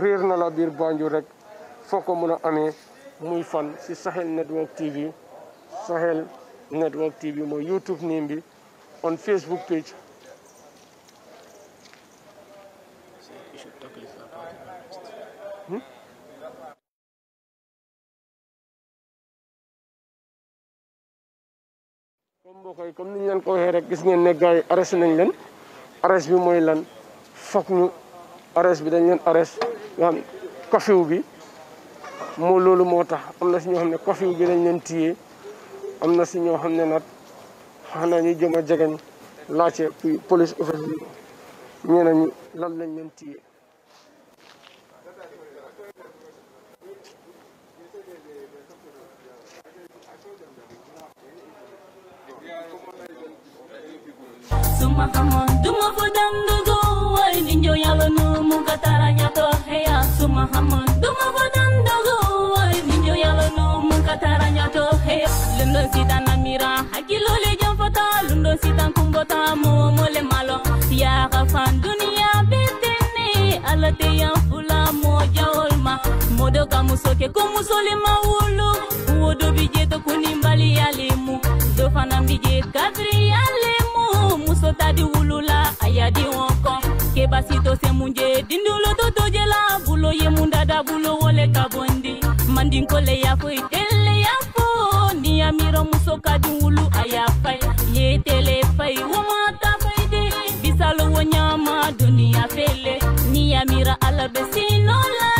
réer na la biir Banjul rek foo ko mën a amee muy fan si Sahel Network TV Sahel Network TV mooy YouTube name bi on Facebook page mbokk yi comme ni ñu leen ko waxee rek gis ngeen ne gars yi arrêté nañ leen arrêté bi mooy lan foog ñu arrêté bi dañ leen arrêté nga xam curfew bi moo loolu moo tax am na si ñoo xam ne curfew bi dañ leen téye am na si ñoo xam ne nag xanaa ñu jëm a jegeñ laajte police office bi ñeneen ñi lan lañ leen téye ma xamoon dogo, ma fa dandu go way ni ñoo yàlla nu mu ko tara ña to xeya su ma xamoon du go way ni ñoo mu tara hakilo le jom fata lundo sitan kumbota mo mo le malo ya ka fan dunia betene ala te ya fula mo jawol ma modo ka musoke ko musole ma wulu wodo bi je to kunimbali alimu do fana bi je kadri sota di wulula a di wọn kan ke basi to se mun je to to je la bulo ye mun dada bulo wole ka bondi mandinko le y'a fo itele y'a fo ni y'a miirɔ muso ka di wulu a fa ye tele fa ye woma ta fa ye de bisalo wo ɲama duniya fele ni amira miira ala bɛ sinɔ la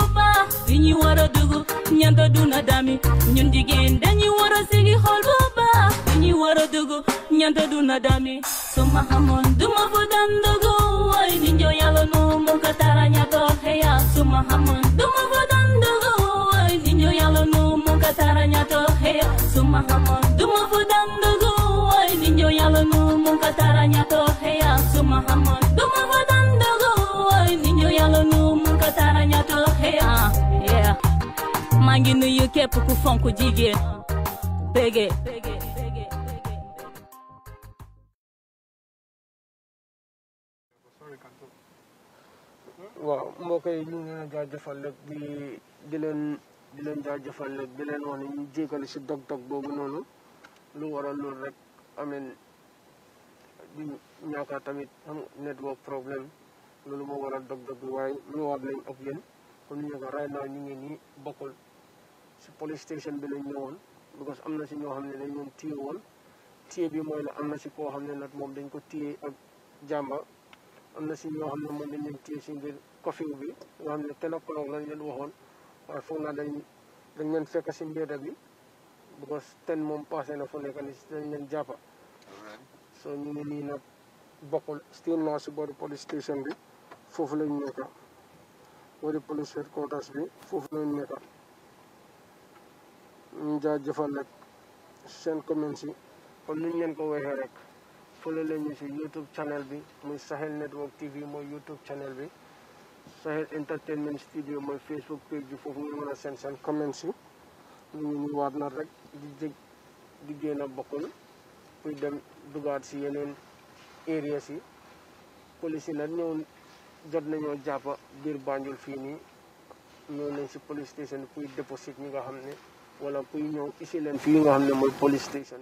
dañu dugu a dugg ñanta duna dami ñun sigi xol bu baax dañu war a dugg duna dami suma duma fu dan dugg way ni njoo yàlla nu mu ko tara ñato xeya suma xamoon duma fu dan dugg way ni njoo yàlla nu ko tara xeya suma duma dan dugg way ni ko tara xeya suma mangi nu yu kep ku fonku jigen pege waaw mbokay yi ñu ngi leen jaajëfal rek di di leen di leen jaajëfal rek di leen wax ñu jégalu si dog-dog boobu noonu lu waral loolu rek amen di ñaaka tamit am network problème loolu moo waral dog-dog bi waaye war nañ ak yéen kon ñu ko ray naa ñu ngi nii bokkul si police station bi lañ ñëwoon because am na si ñoo xam ne dañ leen téye woon téye bi mooy ne am na si koo xam ne nag moom dañ ko téye jàmba am na si ñoo xam ne moom dañ leen téye si ngir koffiw bi ten lañ leen waxoon waaye foog naa dañ leen fekk si mbedda bi because ten moom passé na fu nekk dañ leen jàppa so ñu ngi nii nag bokkul still naa si boori police station bi foofu lañ nekka boori police headquarters bi foofu lañ nekka jaajëfal rek seen commune si comme niñ leen ko waxee rek fële la ñu si YouTube channel bi muy Sahel Network TV mooy YouTube channel bi Sahel Entertainment Studio mooy Facebook page bi foofu nga mën a seen seen commune si ñu ngi ñëwaat na rek di jég di génn a bokkul kuy dem dugaat si yeneen area si police yi nag ñëw jot nañoo jàppa biir Banjul fii nii ñëw nañ si police station kuy déposit ñi nga xam ne wala po yung isilent yung nga hamna mo police station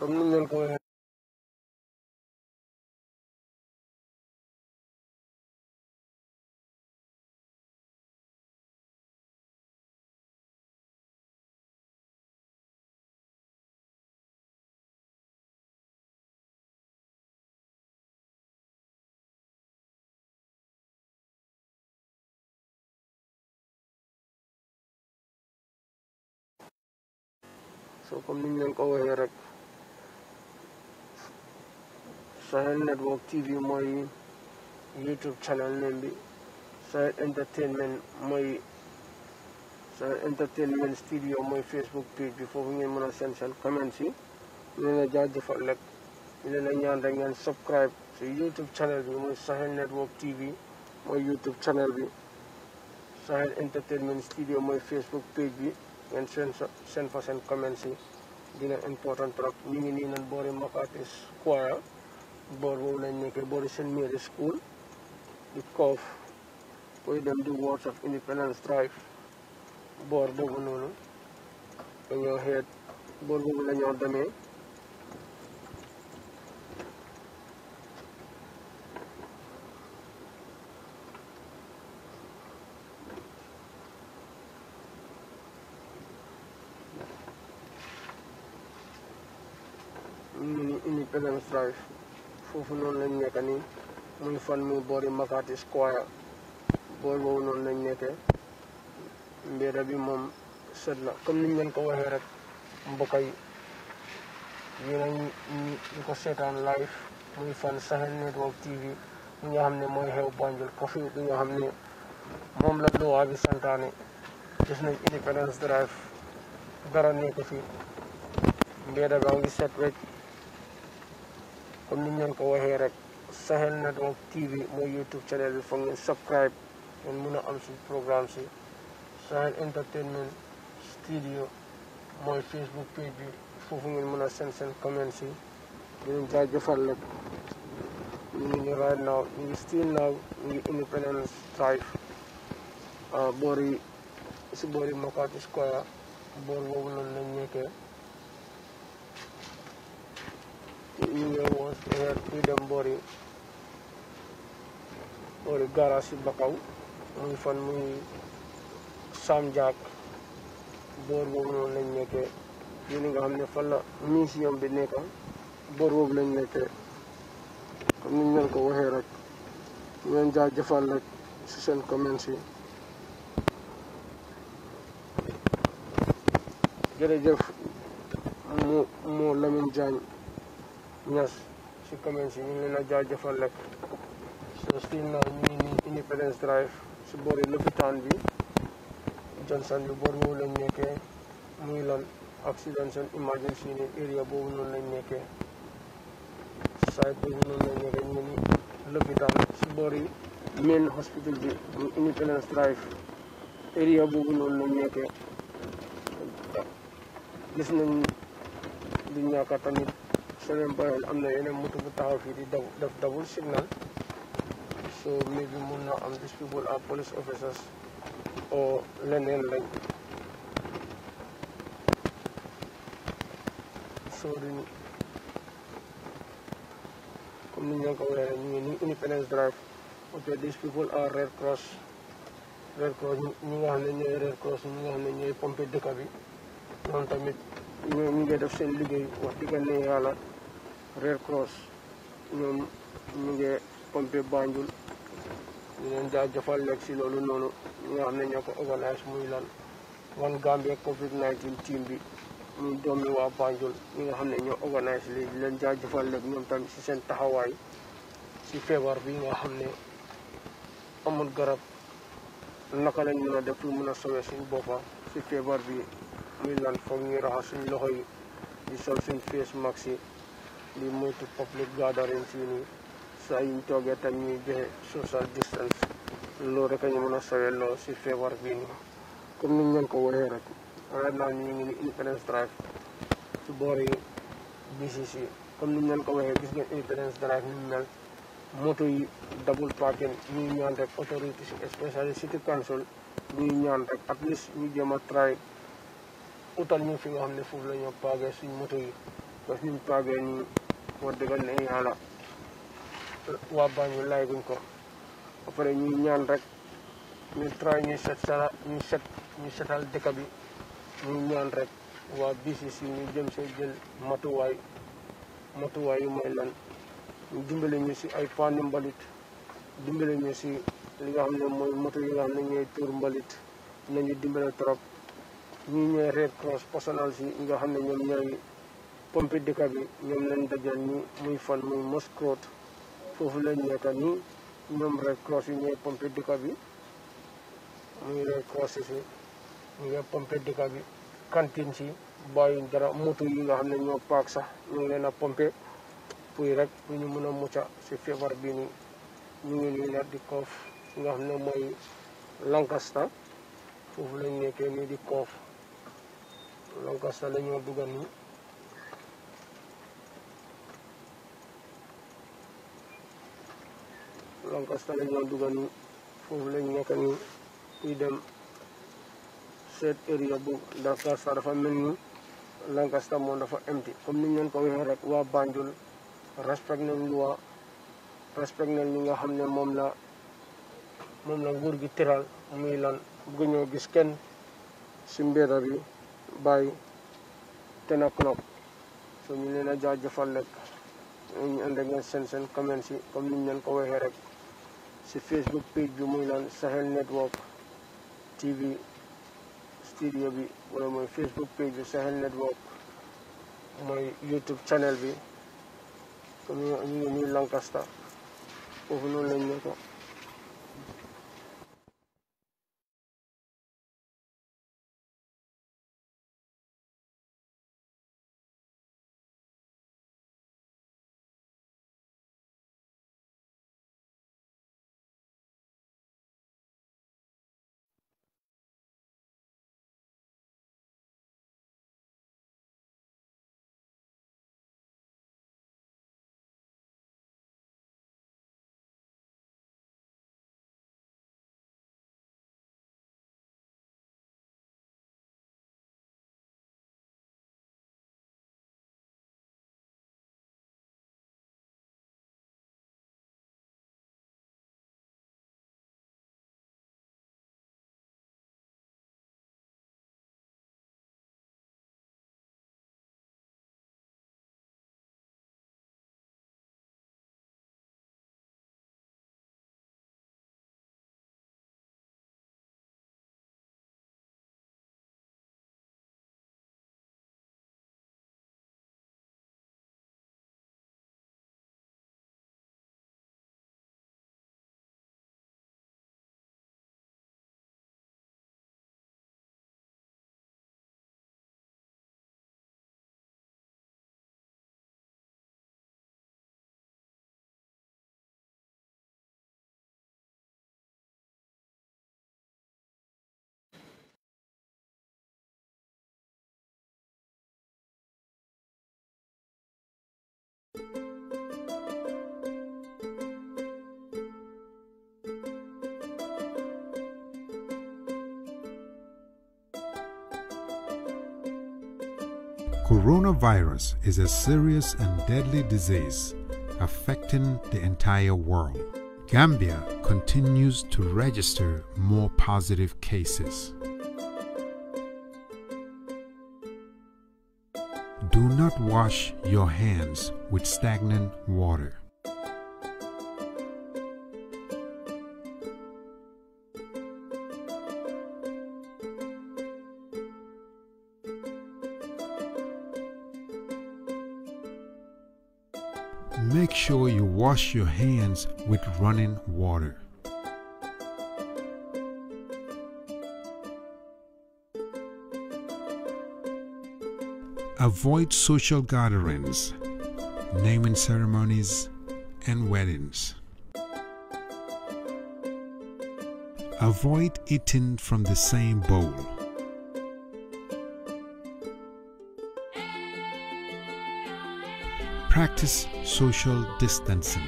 cũng nhân cơ so kom niñ leen ko waxee rek Sahel Network TV mooy YouTube channel name bi Sahel Entertainment mooy Sahel Entertainment Studio mooy Facebook page bi foofu ngeen mën a seen seen comments yi ñu lek a jaajëfal rek a ñaan rek ngeen subscribe si YouTube channel bi mooy Sahel Network TV mooy YouTube channel bi Sahel Entertainment Studio mooy Facebook page bi ngeen seen seen fa seen comments yi dina important trop ñu ngi nii nan boori Makati Square Borwolanyake Borisian Mary School because we dem do words of Independence Drive boor boobu noonu dañoo xeet boor boobu la ñoo Independence Drive fofu non lañ nekk ni muy fan muy boori Makati Square bor boobu non lañ nekkee mbéeda bi mom set na comme niñ leen ko waxé rek mbokay ñu lañ ñu ko sétan live muy fan Sahel Network TV ñu nga xamné moy xew Banjul Coffee bi nga xamné mom la do wa bi santane gis nañ Independence Drive dara ko fi mbéeda baa ngi set wecc comme ni ñu leen ko waxee rek Sahel Network TV mooy YouTube channel bi foog ngeen subscribe ngeen mun a am suñ programme si Sahel Entertainment Studio mooy Facebook page bi foofu ngeen mun a seen seen comment si di leen jaajëfal rek ñu ngi right now ñu ngi still now ñu ngi Independence Drive ah, boori si boori Makati Square boor boobu noonu union was here kuy dem boori boori garage yi Bakaw mu fan mu ngi Sam Jaak boor boobu noonu lañ nekkee yi nga xam ne fan la museum bi nekk boor boobu lañ nekkee comme ni ñu leen ko waxee rek ñu leen jaajëfal rek si seen comments yi jërëjëf mu mu Lamine Diagne न्यास شيكمে জিনি লনা জাজাফলক সستين নিনি inference drive সিবরি লুপটান ভি Johnson জ বর্মুলো নিকে আমনি লল অ্যাক্সিডেন্টাল ইমার্জেন্সি ইন এরিয়া বুবুলন নেকে সাইড গুন লনে রেননি লুপটান সিবরি মিল হসপিটাল ডি ইনফেরেন্স ড্রাইভ এরিয়া বুবুলন নেকে গিসন লিন নোকা টনি remember I'm not in a motor the, the double signal so maybe more na am these people are police officers or lenen like so din ni ni independence drive okay these people are red cross red cross ñi nga xam ñoy red cross ñi nga xam ñoy pompe de cabi non tamit ñu ngi def seen liggéey wax digal diggante yalla Red Cross ñoom ñu ngi pompe Banjul ñu leen jaajëfal lekk si loolu noonu ñi nga xam ne ñoo ko organise muy lan One Gambia Covid 19 team bi muy doomi waa Banjul ñi nga xam ne ñoo organise lii di leen jaajëfal lekk ñoom tamit si seen taxawaay si feebar bi nga xam ne amul garab naka lañ mën a def pour mën a sauver suñu boppa si feebar bi muy lan foog ñuy raxas suñu loxo yi di sol suñu face mask yi di moytu public gathering fii nii saa yuñ toogee tam ñuy joxe social distance loolu rek a ñu mën a sawelloo si feebar bii nii comme niñ leen ko waxee rek right now ñu ngi ni Independence Drive si boori BCC comme niñ leen ko waxee gis nga Independence Drive ni mel moto yi double parking ñuy ñaan rek autorité si especially city council ñuy ñaan rek at least ñu jéem a try utal ñu fi nga xam ne foofu la ñoo paagee suñ moto moo dëggal ne yàlla waa Banjul laay guñ ko ba pare ñuy ñaan rek ñu try ñu set sala ñu set ñu setal dëkk bi ñu ñaan rek waa BCC ñu jëm see jël matuwaay matuwaay yu mooy lan ñu dimbale ñu si ay paanu mbalit dimbale ñu si li nga xam ne mooy moto yi nga xam ne ñooy tuur mbalit nañu dimbale trop ñii ñooy Red Cross personnel si nga xam ne ñoom ñooy pompi dëkk bi ñoom lañ dajal ni muy fan muy Moscrot foofu lañ nekk ni ñoom Red Cross yi ñooy pompi dëkk bi muy Red Cross si ñu ngi pompi bi kantin si bàyyiñ dara moto yi nga xam ne ñoo paak sax ñu ngi leen a pompe pour rek pour ñu mën a mucca si feebar bi nii ñu ngi nii nag di koof nga xam ne mooy Lancaster foofu lañ nekkee nii di koof Lancaster lañu ñoo dugga nii lankasta lañ doon dugal ni foofu lañ kuy dem seet area bu Lancaster dafa mel ni Lancaster moom dafa empty comme niñ leen ko waxee rek Banjul respect nañ luwa respect nañ li nga xam ne la moom la nguur gi tëral muy lan bëgg ñoo gis kenn si mbedd bi bàyyi ten so ñu leen a jaajëfal ñu ànd si comme niñ leen ko rek si facebook page bi muy naan Sahel Network TV studio bi wala mooy facebook page bi Sahel Network mooy youtube channel bi comme ñu ngi nii Lancaster foofu noonu lañ ne ko coronavirus is a serious and deadly disease affecting the entire world. Gambia continues to register more positive cases. Do not wash your hands with stagnant water. wash your hands with running water. Avoid social gatherings, naming ceremonies, and weddings. Avoid eating from the same bowl. practice social distancing.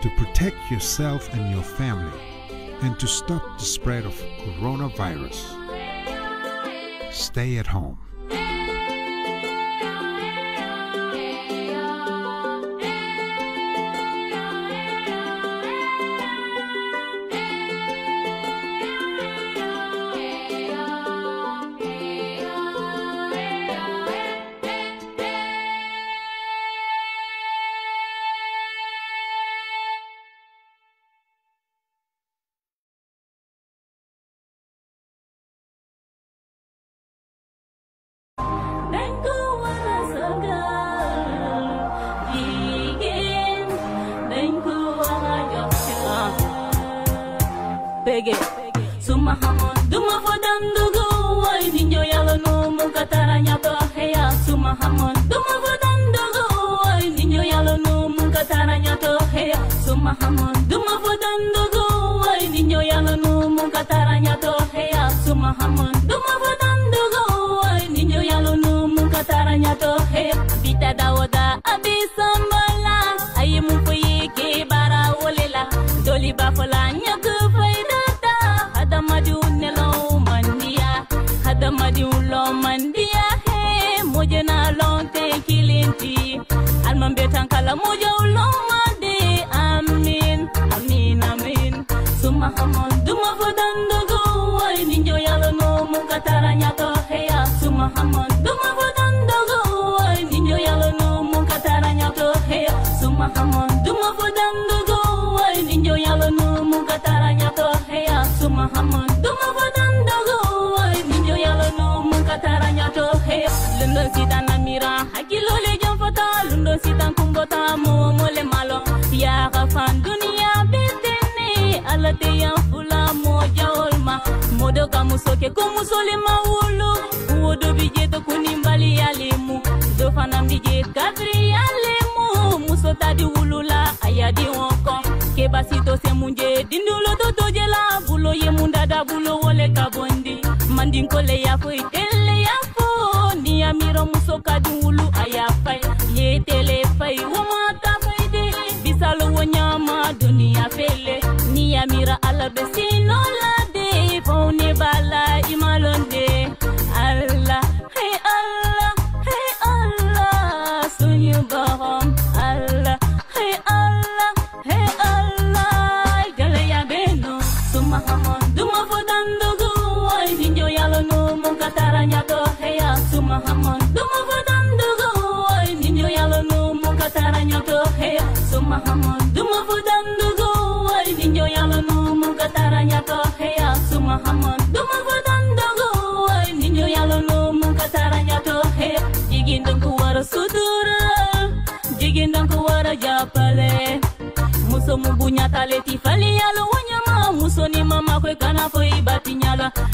To protect yourself and your family and to stop the spread of coronavirus, stay at home.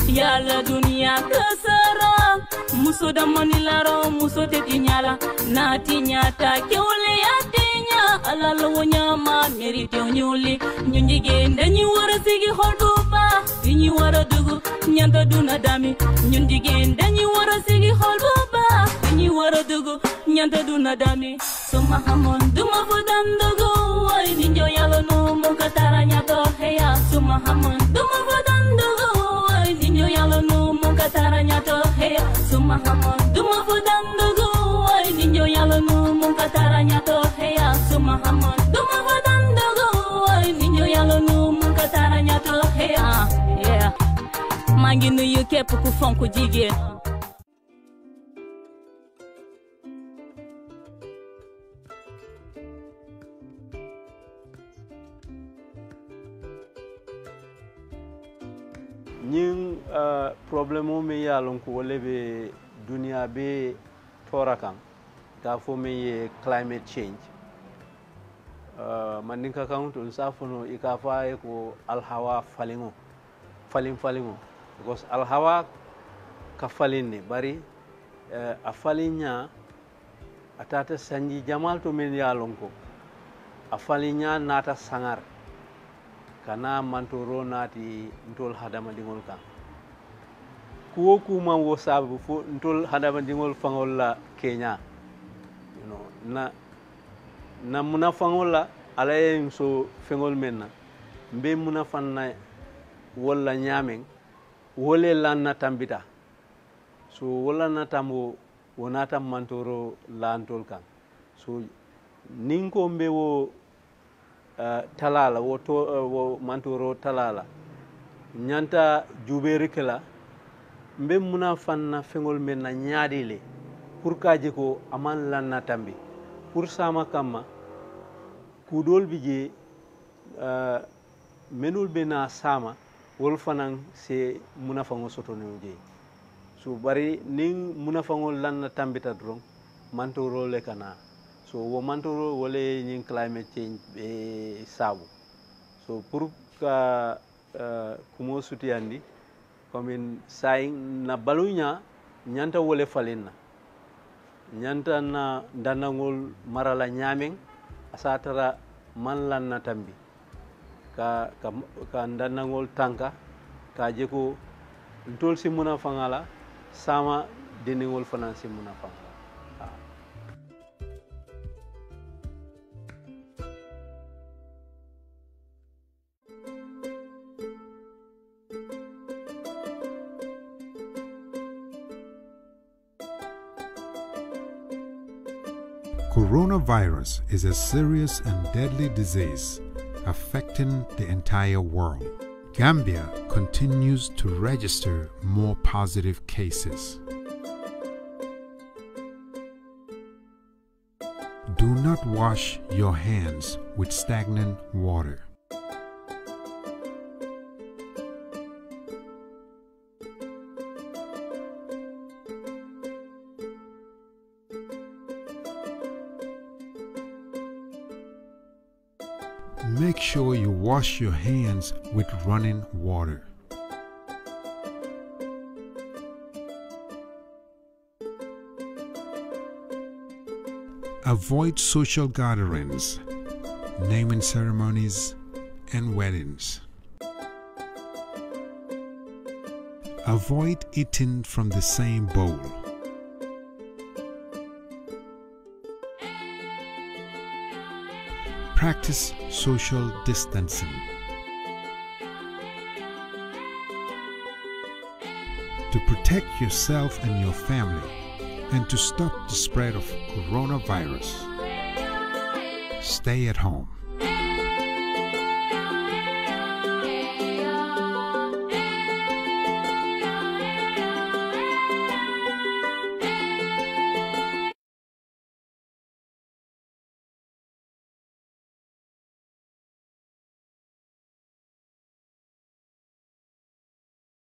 yala dunia kasara muso da manilara muso te tinyala na tinyata kewle ya tinya wonya ma meri te nyuli nyunjige ndanyi wara sigi holdupa inyi wara dugu nyanda duna dami nyunjige ndanyi wara sigi holdupa inyi wara dugu nyanda duna dami soma hamon duma fudan dugu wai ninjo yalo no nyato heya soma hamon duma fudan kataranya tohe summa hamon duma fudan dugu ay ninjo yalanu mun kataranya tohe summa hamon duma fudan dugu ay ninjo yalanu mun kataranya tohe yeah maginu yuke puku fonku jige nhưng uh, problemu min ye lon ko wole be duniya be tora kan k'a fo min ye climate change uh, mandinka kan tun sa fono i k'a fɔ ye ko alhawa falinŋo falin falinŋo because alhawa ka falin ne bari uh, a falin ɲa a tata sanji jamal to min ye lon ko a falin ɲa nata saŋar kana mantoro naati ntol hadamadiŋol kan ku wo kuman wo saabu fo ntol hadamadiŋol faŋol la keeña na na munafaŋol la ala ye so feŋol meŋ na mbe munafaŋ na wol la ñaameŋ wo le lan natambita so wo la natam wo wo naatam mantoro laantol kaŋ so niŋ ko mbe wo uh, tala la wo to uh, wo mantoro tala la ñanta juuberi ke la mbe muna fanna feŋol men na ñaaɗi le pour ka ko aman lanna tambi pour sama kama, kudol bi je uh, eh, menol sama wol fanan se munafaŋo sotono je so bari muna munafaŋol lanna ta doroŋ mantorol le kana so wo mantoro wo le climate change be saabu so pour ka uh, kumo sutiyandi komin sayin na baluña ñanta wole falin na ñanta na ndanangul marala ñaming asatara tara man lan na tambi ka, ka, ka ndanangol tanka ka je ko ntol si muna fanga la sama dinengul fanaŋ si muna faŋa coronavirus is a serious and deadly disease affecting the entire world. Gambia continues to register more positive cases. Do not wash your hands with stagnant water. sure you wash your hands with running water. Avoid social gatherings, naming ceremonies, and weddings. Avoid eating from the same bowl. practice social distancing. To protect yourself and your family and to stop the spread of coronavirus, stay at home.